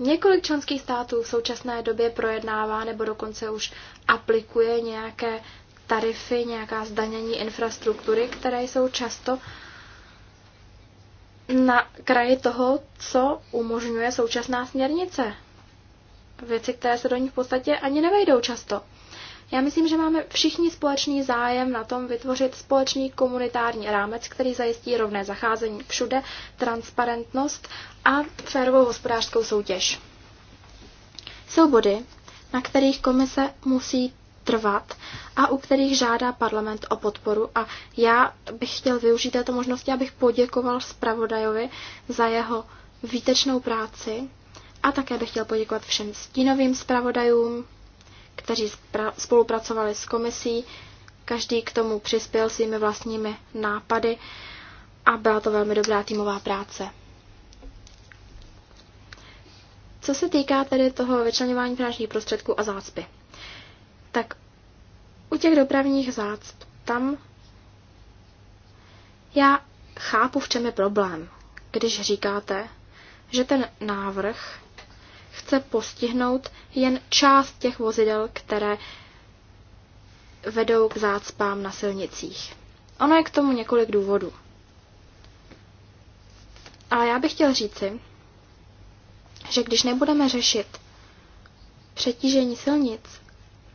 Několik členských států v současné době projednává nebo dokonce už aplikuje nějaké tarify, nějaká zdanění infrastruktury, které jsou často na kraji toho, co umožňuje současná směrnice. Věci, které se do nich v podstatě ani nevejdou často. Já myslím, že máme všichni společný zájem na tom vytvořit společný komunitární rámec, který zajistí rovné zacházení všude, transparentnost a férovou hospodářskou soutěž. Jsou body, na kterých komise musí trvat a u kterých žádá parlament o podporu. A já bych chtěl využít této možnosti, abych poděkoval zpravodajovi za jeho výtečnou práci a také bych chtěl poděkovat všem stínovým zpravodajům, kteří spolupracovali s komisí. Každý k tomu přispěl svými vlastními nápady a byla to velmi dobrá týmová práce. Co se týká tedy toho vyčlenování finančních prostředků a zácpy, tak u těch dopravních zácp tam já chápu, v čem je problém, když říkáte, že ten návrh chce postihnout jen část těch vozidel, které vedou k zácpám na silnicích. Ono je k tomu několik důvodů. Ale já bych chtěl říci, že když nebudeme řešit přetížení silnic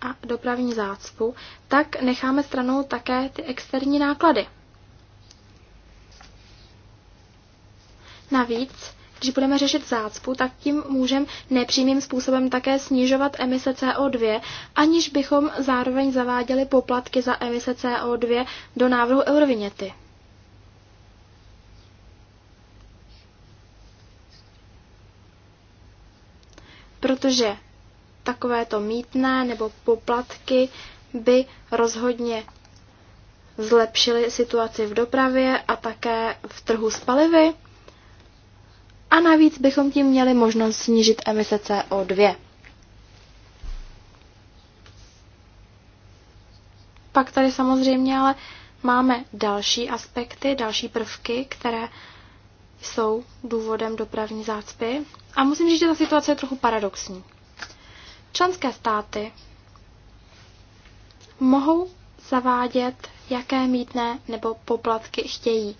a dopravní zácpu, tak necháme stranou také ty externí náklady. Navíc když budeme řešit zácpu, tak tím můžeme nepřímým způsobem také snižovat emise CO2, aniž bychom zároveň zaváděli poplatky za emise CO2 do návrhu eurovinety. Protože takovéto mítné nebo poplatky by rozhodně zlepšily situaci v dopravě a také v trhu s palivy a navíc bychom tím měli možnost snížit emise CO2. Pak tady samozřejmě ale máme další aspekty, další prvky, které jsou důvodem dopravní zácpy. A musím říct, že ta situace je trochu paradoxní. Členské státy mohou zavádět, jaké mítné nebo poplatky chtějí.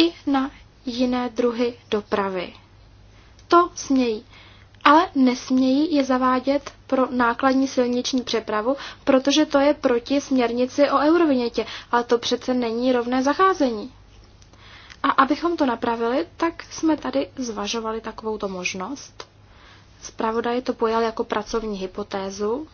I na jiné druhy dopravy. To smějí. Ale nesmějí je zavádět pro nákladní silniční přepravu, protože to je proti směrnici o eurovinětě, ale to přece není rovné zacházení. A abychom to napravili, tak jsme tady zvažovali takovouto možnost. Zpravodaj to pojal jako pracovní hypotézu,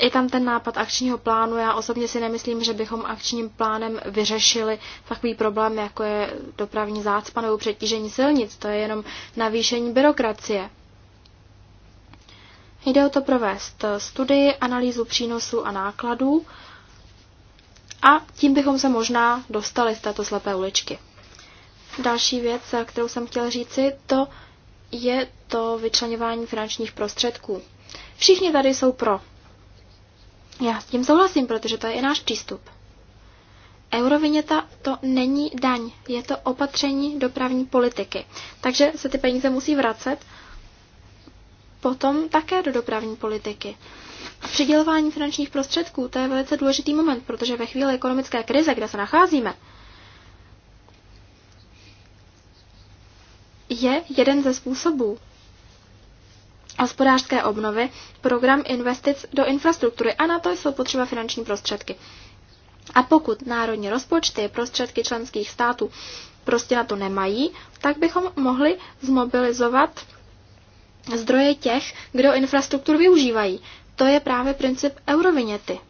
je tam ten nápad akčního plánu. Já osobně si nemyslím, že bychom akčním plánem vyřešili takový problém, jako je dopravní zácpa nebo přetížení silnic. To je jenom navýšení byrokracie. Jde o to provést studii, analýzu přínosů a nákladů a tím bychom se možná dostali z této slepé uličky. Další věc, kterou jsem chtěl říci, to je to vyčlenování finančních prostředků. Všichni tady jsou pro. Já s tím souhlasím, protože to je i náš přístup. Euroviněta to není daň, je to opatření dopravní politiky. Takže se ty peníze musí vracet potom také do dopravní politiky. A přidělování finančních prostředků, to je velice důležitý moment, protože ve chvíli ekonomické krize, kde se nacházíme, je jeden ze způsobů, hospodářské obnovy program investic do infrastruktury a na to jsou potřeba finanční prostředky. A pokud národní rozpočty prostředky členských států prostě na to nemají, tak bychom mohli zmobilizovat zdroje těch, kdo infrastrukturu využívají. To je právě princip eurovinety.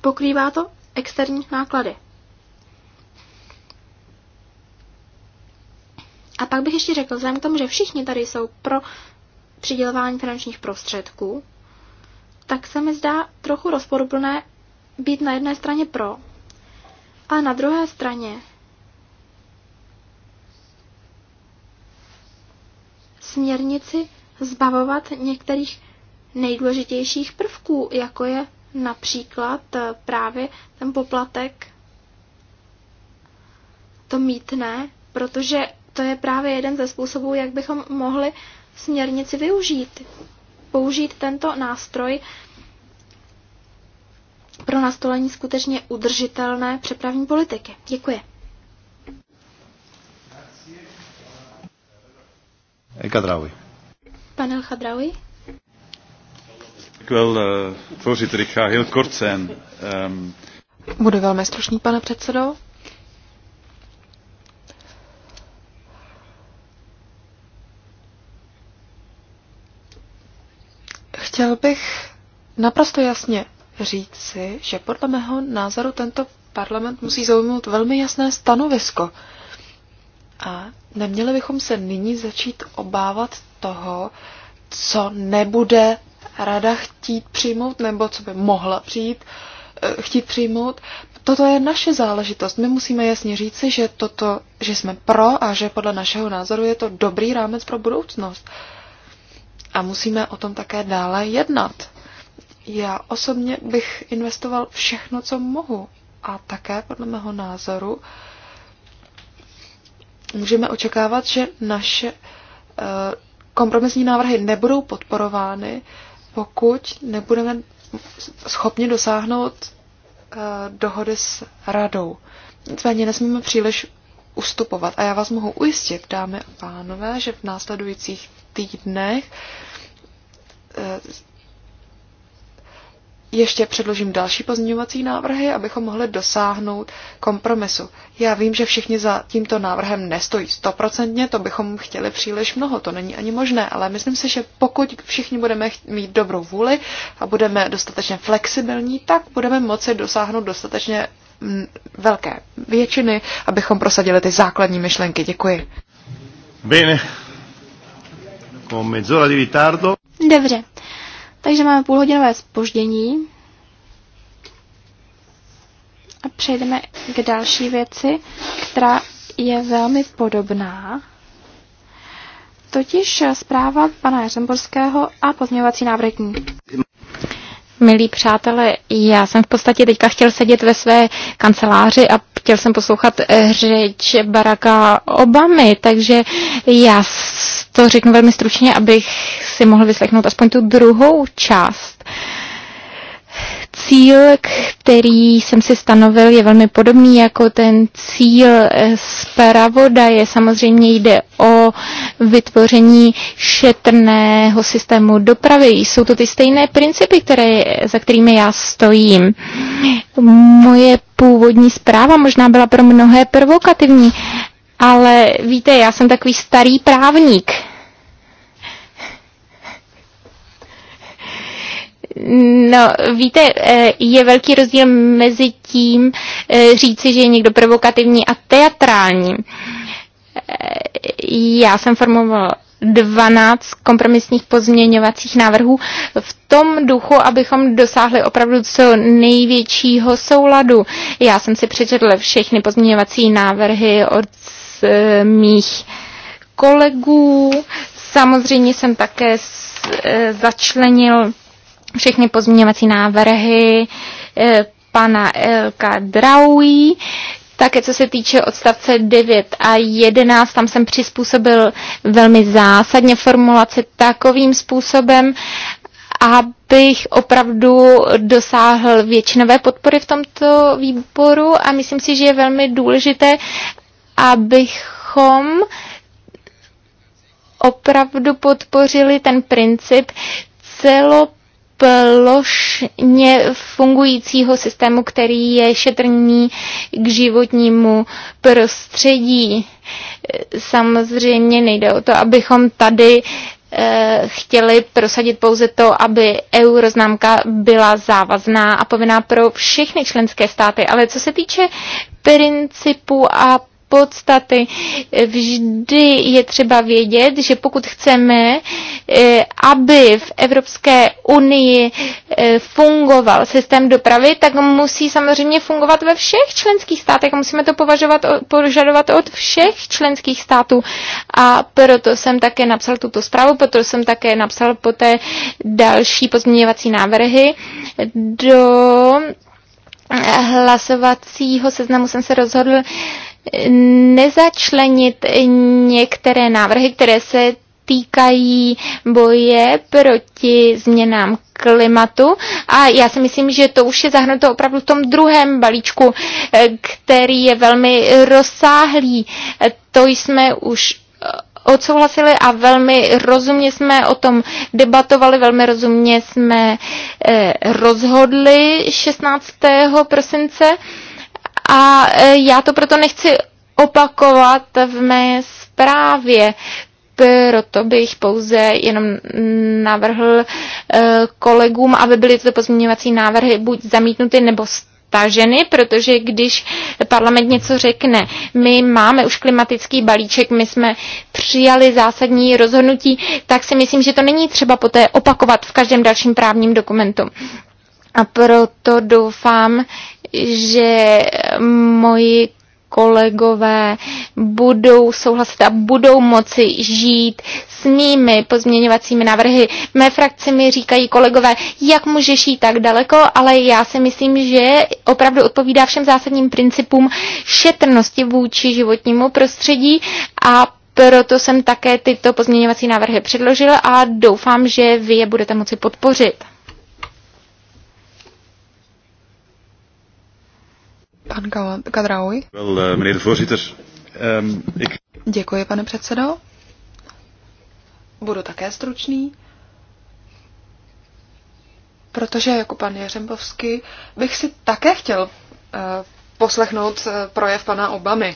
Pokrývá to externí náklady. A pak bych ještě řekl, vzhledem k tomu, že všichni tady jsou pro přidělování finančních prostředků, tak se mi zdá trochu rozporuplné být na jedné straně pro, ale na druhé straně směrnici zbavovat některých nejdůležitějších prvků, jako je například eh, právě ten poplatek, to mítné, protože to je právě jeden ze způsobů, jak bychom mohli směrnici využít. Použít tento nástroj pro nastolení skutečně udržitelné přepravní politiky. Děkuji. Kadraoui. Panel Kadraoui. Budu velmi stručný, pane předsedo. Chtěl bych naprosto jasně si, že podle mého názoru tento parlament musí zaujmout velmi jasné stanovisko. A neměli bychom se nyní začít obávat toho, co nebude rada chtít přijmout, nebo co by mohla přijít, eh, chtít přijmout. Toto je naše záležitost. My musíme jasně říci, že, toto, že jsme pro a že podle našeho názoru je to dobrý rámec pro budoucnost. Uh, a musíme o tom také dále jednat. Já osobně bych investoval všechno, co mohu. A také, podle mého názoru, můžeme očekávat, že naše eh, kompromisní návrhy nebudou podporovány, pokud nebudeme schopni dosáhnout eh, dohody s radou. Nicméně nesmíme příliš ustupovat. A já vás mohu ujistit, dámy a pánové, že v následujících týdnech Eh, ještě předložím další pozměňovací návrhy, abychom mohli dosáhnout kompromisu. Já vím, že všichni za tímto návrhem nestojí stoprocentně, to bychom chtěli příliš mnoho, to není ani možné, ale myslím si, že pokud všichni budeme mít dobrou vůli a budeme dostatečně flexibilní, tak budeme moci dosáhnout dostatečně mm, velké většiny, abychom prosadili ty základní myšlenky. Děkuji. Bene. Con mezz'ora di ritardo. Dobře, takže máme půlhodinové spoždění a přejdeme k další věci, která je velmi podobná. Totiž zpráva pana Jeřemborského a pozměňovací návrh Milí přátelé, já jsem v podstatě teďka chtěl sedět ve své kanceláři a chtěl jsem poslouchat eh, řeč Baracka Obamy, takže já to řeknu velmi stručně, abych si mohl vyslechnout aspoň tu druhou část. Cíl, který jsem si stanovil, je velmi podobný jako ten cíl eh, Je Samozřejmě jde o vytvoření šetrného systému dopravy. Jsou to ty stejné principy, které, za kterými já stojím. Moje původní zpráva možná byla pro mnohé provokativní, ale víte, já jsem takový starý právník. No, víte, eh, je velký rozdíl mezi tím eh, říci, že je někdo provokativní a teatrální. Já jsem formoval 12 kompromisních pozměňovacích návrhů v tom duchu, abychom dosáhli opravdu co největšího souladu. Já jsem si přečetl všechny pozměňovací návrhy od eh, mých kolegů. Samozřejmě jsem také eh, začlenil všechny pozměňovací návrhy eh, pana Elka Draují. Také co se týče odstavce 9 a 11, tam jsem přizpůsobil velmi zásadně formulaci takovým způsobem, abych opravdu dosáhl většinové podpory v tomto výboru a myslím si, že je velmi důležité, abychom opravdu podpořili ten princip celo plošně fungujícího systému, který je šetrný k životnímu prostředí. Samozřejmě nejde o to, abychom tady eh, chtěli prosadit pouze to, aby EU roznámka byla závazná a povinná pro všechny členské státy. Ale co se týče principu a podstaty. Vždy je třeba vědět, že pokud chceme, eh, aby v Evropské unii eh, fungoval systém dopravy, tak musí samozřejmě fungovat ve všech členských státech musíme to považovat, požadovat od všech členských států. A proto jsem také napsal tuto zprávu, proto jsem také napsal poté další pozměňovací návrhy do hlasovacího seznamu jsem se rozhodl nezačlenit některé návrhy, které se týkají boje proti změnám klimatu a já si myslím, že to už je zahrnuto opravdu v tom druhém balíčku, který je velmi rozsáhlý. To jsme už odsouhlasili a velmi rozumně jsme o tom debatovali, velmi rozumně jsme eh, rozhodli 16. prosince a e, já to proto nechci opakovat v mé zprávě. Proto bych pouze jenom navrhl e, kolegům, aby byly tyto pozměňovací návrhy buď zamítnuty nebo staženy, protože když parlament něco řekne, my máme už klimatický balíček, my jsme přijali zásadní rozhodnutí, tak si myslím, že to není třeba poté opakovat v každém dalším právním dokumentu. A proto doufám, že moji kolegové budou souhlasit a budou moci žít s mými pozměňovacími návrhy. Mé frakci mi říkají kolegové, jak můžeš jít tak daleko, ale já si myslím, že opravdu odpovídá všem zásadním principům šetrnosti vůči životnímu prostředí a proto jsem také tyto pozměňovací návrhy předložila a doufám, že vy je budete moci podpořit. Um, ik... Děkuji, pane předsedo. Budu také stručný. Protože jako pan Jeřembovský bych si také chtěl uh, poslechnout eh, projev pana Obamy. Uh,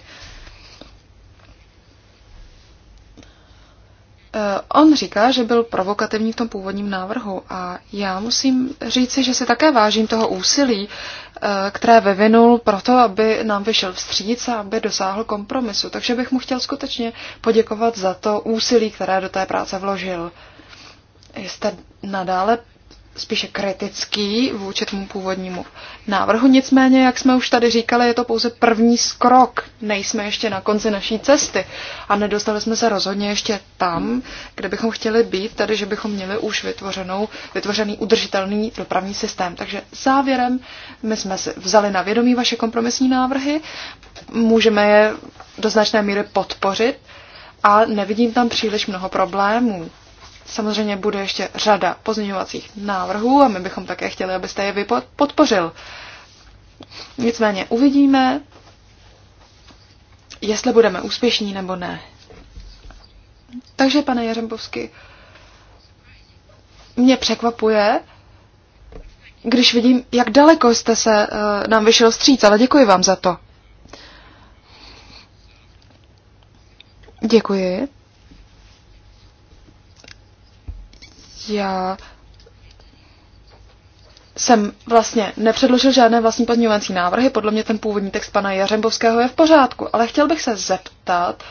Eh, on říká, že byl provokativní v tom původním návrhu a já musím říci, že se také vážím toho úsilí, eh, které vyvinul to, aby nám vyšel vstříc a aby dosáhl kompromisu. Takže bych mu chtěl skutečně poděkovat za to úsilí, které do té práce vložil. Jste nadále spíše kritický vůči tomu původnímu návrhu. Nicméně, jak jsme už tady říkali, je to pouze první skrok. Nejsme ještě na konci naší cesty a nedostali jsme se rozhodně ještě tam, kde bychom chtěli být, tedy že bychom měli už vytvořenou, vytvořený udržitelný dopravní systém. Takže závěrem my jsme si vzali na vědomí vaše kompromisní návrhy, můžeme je do značné míry podpořit a nevidím tam příliš mnoho problémů. Samozřejmě bude ještě řada pozměňovacích návrhů a my bychom také chtěli, abyste je vy podpořil. Nicméně uvidíme, jestli budeme úspěšní nebo ne. Takže, pane Jeřembovsky, mě překvapuje, když vidím, jak daleko jste se uh, nám vyšel stříc, ale děkuji vám za to. Děkuji. Já jsem vlastně nepředložil žádné vlastní pozměňovací návrhy, podle mě ten původní text pana Jařembovského je v pořádku, ale chtěl bych se zeptat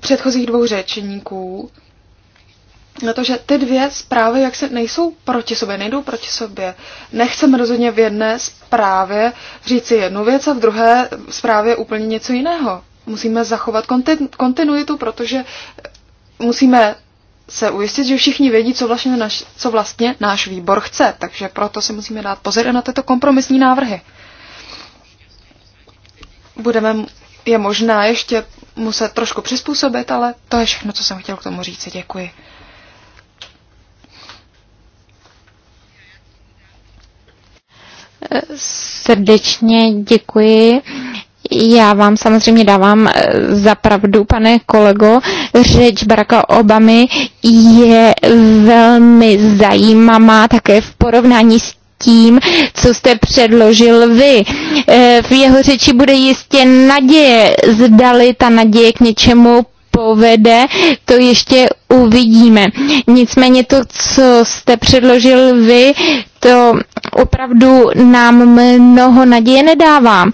předchozích dvou řečníků na to, že ty dvě zprávy jak se nejsou proti sobě, nejdou proti sobě. Nechceme rozhodně v jedné zprávě říci jednu věc a v druhé zprávě úplně něco jiného. Musíme zachovat kontinuitu, protože musíme se ujistit, že všichni vědí, co vlastně, naš, co vlastně náš výbor chce, takže proto si musíme dát pozor na tyto kompromisní návrhy. Budeme je možná ještě muset trošku přizpůsobit, ale to je všechno, co jsem chtěl k tomu říct. Děkuji. Srdečně děkuji. Já vám samozřejmě dávám eh, za pravdu, pane kolego. Řeč Baracka Obamy je velmi zajímavá také v porovnání s tím, co jste předložil vy. Eh, v jeho řeči bude jistě naděje, zdali ta naděje k něčemu povede, to ještě uvidíme. Nicméně to, co jste předložil vy, to opravdu nám mnoho naděje nedává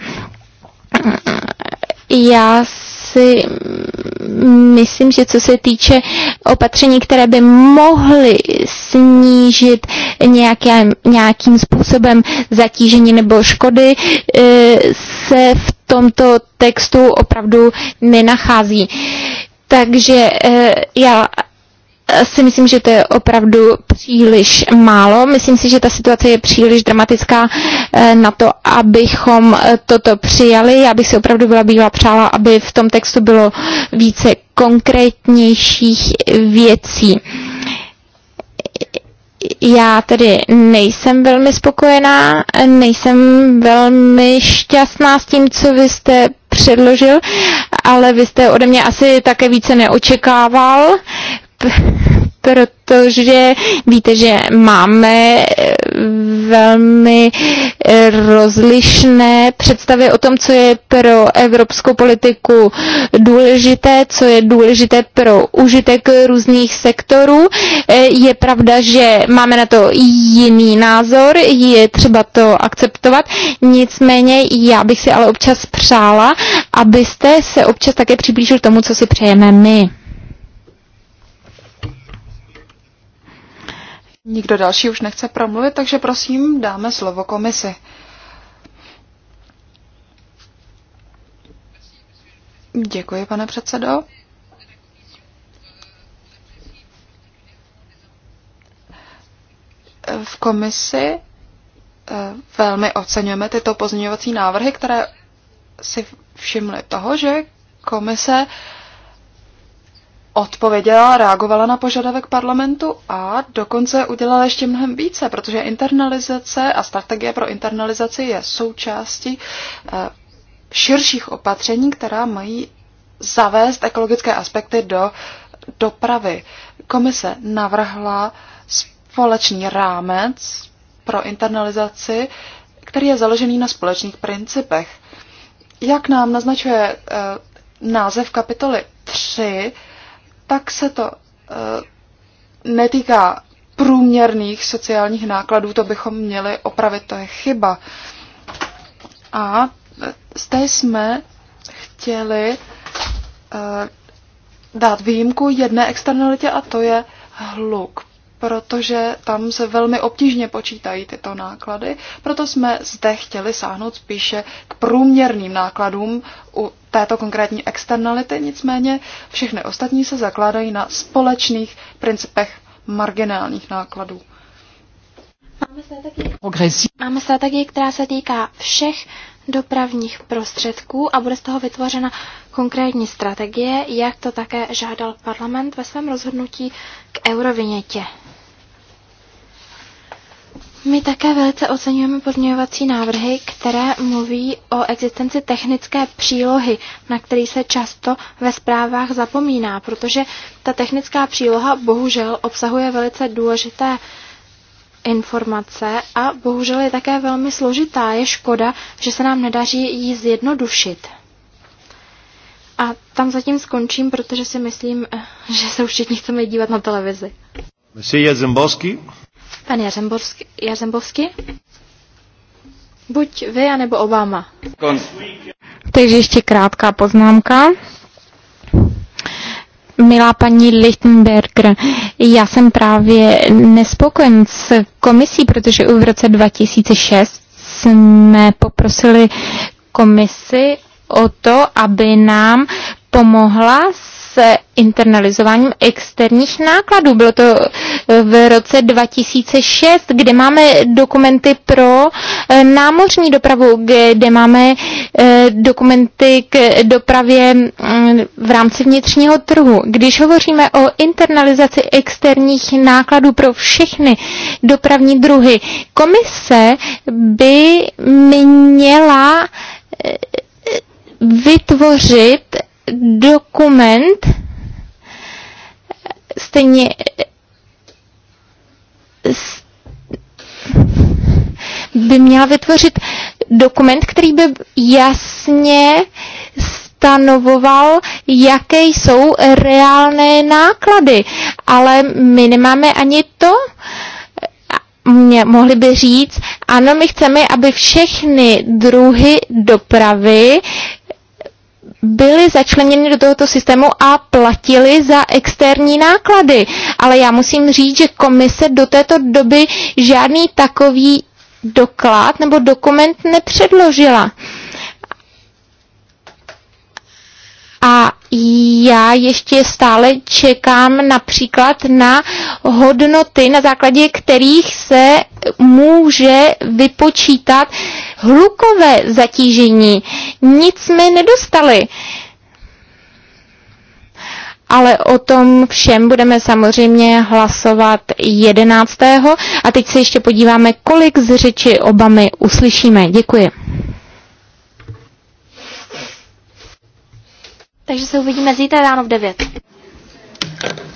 já si myslím, že co se týče opatření, které by mohly snížit nějaké, nějakým způsobem zatížení nebo škody, eh, se v tomto textu opravdu nenachází. Takže eh, já si myslím, že to je opravdu příliš málo. Myslím si, že ta situace je příliš dramatická eh, na to, abychom eh, toto přijali. Já bych si opravdu byla bývá přála, aby v tom textu bylo více konkrétnějších věcí. Já tedy nejsem velmi spokojená, nejsem velmi šťastná s tím, co vy jste předložil, ale vy jste ode mě asi také více neočekával protože víte, že máme eh, velmi eh, rozlišné představy o tom, co je pro evropskou politiku důležité, co je důležité pro užitek různých sektorů. Eh, je pravda, že máme na to jiný názor, je třeba to akceptovat. Nicméně já bych si ale občas přála, abyste se občas také přiblížil tomu, co si přejeme my. Nikdo další už nechce promluvit, takže prosím, dáme slovo komisi. Děkuji, pane předsedo. V komisi eh, velmi oceňujeme tyto pozměňovací návrhy, které si všimly toho, že komise uh, odpověděla, reagovala na požadavek parlamentu a dokonce udělala ještě mnohem více, protože internalizace a strategie pro internalizaci je součástí eh, širších opatření, která mají zavést ekologické aspekty do dopravy. Komise navrhla společný rámec pro internalizaci, který je založený na společných principech. Jak nám naznačuje eh, název kapitoly 3, tak se to eh, netýká průměrných sociálních nákladů, to bychom měli opravit, to je chyba. A eh, zde jsme chtěli eh, dát výjimku jedné externalitě a to je hluk protože tam se velmi obtížně počítají tyto náklady, proto jsme zde chtěli sáhnout spíše k průměrným nákladům u této konkrétní externality, nicméně všechny ostatní se zakládají na společných principech marginálních nákladů. Máme strategii, máme strategii, která se týká všech dopravních prostředků a bude z toho vytvořena konkrétní strategie, jak to také žádal parlament ve svém rozhodnutí k eurovinětě. My také velice oceňujeme pozměňovací návrhy, které mluví o existenci technické přílohy, na který se často ve zprávách zapomíná, protože ta technická příloha bohužel obsahuje velice důležité informace a bohužel je také velmi složitá. Je škoda, že se nám nedaří ji zjednodušit. A tam zatím skončím, protože si myslím, že se už všichni chceme dívat na televizi. Mesija Zembovský. Pan Jařembovský, Buď vy, anebo Obama. Takže ještě krátká poznámka. Milá paní Lichtenberger, já jsem právě nespokojen s komisí, protože v roce 2006 jsme poprosili komisi o to, aby nám pomohla s se internalizováním externích nákladů. Bylo to eh, v roce 2006, kde máme dokumenty pro eh, námořní dopravu, kde máme eh, dokumenty k dopravě mm, v rámci vnitřního trhu. Když hovoříme o internalizaci externích nákladů pro všechny dopravní druhy, komise by měla vytvořit dokument, stejně by měla vytvořit dokument, který by jasně stanovoval, jaké jsou reálné náklady. Ale my nemáme ani to. Mě mohli by říct, ano, my chceme, aby všechny druhy dopravy byli začleněni do tohoto systému a platili za externí náklady. Ale já musím říct, že komise do této doby žádný takový doklad nebo dokument nepředložila. A já ještě stále čekám například na hodnoty, na základě kterých se může vypočítat hlukové zatížení. Nic jsme nedostali. Ale o tom všem budeme samozřejmě hlasovat 11. A teď se ještě podíváme, kolik z řeči Obamy uslyšíme. Děkuji. Takže se uvidíme zítra ráno v 9.